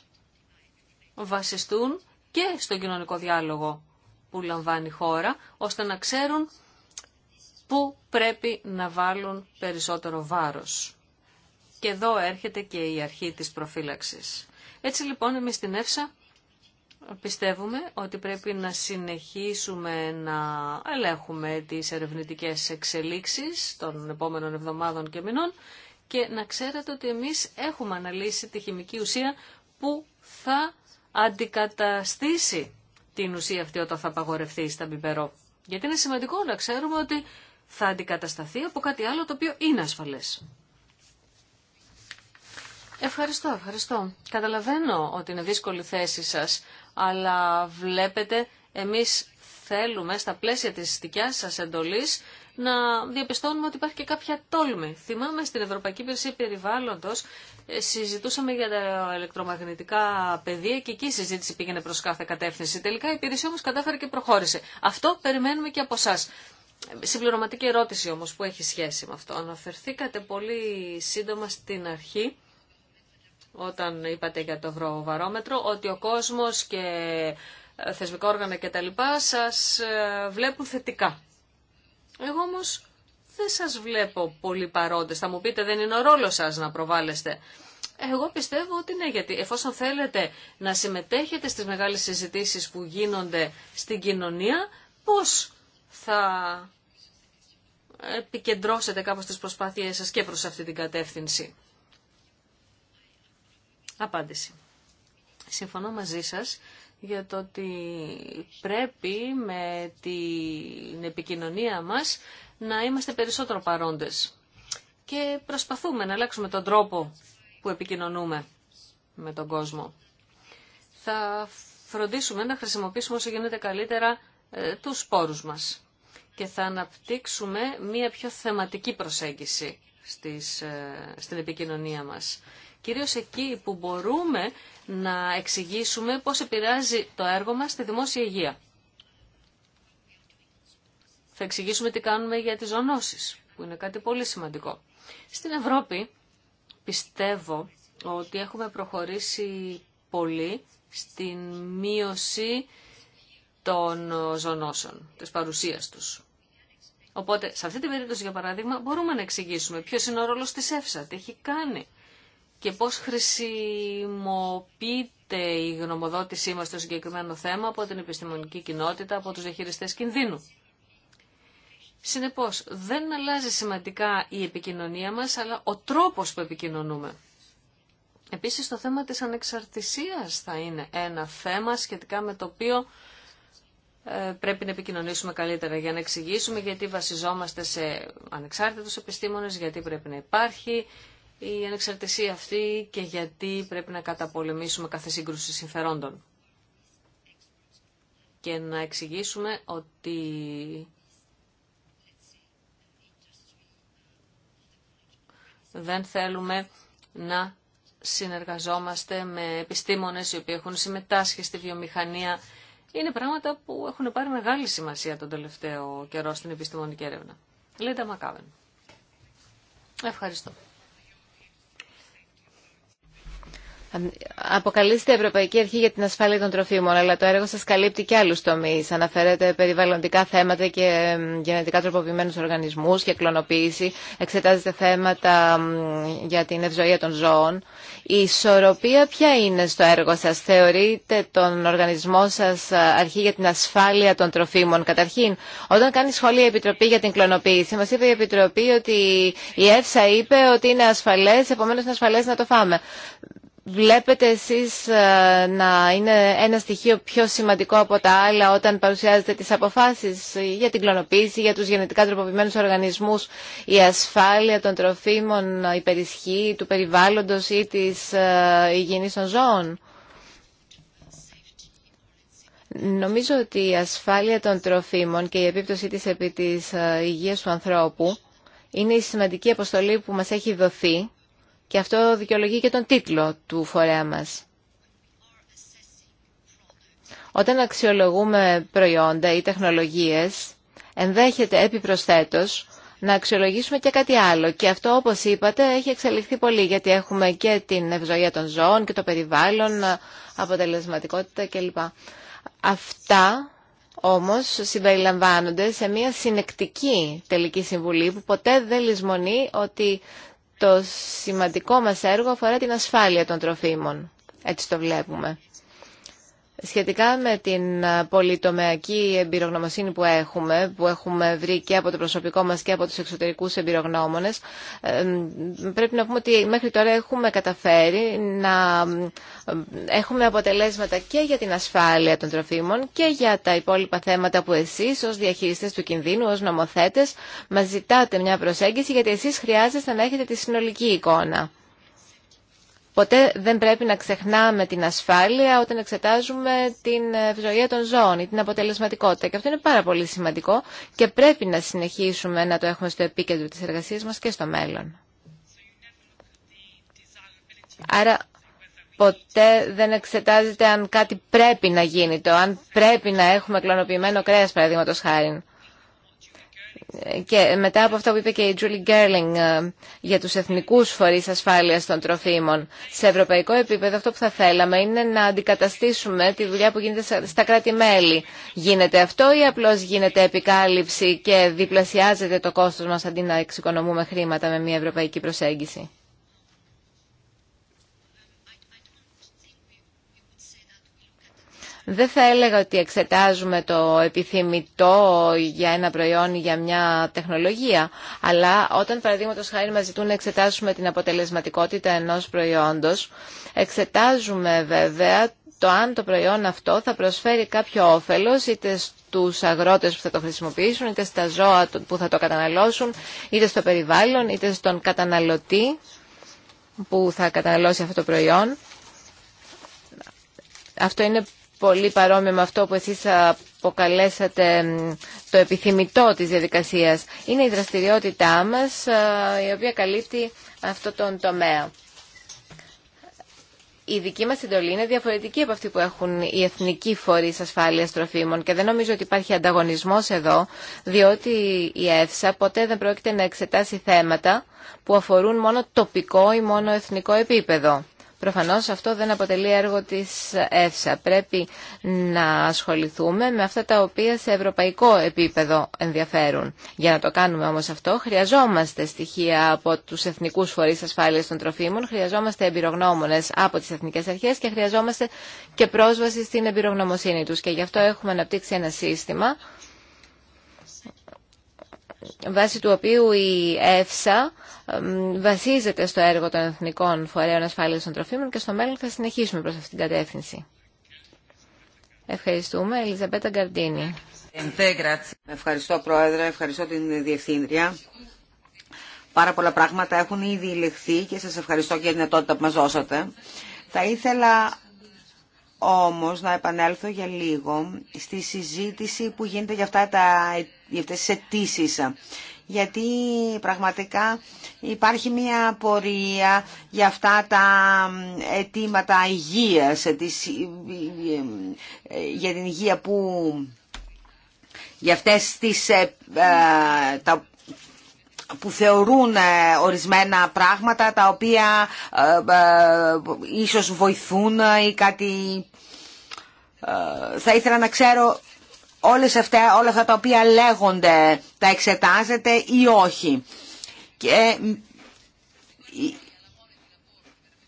B: βασιστούν και στον κοινωνικό διάλογο που λαμβάνει η χώρα, ώστε να ξέρουν πού πρέπει να βάλουν περισσότερο βάρος. Και εδώ έρχεται και η αρχή της προφύλαξης. Έτσι λοιπόν εμείς στην ΕΦΣΑ Πιστεύουμε ότι πρέπει να συνεχίσουμε να ελέγχουμε τις ερευνητικές εξελίξεις των επόμενων εβδομάδων και μηνών και να ξέρετε ότι εμείς έχουμε αναλύσει τη χημική ουσία που θα αντικαταστήσει την ουσία αυτή όταν θα απαγορευτεί στα μπιπερό. Γιατί είναι σημαντικό να ξέρουμε ότι θα αντικατασταθεί από κάτι άλλο το οποίο είναι ασφαλές. Ευχαριστώ, ευχαριστώ. Καταλαβαίνω ότι είναι δύσκολη θέση σας, αλλά βλέπετε εμείς θέλουμε στα πλαίσια της δικιά σας εντολής να διαπιστώνουμε ότι υπάρχει και κάποια τόλμη. Θυμάμαι στην Ευρωπαϊκή Υπηρεσία Περιβάλλοντος ε, συζητούσαμε για τα ηλεκτρομαγνητικά πεδία και εκεί η συζήτηση πήγαινε προς κάθε κατεύθυνση. Τελικά η υπηρεσία όμως κατάφερε και προχώρησε. Αυτό περιμένουμε και από εσά. Συμπληρωματική ερώτηση όμως που έχει σχέση με αυτό. Αναφερθήκατε πολύ σύντομα στην αρχή όταν είπατε για το ευρωβαρόμετρο, ότι ο κόσμος και ε, θεσμικό όργανα και τα λοιπά σας ε, βλέπουν θετικά. Εγώ όμως δεν σας βλέπω πολύ παρόντες. Θα μου πείτε δεν είναι ο ρόλος σας να προβάλλεστε. Εγώ πιστεύω ότι ναι, γιατί εφόσον θέλετε να συμμετέχετε στις μεγάλες συζητήσεις που γίνονται στην κοινωνία, πώς θα επικεντρώσετε κάπως τις προσπάθειές σας και προς αυτή την κατεύθυνση. Απάντηση. Συμφωνώ μαζί σας για το ότι πρέπει με την επικοινωνία μας να είμαστε περισσότερο παρόντες. Και προσπαθούμε να αλλάξουμε τον τρόπο που επικοινωνούμε με τον κόσμο. Θα φροντίσουμε να χρησιμοποιήσουμε όσο γίνεται καλύτερα ε, τους σπόρους μας και θα αναπτύξουμε μία πιο θεματική προσέγγιση στις, ε, στην επικοινωνία μας κυρίως εκεί που μπορούμε να εξηγήσουμε πώς επηρεάζει το έργο μας στη δημόσια υγεία. Θα εξηγήσουμε τι κάνουμε για τις ζωνώσεις, που είναι κάτι πολύ σημαντικό. Στην Ευρώπη πιστεύω ότι έχουμε προχωρήσει πολύ στην μείωση των ζωνώσεων, της παρουσίας τους. Οπότε, σε αυτή την περίπτωση, για παράδειγμα, μπορούμε να εξηγήσουμε ποιο είναι ο ρόλος τη ΕΦΣΑ, τι έχει κάνει και πώς χρησιμοποιείται η γνωμοδότησή μας στο συγκεκριμένο θέμα από την επιστημονική κοινότητα, από τους διαχειριστές κινδύνου. Συνεπώς, δεν αλλάζει σημαντικά η επικοινωνία μας, αλλά ο τρόπος που επικοινωνούμε. Επίσης, το θέμα της ανεξαρτησίας θα είναι ένα θέμα σχετικά με το οποίο ε, πρέπει να επικοινωνήσουμε καλύτερα για να εξηγήσουμε γιατί βασιζόμαστε σε ανεξάρτητους επιστήμονες, γιατί πρέπει να υπάρχει η ανεξαρτησία αυτή και γιατί πρέπει να καταπολεμήσουμε κάθε σύγκρουση συμφερόντων. Και να εξηγήσουμε ότι δεν θέλουμε να συνεργαζόμαστε με επιστήμονες οι οποίοι έχουν συμμετάσχει στη βιομηχανία. Είναι πράγματα που έχουν πάρει μεγάλη σημασία τον τελευταίο καιρό στην επιστημονική έρευνα. Λέντα Μακάβεν.
A: Ευχαριστώ. Αποκαλείστε Ευρωπαϊκή Αρχή για την Ασφάλεια των Τροφίμων, αλλά το έργο σα καλύπτει και άλλου τομεί. Αναφέρετε περιβαλλοντικά θέματα και γενετικά τροποποιημένου οργανισμού και κλωνοποίηση. Εξετάζετε θέματα για την ευζοία των ζώων. Η ισορροπία ποια είναι στο έργο σα. Θεωρείτε τον οργανισμό σα αρχή για την ασφάλεια των τροφίμων. Καταρχήν, όταν κάνει σχόλια η Επιτροπή για την κλωνοποίηση, μα είπε η Επιτροπή ότι η ΕΦΣΑ είπε ότι είναι ασφαλέ, επομένω είναι ασφαλέ να το φάμε βλέπετε εσείς ε, να είναι ένα στοιχείο πιο σημαντικό από τα άλλα όταν παρουσιάζετε τις αποφάσεις για την κλωνοποίηση, για τους γενετικά τροποποιημένους οργανισμούς, η ασφάλεια των τροφίμων, η περισχή του περιβάλλοντος ή της ε, υγιεινής των ζώων. Νομίζω ότι η ασφάλεια των τροφίμων και η επίπτωση της επί της ε, υγείας του ανθρώπου είναι η σημαντική αποστολή που μας έχει δοθεί και αυτό δικαιολογεί και τον τίτλο του φορέα μας. Όταν αξιολογούμε προϊόντα ή τεχνολογίες, ενδέχεται επιπροσθέτως να αξιολογήσουμε και κάτι άλλο. Και αυτό, όπως είπατε, έχει εξελιχθεί πολύ, γιατί έχουμε και την ευζοία των ζώων και το περιβάλλον, αποτελεσματικότητα κλπ. Αυτά όμως συμπεριλαμβάνονται σε μια συνεκτική τελική συμβουλή που ποτέ δεν λησμονεί ότι το σημαντικό μας έργο αφορά την ασφάλεια των τροφίμων. Έτσι το βλέπουμε. Σχετικά με την ε, πολυτομεακή εμπειρογνωμοσύνη που έχουμε, που έχουμε βρει και από το προσωπικό μας και από τους εξωτερικούς εμπειρογνώμονες, ε, πρέπει να πούμε ότι μέχρι τώρα έχουμε καταφέρει να έχουμε αποτελέσματα και για την ασφάλεια των τροφίμων και για τα υπόλοιπα θέματα που εσείς ως διαχειριστές του κινδύνου, ως νομοθέτες, μας ζητάτε μια προσέγγιση γιατί εσείς χρειάζεστε να έχετε τη συνολική εικόνα. Ποτέ δεν πρέπει να ξεχνάμε την ασφάλεια όταν εξετάζουμε την ευζοία των ζώων ή την αποτελεσματικότητα. Και αυτό είναι πάρα πολύ σημαντικό και πρέπει να συνεχίσουμε να το έχουμε στο επίκεντρο της εργασίας μας και στο μέλλον. Άρα ποτέ δεν εξετάζεται αν κάτι πρέπει να γίνει, το αν πρέπει να έχουμε κλωνοποιημένο κρέας, παραδείγματος χάρη και μετά από αυτό που είπε και η Julie Γκέρλινγκ ε, για τους εθνικούς φορείς ασφάλειας των τροφίμων, σε ευρωπαϊκό επίπεδο αυτό που θα θέλαμε είναι να αντικαταστήσουμε τη δουλειά που γίνεται στα κράτη-μέλη. Γίνεται αυτό ή απλώς γίνεται επικάλυψη και διπλασιάζεται το κόστος μας αντί να εξοικονομούμε χρήματα με μια ευρωπαϊκή προσέγγιση. Δεν θα έλεγα ότι εξετάζουμε το επιθυμητό για ένα προϊόν ή για μια τεχνολογία, αλλά όταν παραδείγματος χάρη μας ζητούν να εξετάσουμε την αποτελεσματικότητα ενός προϊόντος, εξετάζουμε βέβαια το αν το προϊόν αυτό θα προσφέρει κάποιο όφελος είτε στους αγρότες που θα το χρησιμοποιήσουν, είτε στα ζώα που θα το καταναλώσουν, είτε στο περιβάλλον, είτε στον καταναλωτή που θα καταναλώσει αυτό το προϊόν. Αυτό είναι πολύ παρόμοιο με αυτό που εσείς αποκαλέσατε το επιθυμητό της διαδικασίας. Είναι η δραστηριότητά μας ε, η οποία καλύπτει αυτό τον τομέα. Η δική μας συντολή είναι διαφορετική από αυτή που έχουν οι εθνικοί φορείς ασφάλειας τροφίμων και δεν νομίζω ότι υπάρχει ανταγωνισμός εδώ, διότι η ΕΦΣΑ ποτέ δεν πρόκειται να εξετάσει θέματα που αφορούν μόνο τοπικό ή μόνο εθνικό επίπεδο. Προφανώς αυτό δεν αποτελεί έργο της ΕΦΣΑ. Πρέπει να ασχοληθούμε με αυτά τα οποία σε ευρωπαϊκό επίπεδο ενδιαφέρουν. Για να το κάνουμε όμως αυτό χρειαζόμαστε στοιχεία από τους Εθνικούς Φορείς Ασφάλειας των Τροφίμων, χρειαζόμαστε εμπειρογνώμονες από τις Εθνικές Αρχές και χρειαζόμαστε και πρόσβαση στην εμπειρογνωμοσύνη τους. Και γι' αυτό έχουμε αναπτύξει ένα σύστημα βάσει του οποίου η ΕΦΣΑ βασίζεται στο έργο των Εθνικών Φορέων Ασφάλειας των Τροφίμων και στο μέλλον θα συνεχίσουμε προς αυτήν την κατεύθυνση. Ευχαριστούμε. Ελιζαμπέτα Γκαρντίνη.
C: Ευχαριστώ Πρόεδρε, ευχαριστώ την Διευθύντρια. Πάρα πολλά πράγματα έχουν ήδη ληχθεί και σας ευχαριστώ για την δυνατότητα που μας δώσατε. Θα ήθελα όμως να επανέλθω για λίγο στη συζήτηση που γίνεται για αυτά τα αυτές τις αιτήσει. Γιατί πραγματικά υπάρχει μια πορεία για αυτά τα αιτήματα υγείας, ε, για την υγεία που... Για αυτές τις, ε, ε, τα, που θεωρούν ορισμένα πράγματα τα οποία ίσως βοηθούν ή κάτι... Θα ήθελα να ξέρω όλες αυτά, όλα αυτά τα οποία λέγονται, τα εξετάζετε ή όχι. Και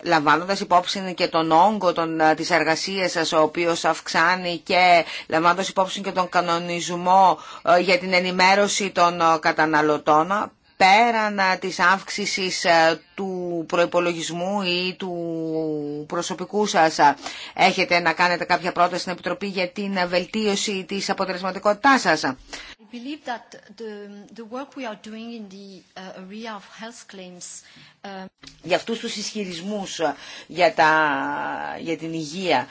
C: λαμβάνοντας υπόψη και τον όγκο των, της εργασίας σας, ο οποίος αυξάνει και λαμβάνοντας υπόψη και τον κανονισμό για την ενημέρωση των καταναλωτών, πέραν της αύξησης του προϋπολογισμού ή του προσωπικού σας έχετε να κάνετε κάποια πρόταση στην Επιτροπή για την βελτίωση της αποτελεσματικότητάς σας. για αυτούς τους ισχυρισμούς ε, για, τα, για την υγεία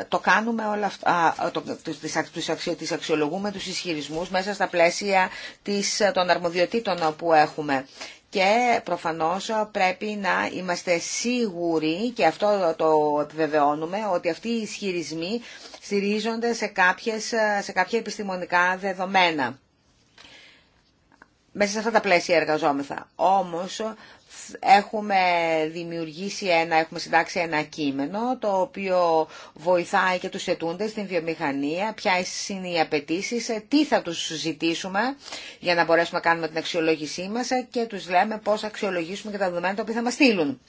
C: ε, το κάνουμε όλα αυτά το, τις, αξιολογούμε τους ισχυρισμούς μέσα στα πλαίσια της, ε, των αρμοδιοτήτων που έχουμε και προφανώς πρέπει να είμαστε σίγουροι και αυτό το επιβεβαιώνουμε ότι αυτοί οι ισχυρισμοί στηρίζονται σε, κάποιες, σε κάποια επιστημονικά δεδομένα. Μέσα σε αυτά τα πλαίσια εργαζόμεθα. Όμως έχουμε δημιουργήσει ένα, έχουμε συντάξει ένα κείμενο το οποίο βοηθάει και τους ετούντες στην βιομηχανία, ποια είναι οι απαιτήσει, τι θα τους ζητήσουμε για να μπορέσουμε να κάνουμε την αξιολόγησή μας και τους λέμε πώς αξιολογήσουμε και τα δεδομένα τα οποία θα μας στείλουν.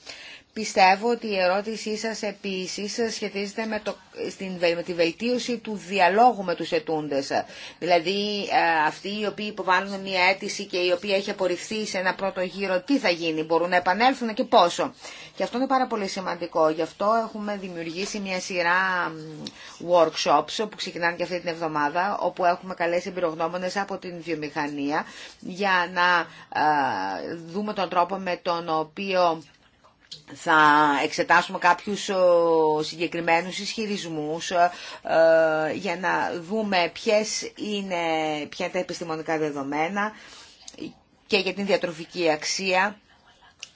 C: Πιστεύω ότι η ερώτησή σας επίσης σχετίζεται με, το, με τη βελτίωση του διαλόγου με τους ετούντες. Δηλαδή ε, αυτοί οι οποίοι υποβάλλουν μια αίτηση και η οποία έχει απορριφθεί σε ένα πρώτο γύρο, τι θα γίνει, μπορούν να επανέλθουν και πόσο. Και αυτό είναι πάρα πολύ σημαντικό. Γι' αυτό έχουμε δημιουργήσει μια σειρά workshops που ξεκινάνε και αυτή την εβδομάδα, όπου έχουμε καλέσει εμπειρογνώμονες από την βιομηχανία για να ε, δούμε τον τρόπο με τον οποίο θα εξετάσουμε κάποιους συγκεκριμένους ισχυρισμούς ε, για να δούμε ποιες είναι, ποια είναι τα επιστημονικά δεδομένα και για την διατροφική αξία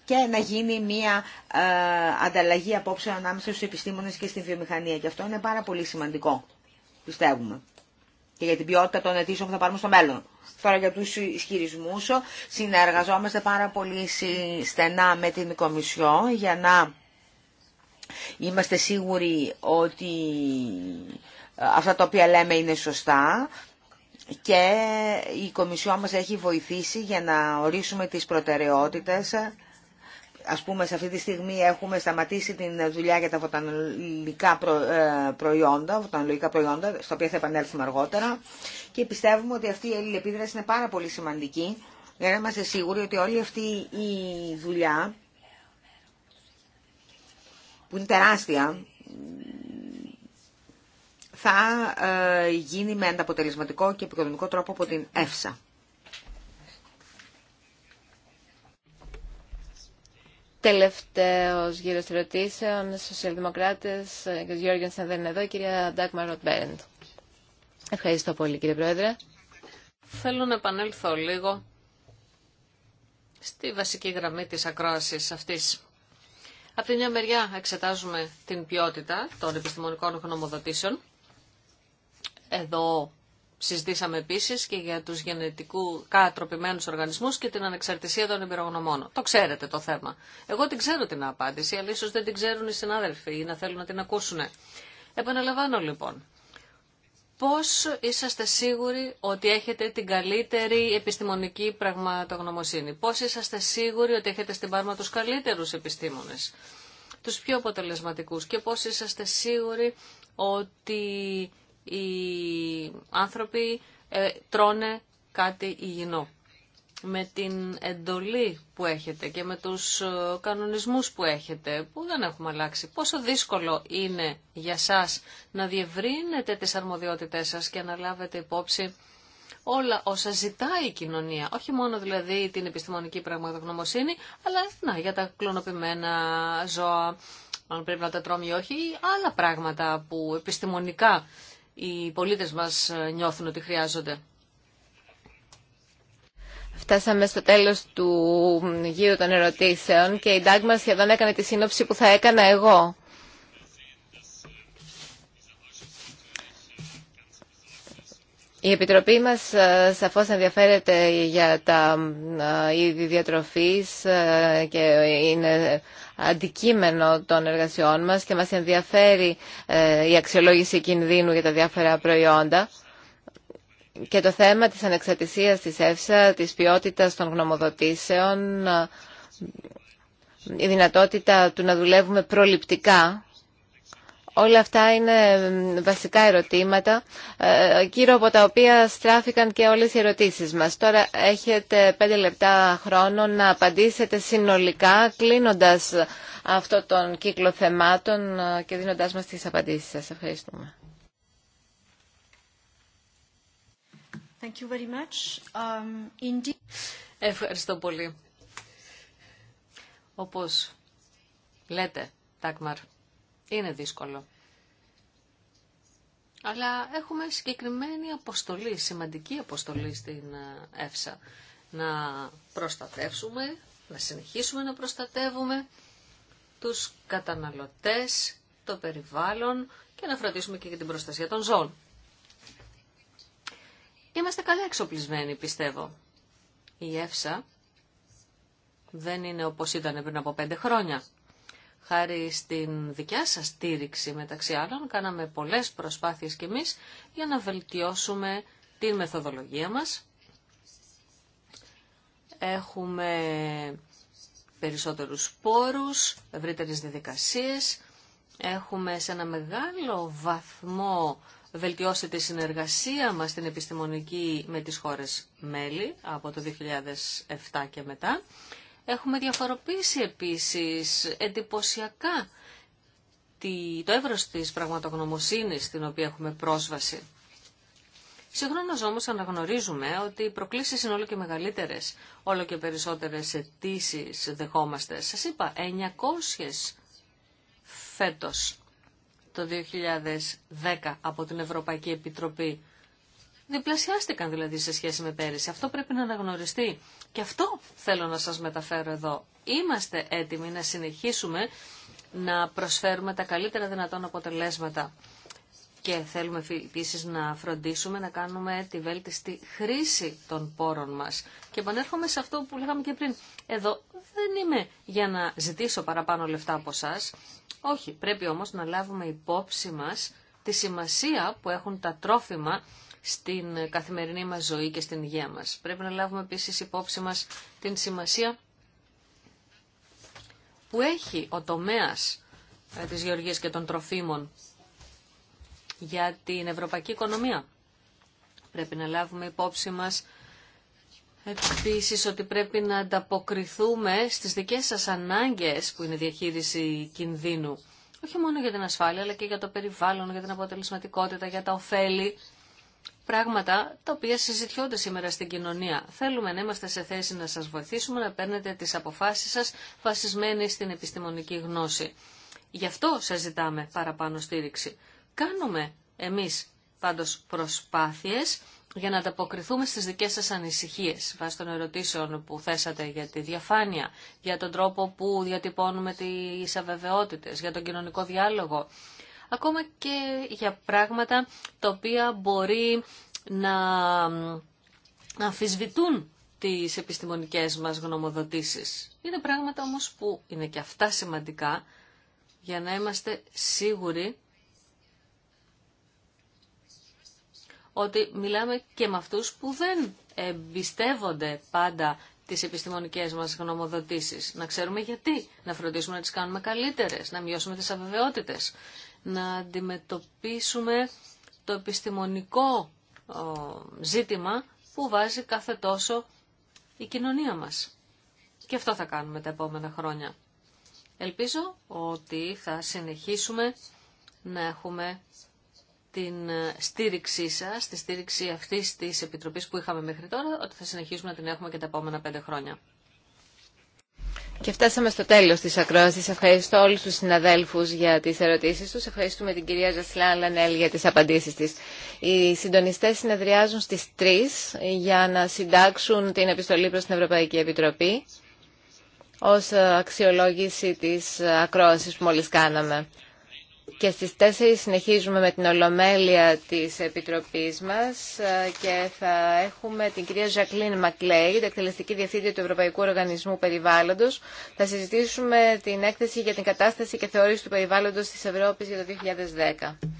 C: και να γίνει μια ε, ανταλλαγή απόψε ανάμεσα στους επιστήμονες και στην βιομηχανία. Και αυτό είναι πάρα πολύ σημαντικό, πιστεύουμε, και για την ποιότητα των αιτήσεων που θα πάρουμε στο μέλλον. Τώρα για τους ισχυρισμούς συνεργαζόμαστε πάρα πολύ στενά με την Κομισιό για να είμαστε σίγουροι ότι ε, αυτά τα οποία λέμε είναι σωστά και η Κομισιό μας έχει βοηθήσει για να ορίσουμε τις προτεραιότητες ας πούμε σε αυτή τη στιγμή έχουμε σταματήσει τη δουλειά για τα βοτανολογικά ε, προϊόντα, βοτανολογικά προϊόντα, στα οποία θα επανέλθουμε αργότερα και πιστεύουμε ότι αυτή η αλληλεπίδραση είναι πάρα πολύ σημαντική για να είμαστε σίγουροι ότι όλη αυτή η δουλειά που είναι τεράστια θα ε, γίνει με ανταποτελεσματικό και επικοδομικό τρόπο από την ΕΦΣΑ.
A: Τελευταίος γύρος ερωτήσεων, σοσιαλδημοκράτες, ε, ο Γιώργενσεν δεν είναι εδώ, η κυρία Ντάκμα Ροτμπέρεντ. Ευχαριστώ πολύ κύριε Πρόεδρε.
B: Θέλω να επανέλθω λίγο στη βασική γραμμή της ακρόασης αυτής. Από τη μια μεριά εξετάζουμε την ποιότητα των επιστημονικών γνωμοδοτήσεων. Εδώ Συζητήσαμε επίση και για του γενετικού κάτροπημένου οργανισμού και την ανεξαρτησία των εμπειρογνωμών. Το ξέρετε το θέμα. Εγώ την ξέρω την απάντηση, αλλά ίσω δεν την ξέρουν οι συνάδελφοι ή να θέλουν να την ακούσουν. Επαναλαμβάνω λοιπόν. πώ είσαστε σίγουροι ότι έχετε την καλύτερη επιστημονική πραγματογνωμοσύνη. πώ είσαστε σίγουροι ότι έχετε στην πάρμα του καλύτερου επιστήμονε, του πιο αποτελεσματικού Και πώ είσαστε σίγουροι ότι οι άνθρωποι ε, τρώνε κάτι υγιεινό. Με την εντολή που έχετε και με τους ε, κανονισμούς που έχετε, που δεν έχουμε αλλάξει, πόσο δύσκολο είναι για σας να διευρύνετε τις αρμοδιότητές σας και να λάβετε υπόψη όλα όσα ζητάει η κοινωνία. Όχι μόνο δηλαδή την επιστημονική πραγματογνωμοσύνη, αλλά να, για τα κλωνοποιημένα ζώα, αν πρέπει να τα τρώμε ή όχι, ή άλλα πράγματα που επιστημονικά οι πολίτες μας ε, νιώθουν ότι χρειάζονται.
A: Φτάσαμε στο τέλος του γύρου των ερωτήσεων και η Ντάγμα σχεδόν έκανε τη σύνοψη που θα έκανα εγώ. Η Επιτροπή μας ε, σαφώς ενδιαφέρεται για τα ε, είδη διατροφής και είναι αντικείμενο των εργασιών μας και μας ενδιαφέρει ε, η αξιολόγηση κινδύνου για τα διάφορα προϊόντα και το θέμα της ανεξαρτησίας της ΕΦΣΑ, της ποιότητας των γνωμοδοτήσεων, ε, η δυνατότητα του να δουλεύουμε προληπτικά Όλα αυτά είναι βασικά ερωτήματα, κύριο, ε, από τα οποία στράφηκαν και όλες οι ερωτήσεις μας. Τώρα έχετε πέντε λεπτά χρόνο να απαντήσετε συνολικά, κλείνοντας αυτό τον κύκλο θεμάτων ε, και δίνοντάς μας τις απαντήσεις σας. Ευχαριστούμε.
B: Um, Ευχαριστώ πολύ. Όπως λέτε, Τάκμαρ, είναι δύσκολο. Αλλά έχουμε συγκεκριμένη αποστολή, σημαντική αποστολή στην ΕΦΣΑ. Να προστατεύσουμε, να συνεχίσουμε να προστατεύουμε τους καταναλωτές, το περιβάλλον και να φροντίσουμε και για την προστασία των ζώων. Είμαστε καλά εξοπλισμένοι, πιστεύω. Η ΕΦΣΑ δεν είναι όπως ήταν πριν από πέντε χρόνια. Χάρη στην δικιά σας στήριξη μεταξύ άλλων, κάναμε πολλές προσπάθειες κι εμείς για να βελτιώσουμε την μεθοδολογία μας. Έχουμε περισσότερους πόρους, ευρύτερες διαδικασίες. Έχουμε σε ένα μεγάλο βαθμό βελτιώσει τη συνεργασία μας την επιστημονική με τις χώρες μέλη από το 2007 και μετά. Έχουμε διαφοροποιήσει επίσης εντυπωσιακά το εύρος της πραγματογνωμοσύνης στην οποία έχουμε πρόσβαση. Συγχρόνως όμως αναγνωρίζουμε ότι οι προκλήσεις είναι όλο και μεγαλύτερες, όλο και περισσότερες αιτήσει δεχόμαστε. Σας είπα, 900 φέτος το 2010 από την Ευρωπαϊκή Επιτροπή Διπλασιάστηκαν δηλαδή σε σχέση με πέρυσι. Αυτό πρέπει να αναγνωριστεί. Και αυτό θέλω να σας μεταφέρω εδώ. Είμαστε έτοιμοι να συνεχίσουμε να προσφέρουμε τα καλύτερα δυνατόν αποτελέσματα. Και θέλουμε επίσης να φροντίσουμε να κάνουμε τη βέλτιστη χρήση των πόρων μας. Και επανέρχομαι σε αυτό που λέγαμε και πριν. Εδώ δεν είμαι για να ζητήσω παραπάνω λεφτά από εσά. Όχι, πρέπει όμως να λάβουμε υπόψη μας τη σημασία που έχουν τα τρόφιμα στην καθημερινή μας ζωή και στην υγεία μας. Πρέπει να λάβουμε επίσης υπόψη μας την σημασία που έχει ο τομέας ε, της γεωργίας και των τροφίμων για την ευρωπαϊκή οικονομία. Πρέπει να λάβουμε υπόψη μας επίσης ότι πρέπει να ανταποκριθούμε στις δικές σας ανάγκες που είναι διαχείριση κινδύνου. Όχι μόνο για την ασφάλεια, αλλά και για το περιβάλλον, για την αποτελεσματικότητα, για τα ωφέλη πράγματα τα οποία συζητιώνται σήμερα στην κοινωνία. Θέλουμε να είμαστε σε θέση να σας βοηθήσουμε να παίρνετε τις αποφάσεις σας βασισμένοι στην επιστημονική γνώση. Γι' αυτό σας ζητάμε παραπάνω στήριξη. Κάνουμε εμείς πάντως προσπάθειες για να ανταποκριθούμε στις δικές σας ανησυχίες βάσει των ερωτήσεων που θέσατε για τη διαφάνεια, για τον τρόπο που διατυπώνουμε τις αβεβαιότητες, για τον κοινωνικό διάλογο, ακόμα και για πράγματα τα οποία μπορεί να αμφισβητούν τις επιστημονικές μας γνωμοδοτήσεις. Είναι πράγματα όμως που είναι και αυτά σημαντικά για να είμαστε σίγουροι ότι μιλάμε και με αυτούς που δεν εμπιστεύονται πάντα τις επιστημονικές μας γνωμοδοτήσεις. Να ξέρουμε γιατί, να φροντίσουμε να τις κάνουμε καλύτερες, να μειώσουμε τις αβεβαιότητες να αντιμετωπίσουμε το επιστημονικό ζήτημα που βάζει κάθε τόσο η κοινωνία μας. Και αυτό θα κάνουμε τα επόμενα χρόνια. Ελπίζω ότι θα συνεχίσουμε να έχουμε την ε, στήριξή σας, τη στήριξη αυτής της Επιτροπής που είχαμε μέχρι τώρα, ότι θα συνεχίσουμε να την έχουμε και τα επόμενα πέντε χρόνια.
A: Και φτάσαμε στο τέλος της ακρόασης. Ευχαριστώ όλους τους συναδέλφους για τις ερωτήσεις τους. Ευχαριστούμε την κυρία Ζασλάν Λανέλ για τις απαντήσεις της. Οι συντονιστές συνεδριάζουν στις 3 για να συντάξουν την επιστολή προς την Ευρωπαϊκή Επιτροπή ως αξιολόγηση της ακρόασης που μόλις κάναμε. Και στις 4 συνεχίζουμε με την Ολομέλεια της Επιτροπής μας ε, και θα έχουμε την κυρία Ζακλίν Μακλέη, την εκτελεστική διευθύντρια του Ευρωπαϊκού Οργανισμού Περιβάλλοντος. Θα συζητήσουμε την έκθεση για την κατάσταση και θεώρηση του περιβάλλοντος της Ευρώπης για το 2010.